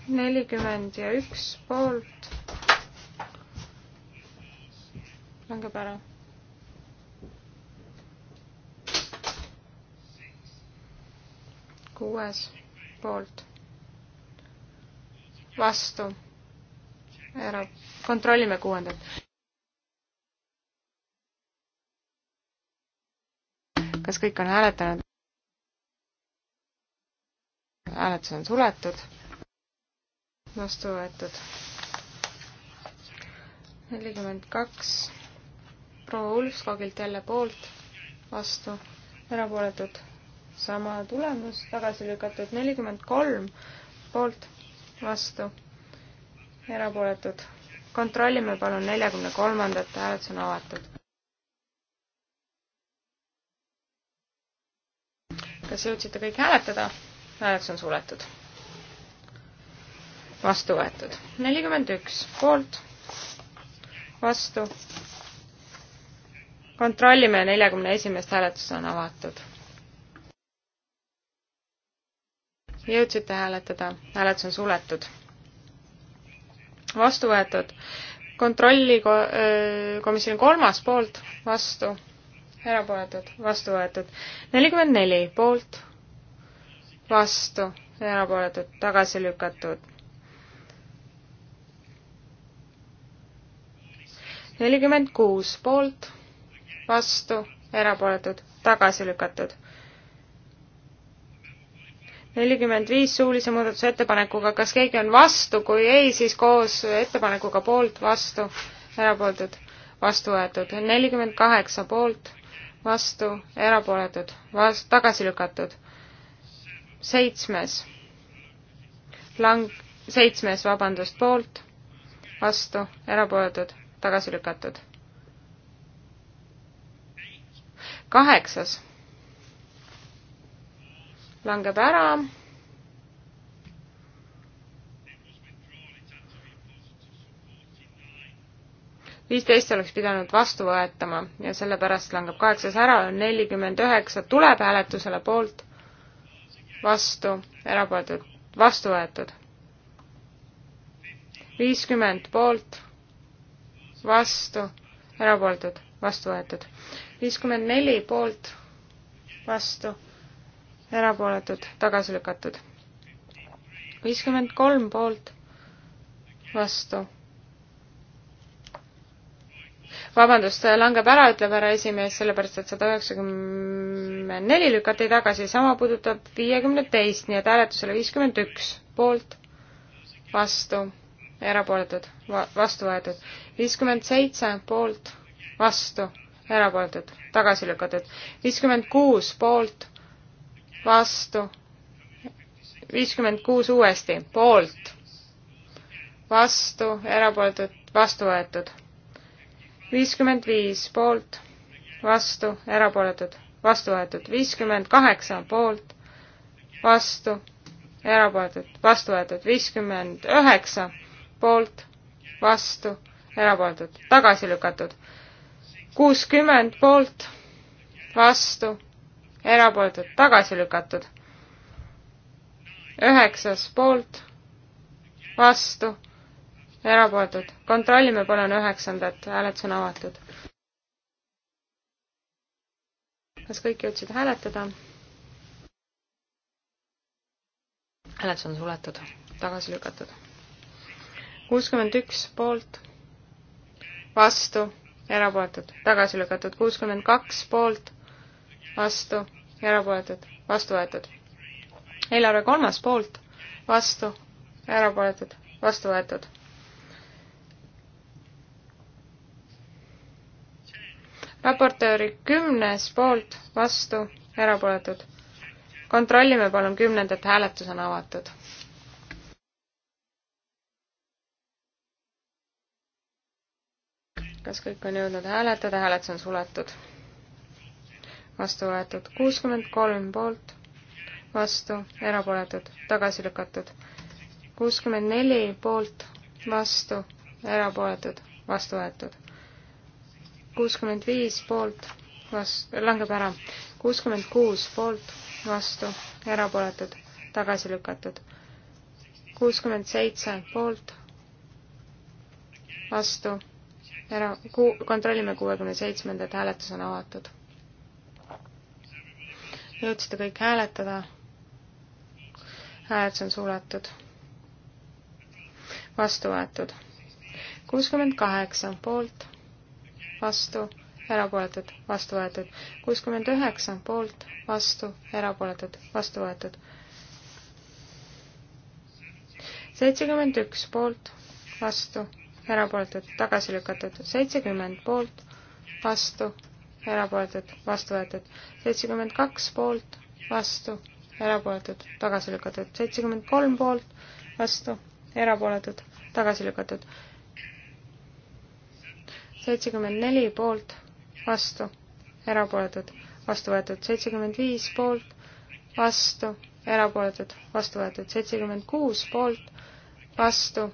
nelikümmend ja üks poolt. langeb ära. kuues poolt. vastu. ära, kontrollime kuuendat. kas kõik on hääletanud? hääletus on suletud. vastu võetud. nelikümmend kaks. proua Ulfskogilt jälle poolt, vastu, erapooletud. sama tulemus, tagasi lükatud nelikümmend kolm, poolt, vastu, erapooletud. kontrollime palun neljakümne kolmandat, hääletus on avatud. kas jõudsite kõik hääletada? hääletus on suletud. vastu võetud. nelikümmend üks poolt, vastu. kontrollime, neljakümne esimest hääletust on avatud. jõudsite hääletada, hääletus on suletud. vastu võetud. kontrolli komisjoni kolmas poolt, vastu, erapooletud, vastu võetud. nelikümmend neli poolt vastu, erapooletud, tagasi lükatud. nelikümmend kuus poolt, vastu, erapooletud, tagasi lükatud. nelikümmend viis suulise muudatusettepanekuga, kas keegi on vastu, kui ei, siis koos ettepanekuga poolt, vastu, erapooletud, vastu võetud. nelikümmend kaheksa poolt, vastu, erapooletud, vast-, tagasi lükatud seitsmes lang-, seitsmes, vabandust, poolt, vastu, erapooletud, tagasi lükatud. kaheksas langeb ära. viisteist oleks pidanud vastu võetama ja sellepärast langeb kaheksas ära, nelikümmend üheksa tuleb hääletusele poolt, vastu, erapooletud, vastu võetud. viiskümmend poolt, vastu, erapooletud, vastu võetud. viiskümmend neli poolt, vastu, erapooletud, tagasi lükatud. viiskümmend kolm poolt, vastu vabandust, langeb ära, ütleb härra esimees, sellepärast et sada üheksakümmend neli lükati tagasi, sama puudutab viiekümne teist, nii et hääletusele viiskümmend üks poolt, vastu, erapooletud va, vastu võetud, viiskümmend seitse poolt, vastu, erapooletud, tagasi lükatud, viiskümmend kuus poolt, vastu, viiskümmend kuus uuesti, poolt, vastu, erapooletud, vastu võetud viiskümmend viis poolt, vastu, erapooletud, vastu võetud, viiskümmend kaheksa poolt, vastu, erapooletud, vastu võetud, viiskümmend üheksa poolt, vastu, erapooletud, tagasi lükatud. kuuskümmend poolt, vastu, erapooletud, tagasi lükatud. üheksas poolt, vastu erapooletud. kontrollime palun üheksandat, hääletus on avatud. kas kõik jõudsid hääletada? hääletus on suletud, tagasi lükatud. kuuskümmend üks poolt, vastu, erapooletud, tagasi lükatud. kuuskümmend kaks poolt, vastu, erapooletud, vastu võetud. eelarve kolmas poolt, vastu, erapooletud, vastu võetud raportööri kümnes poolt, vastu, erapooletud. kontrollime palun kümnendat, hääletus on avatud. kas kõik on jõudnud hääletada, hääletus on suletud. vastu võetud kuuskümmend kolm poolt, vastu, erapooletud, tagasi lükatud. kuuskümmend neli poolt, vastu, erapooletud, vastu võetud kuuskümmend viis poolt, vastu, langeb ära. kuuskümmend kuus poolt, vastu, erapooletud, tagasi lükatud. kuuskümmend seitse poolt, vastu, ära, ku-, kontrollime kuuekümne seitsmendat, hääletus on avatud. jõudsite kõik hääletada? hääletus on suletud. vastu võetud. kuuskümmend kaheksa poolt vastu, erapooletud, vastu võetud. kuuskümmend üheksa poolt, vastu, erapooletud, vastu võetud. seitsekümmend üks poolt, vastu, erapooletud, tagasi lükatud. seitsekümmend poolt, vastu, erapooletud, vastu võetud. seitsekümmend kaks poolt, vastu, erapooletud, tagasi lükatud. seitsekümmend kolm poolt, vastu, erapooletud, tagasi lükatud seitsekümmend neli poolt, vastu, erapooletud, vastu võetud, seitsekümmend viis poolt, vastu, erapooletud, vastu võetud, seitsekümmend kuus poolt, vastu,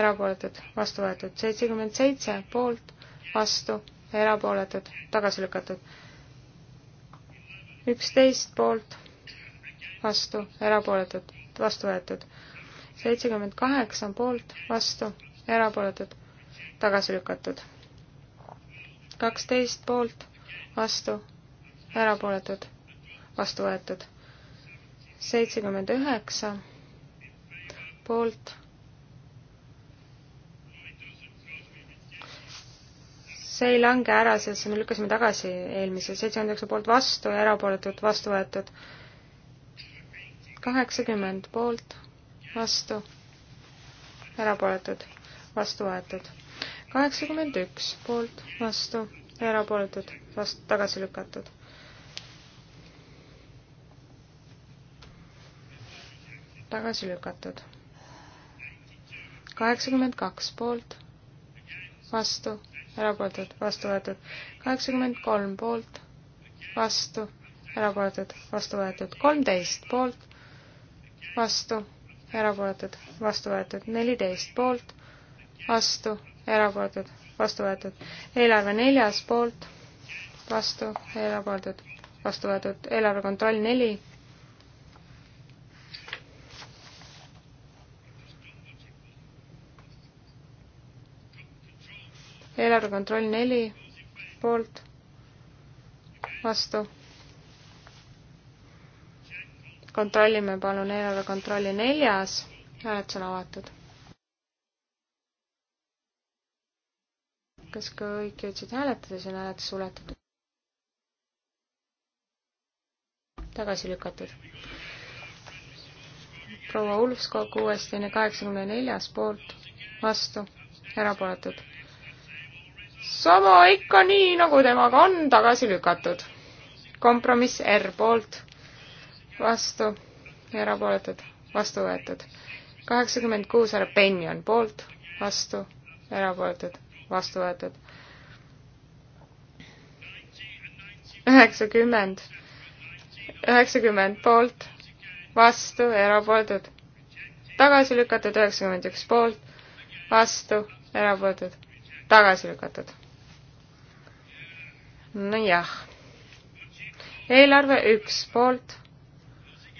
erapooletud, vastu võetud, seitsekümmend seitse poolt, vastu, erapooletud, tagasi lükatud. üksteist poolt, vastu, erapooletud, vastu võetud. seitsekümmend kaheksa poolt, vastu, erapooletud, tagasi lükatud kaksteist poolt, vastu, erapooletud, vastu võetud. seitsekümmend üheksa poolt. see ei lange ära, sest me lükkasime tagasi eelmise, seitsekümmend üheksa poolt vastu ja erapooletud vastu võetud. kaheksakümmend poolt, vastu, erapooletud, vastu võetud kaheksakümmend üks poolt, vastu, erapooletud, vastu, tagasi lükatud. tagasi lükatud. kaheksakümmend kaks poolt, vastu, erapooletud, vastu võetud. kaheksakümmend kolm poolt, vastu, erapooletud, vastu võetud. kolmteist poolt, vastu, erapooletud, vastu võetud. neliteist poolt, vastu, erapooletud, vastu võetud. eelarve neljas poolt, vastu, erapooletud, vastu võetud. eelarve kontroll neli. eelarve kontroll neli poolt, vastu. kontrollime palun eelarve kontrolli neljas, hääletus on avatud. kas kõik jõudsid hääletada, see on hääletus suletud. tagasi lükatud. proua Ulfskog uuesti enne kaheksakümne neljas poolt, vastu, erapooletud. sama ikka nii, nagu temaga on, tagasi lükatud. kompromiss R poolt, vastu, erapooletud, vastu võetud. kaheksakümmend kuus härra Penjon poolt, vastu, erapooletud vastu võetud. üheksakümmend, üheksakümmend poolt, vastu, erapooletud. tagasi lükatud üheksakümmend üks poolt, vastu, erapooletud, tagasi lükatud. nojah. eelarve üks poolt,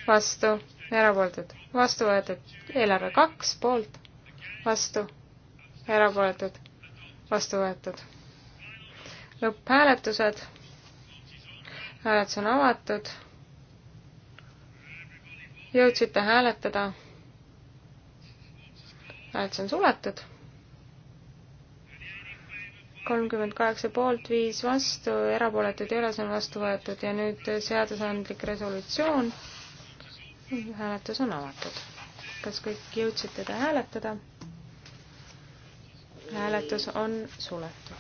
vastu, erapooletud, vastu võetud. eelarve kaks poolt, vastu, erapooletud vastu võetud. lõpphääletused. hääletus on avatud. jõudsite hääletada? hääletus on suletud. kolmkümmend kaheksa poolt, viis vastu, erapooletuid ei ole, see on vastu võetud ja nüüd seadusandlik resolutsioon. hääletus on avatud. kas kõik jõudsite te hääletada? hääletus on suletud.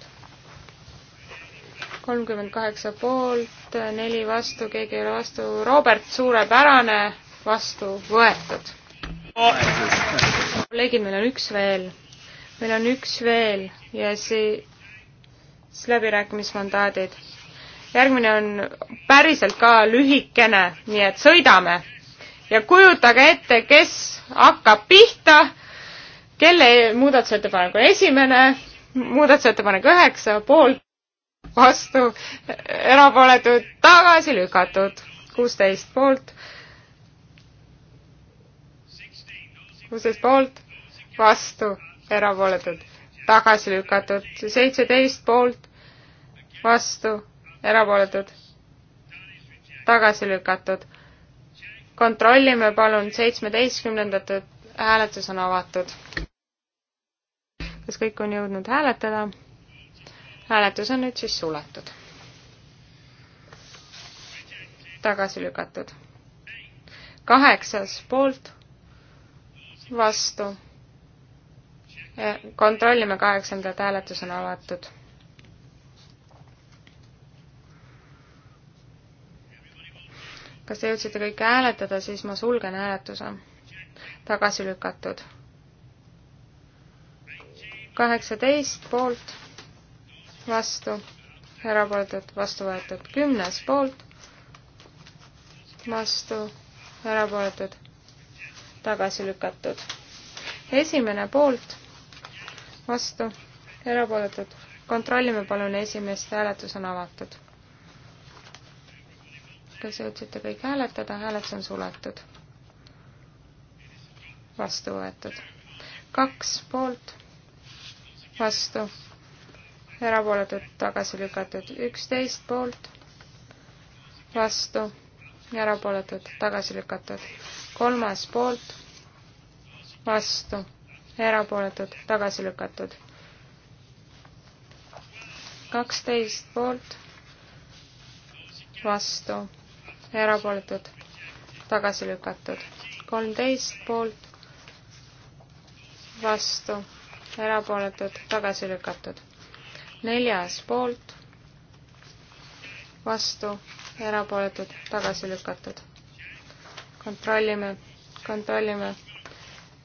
kolmkümmend kaheksa poolt, neli vastu, keegi ei ole vastu. Robert, suurepärane, vastu võetud. kolleegid, meil on üks veel, meil on üks veel ja siis läbirääkimismandaadid. järgmine on päriselt ka lühikene, nii et sõidame ja kujutage ette, kes hakkab pihta kelle muudatusettepanek on esimene, muudatusettepanek üheksa, poolt, vastu, erapooletud, tagasi lükatud, kuusteist poolt, kuusteist poolt, vastu, erapooletud, tagasi lükatud, seitseteist poolt, vastu, erapooletud, tagasi lükatud. kontrollime palun seitsmeteistkümnendat, hääletus on avatud kas kõik on jõudnud hääletada? hääletus on nüüd siis suletud. tagasi lükatud. kaheksas poolt, vastu. kontrollime kaheksandat, hääletus on avatud kas te jõudsite kõik hääletada, siis ma sulgen hääletuse. tagasi lükatud kaheksateist poolt, vastu, erapooletud, vastu võetud. kümnes poolt, vastu, erapooletud, tagasi lükatud. esimene poolt, vastu, erapooletud. kontrollime palun esimest, hääletus on avatud. kas jõudsite kõik hääletada, hääletus on suletud vastu võetud. kaks poolt vastu, erapooletud tagasi lükatud üksteist poolt, vastu, erapooletud tagasi lükatud kolmas poolt, vastu, erapooletud tagasi lükatud kaksteist poolt, vastu, erapooletud tagasi lükatud kolmteist poolt, vastu erapooletud, tagasi lükatud. neljas poolt, vastu, erapooletud, tagasi lükatud. kontrollime, kontrollime.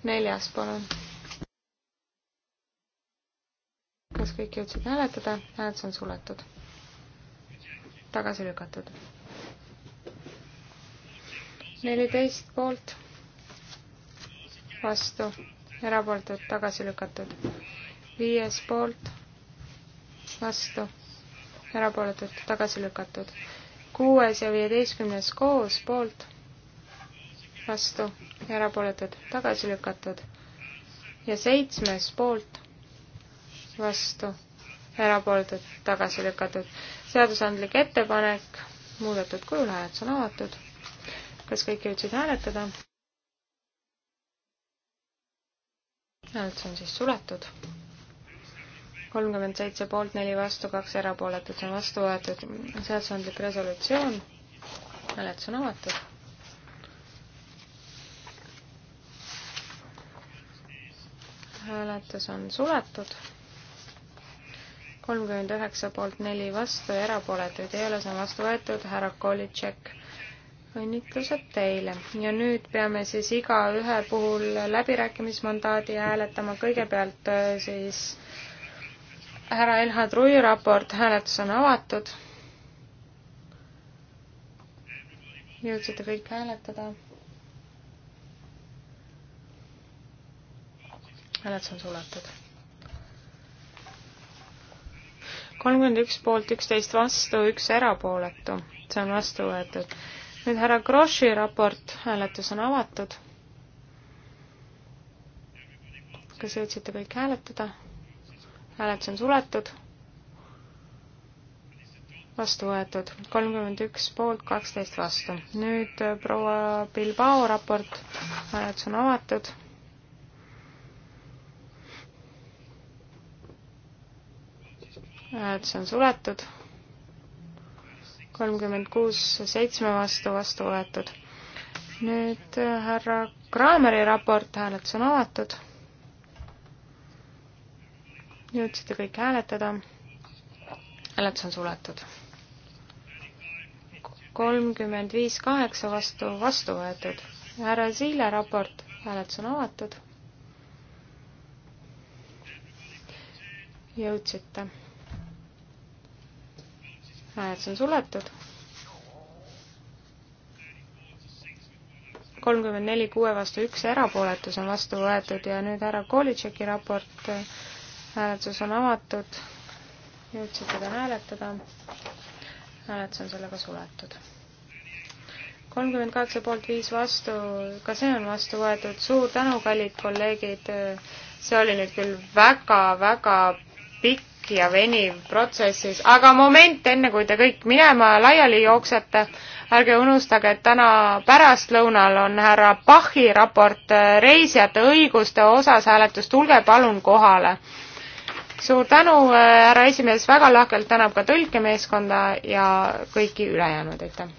neljas, palun. kas kõik jõudsid hääletada? hääletus on suletud. tagasi lükatud. neliteist poolt, vastu erapooletud, tagasi lükatud. viies poolt, vastu, erapooletud, tagasi lükatud. kuues ja viieteistkümnes koos, poolt, vastu, erapooletud, tagasi lükatud. ja seitsmes poolt, vastu erapooletud tagasi lükatud. seadusandlik ettepanek muudetud kujul, hääletus on avatud. kas kõik jõudsid hääletada? hääletus on siis suletud. kolmkümmend seitse poolt, neli vastu, kaks erapooletut on vastu võetud. seadusandlik resolutsioon. hääletus on avatud. hääletus on suletud. kolmkümmend üheksa poolt, neli vastu, erapooletuid ei ole, see on vastu võetud. härra Kolitšek õnnitlused teile. ja nüüd peame siis igaühe puhul läbirääkimismandaadi hääletama. kõigepealt äh, siis härra Elha Trui raport, hääletus on avatud. jõudsite kõik hääletada? hääletus on suletud kolmkümmend üks poolt, üksteist vastu, üks erapooletu. see on vastu võetud nüüd härra Grossi raport, hääletus on avatud. kas jõudsite kõik hääletada? hääletus on suletud. vastu võetud, kolmkümmend üks poolt, kaksteist vastu. nüüd äh, proua Bilbao raport, hääletus on avatud et see on suletud kolmkümmend kuus seitsme vastu vastu võetud. nüüd äh, härra Kraameri raport, hääletus on avatud. jõudsite kõik hääletada. hääletus on suletud. kolmkümmend viis kaheksa vastu vastu võetud. härra Siile raport, hääletus on avatud. jõudsite hääletus on suletud. kolmkümmend neli kuue vastu üks erapooletus on vastu võetud ja nüüd härra Kolitšeki raport, hääletus on avatud, jõudsid seda hääletada, hääletus on sellega suletud kolmkümmend kaheksa poolt viis vastu, ka see on vastu võetud, suur tänu, kallid kolleegid, see oli nüüd küll väga-väga pikk pikk ja veniv protsess siis, aga moment, enne kui te kõik minema laiali jooksete, ärge unustage, et täna pärastlõunal on härra Pachi raport äh, reisijate õiguste osas hääletus, tulge palun kohale. suur tänu, äh, härra esimees, väga lahkelt tänab ka tõlkemeeskonda ja kõiki ülejäänuid, aitäh!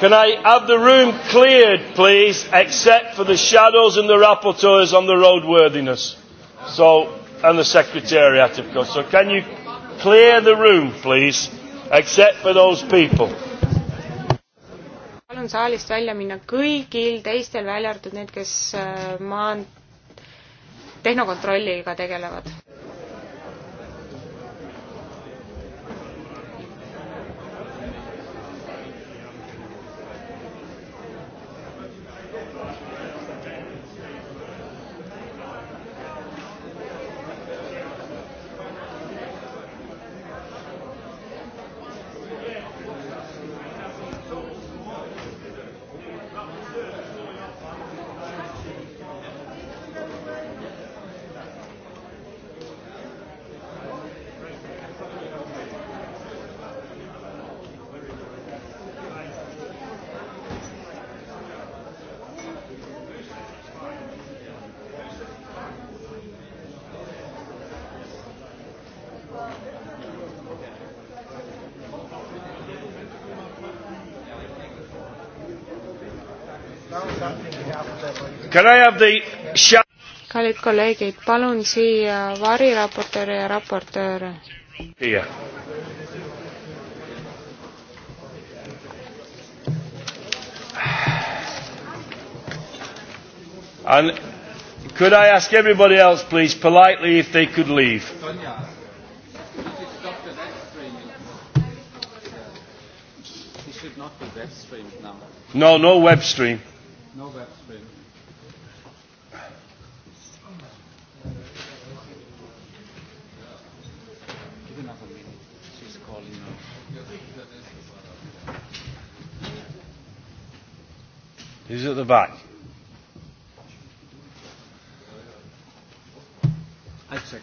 Can I have the room cleared, please, except for the shadows and the rapporteurs on the roadworthiness? So, and the secretariat, of course. So, can you clear the room, please, except for those people? palun saalist välja minna kõigil teistel, välja arvatud need, kes äh, maant-, tehnokontrolliga tegelevad. The... kallid kolleegid, palun siia variraportööri ja raportööre. siia. And could I ask everybody else, please, politely, if they could leave? No, no web stream. No web Is at the back. I check.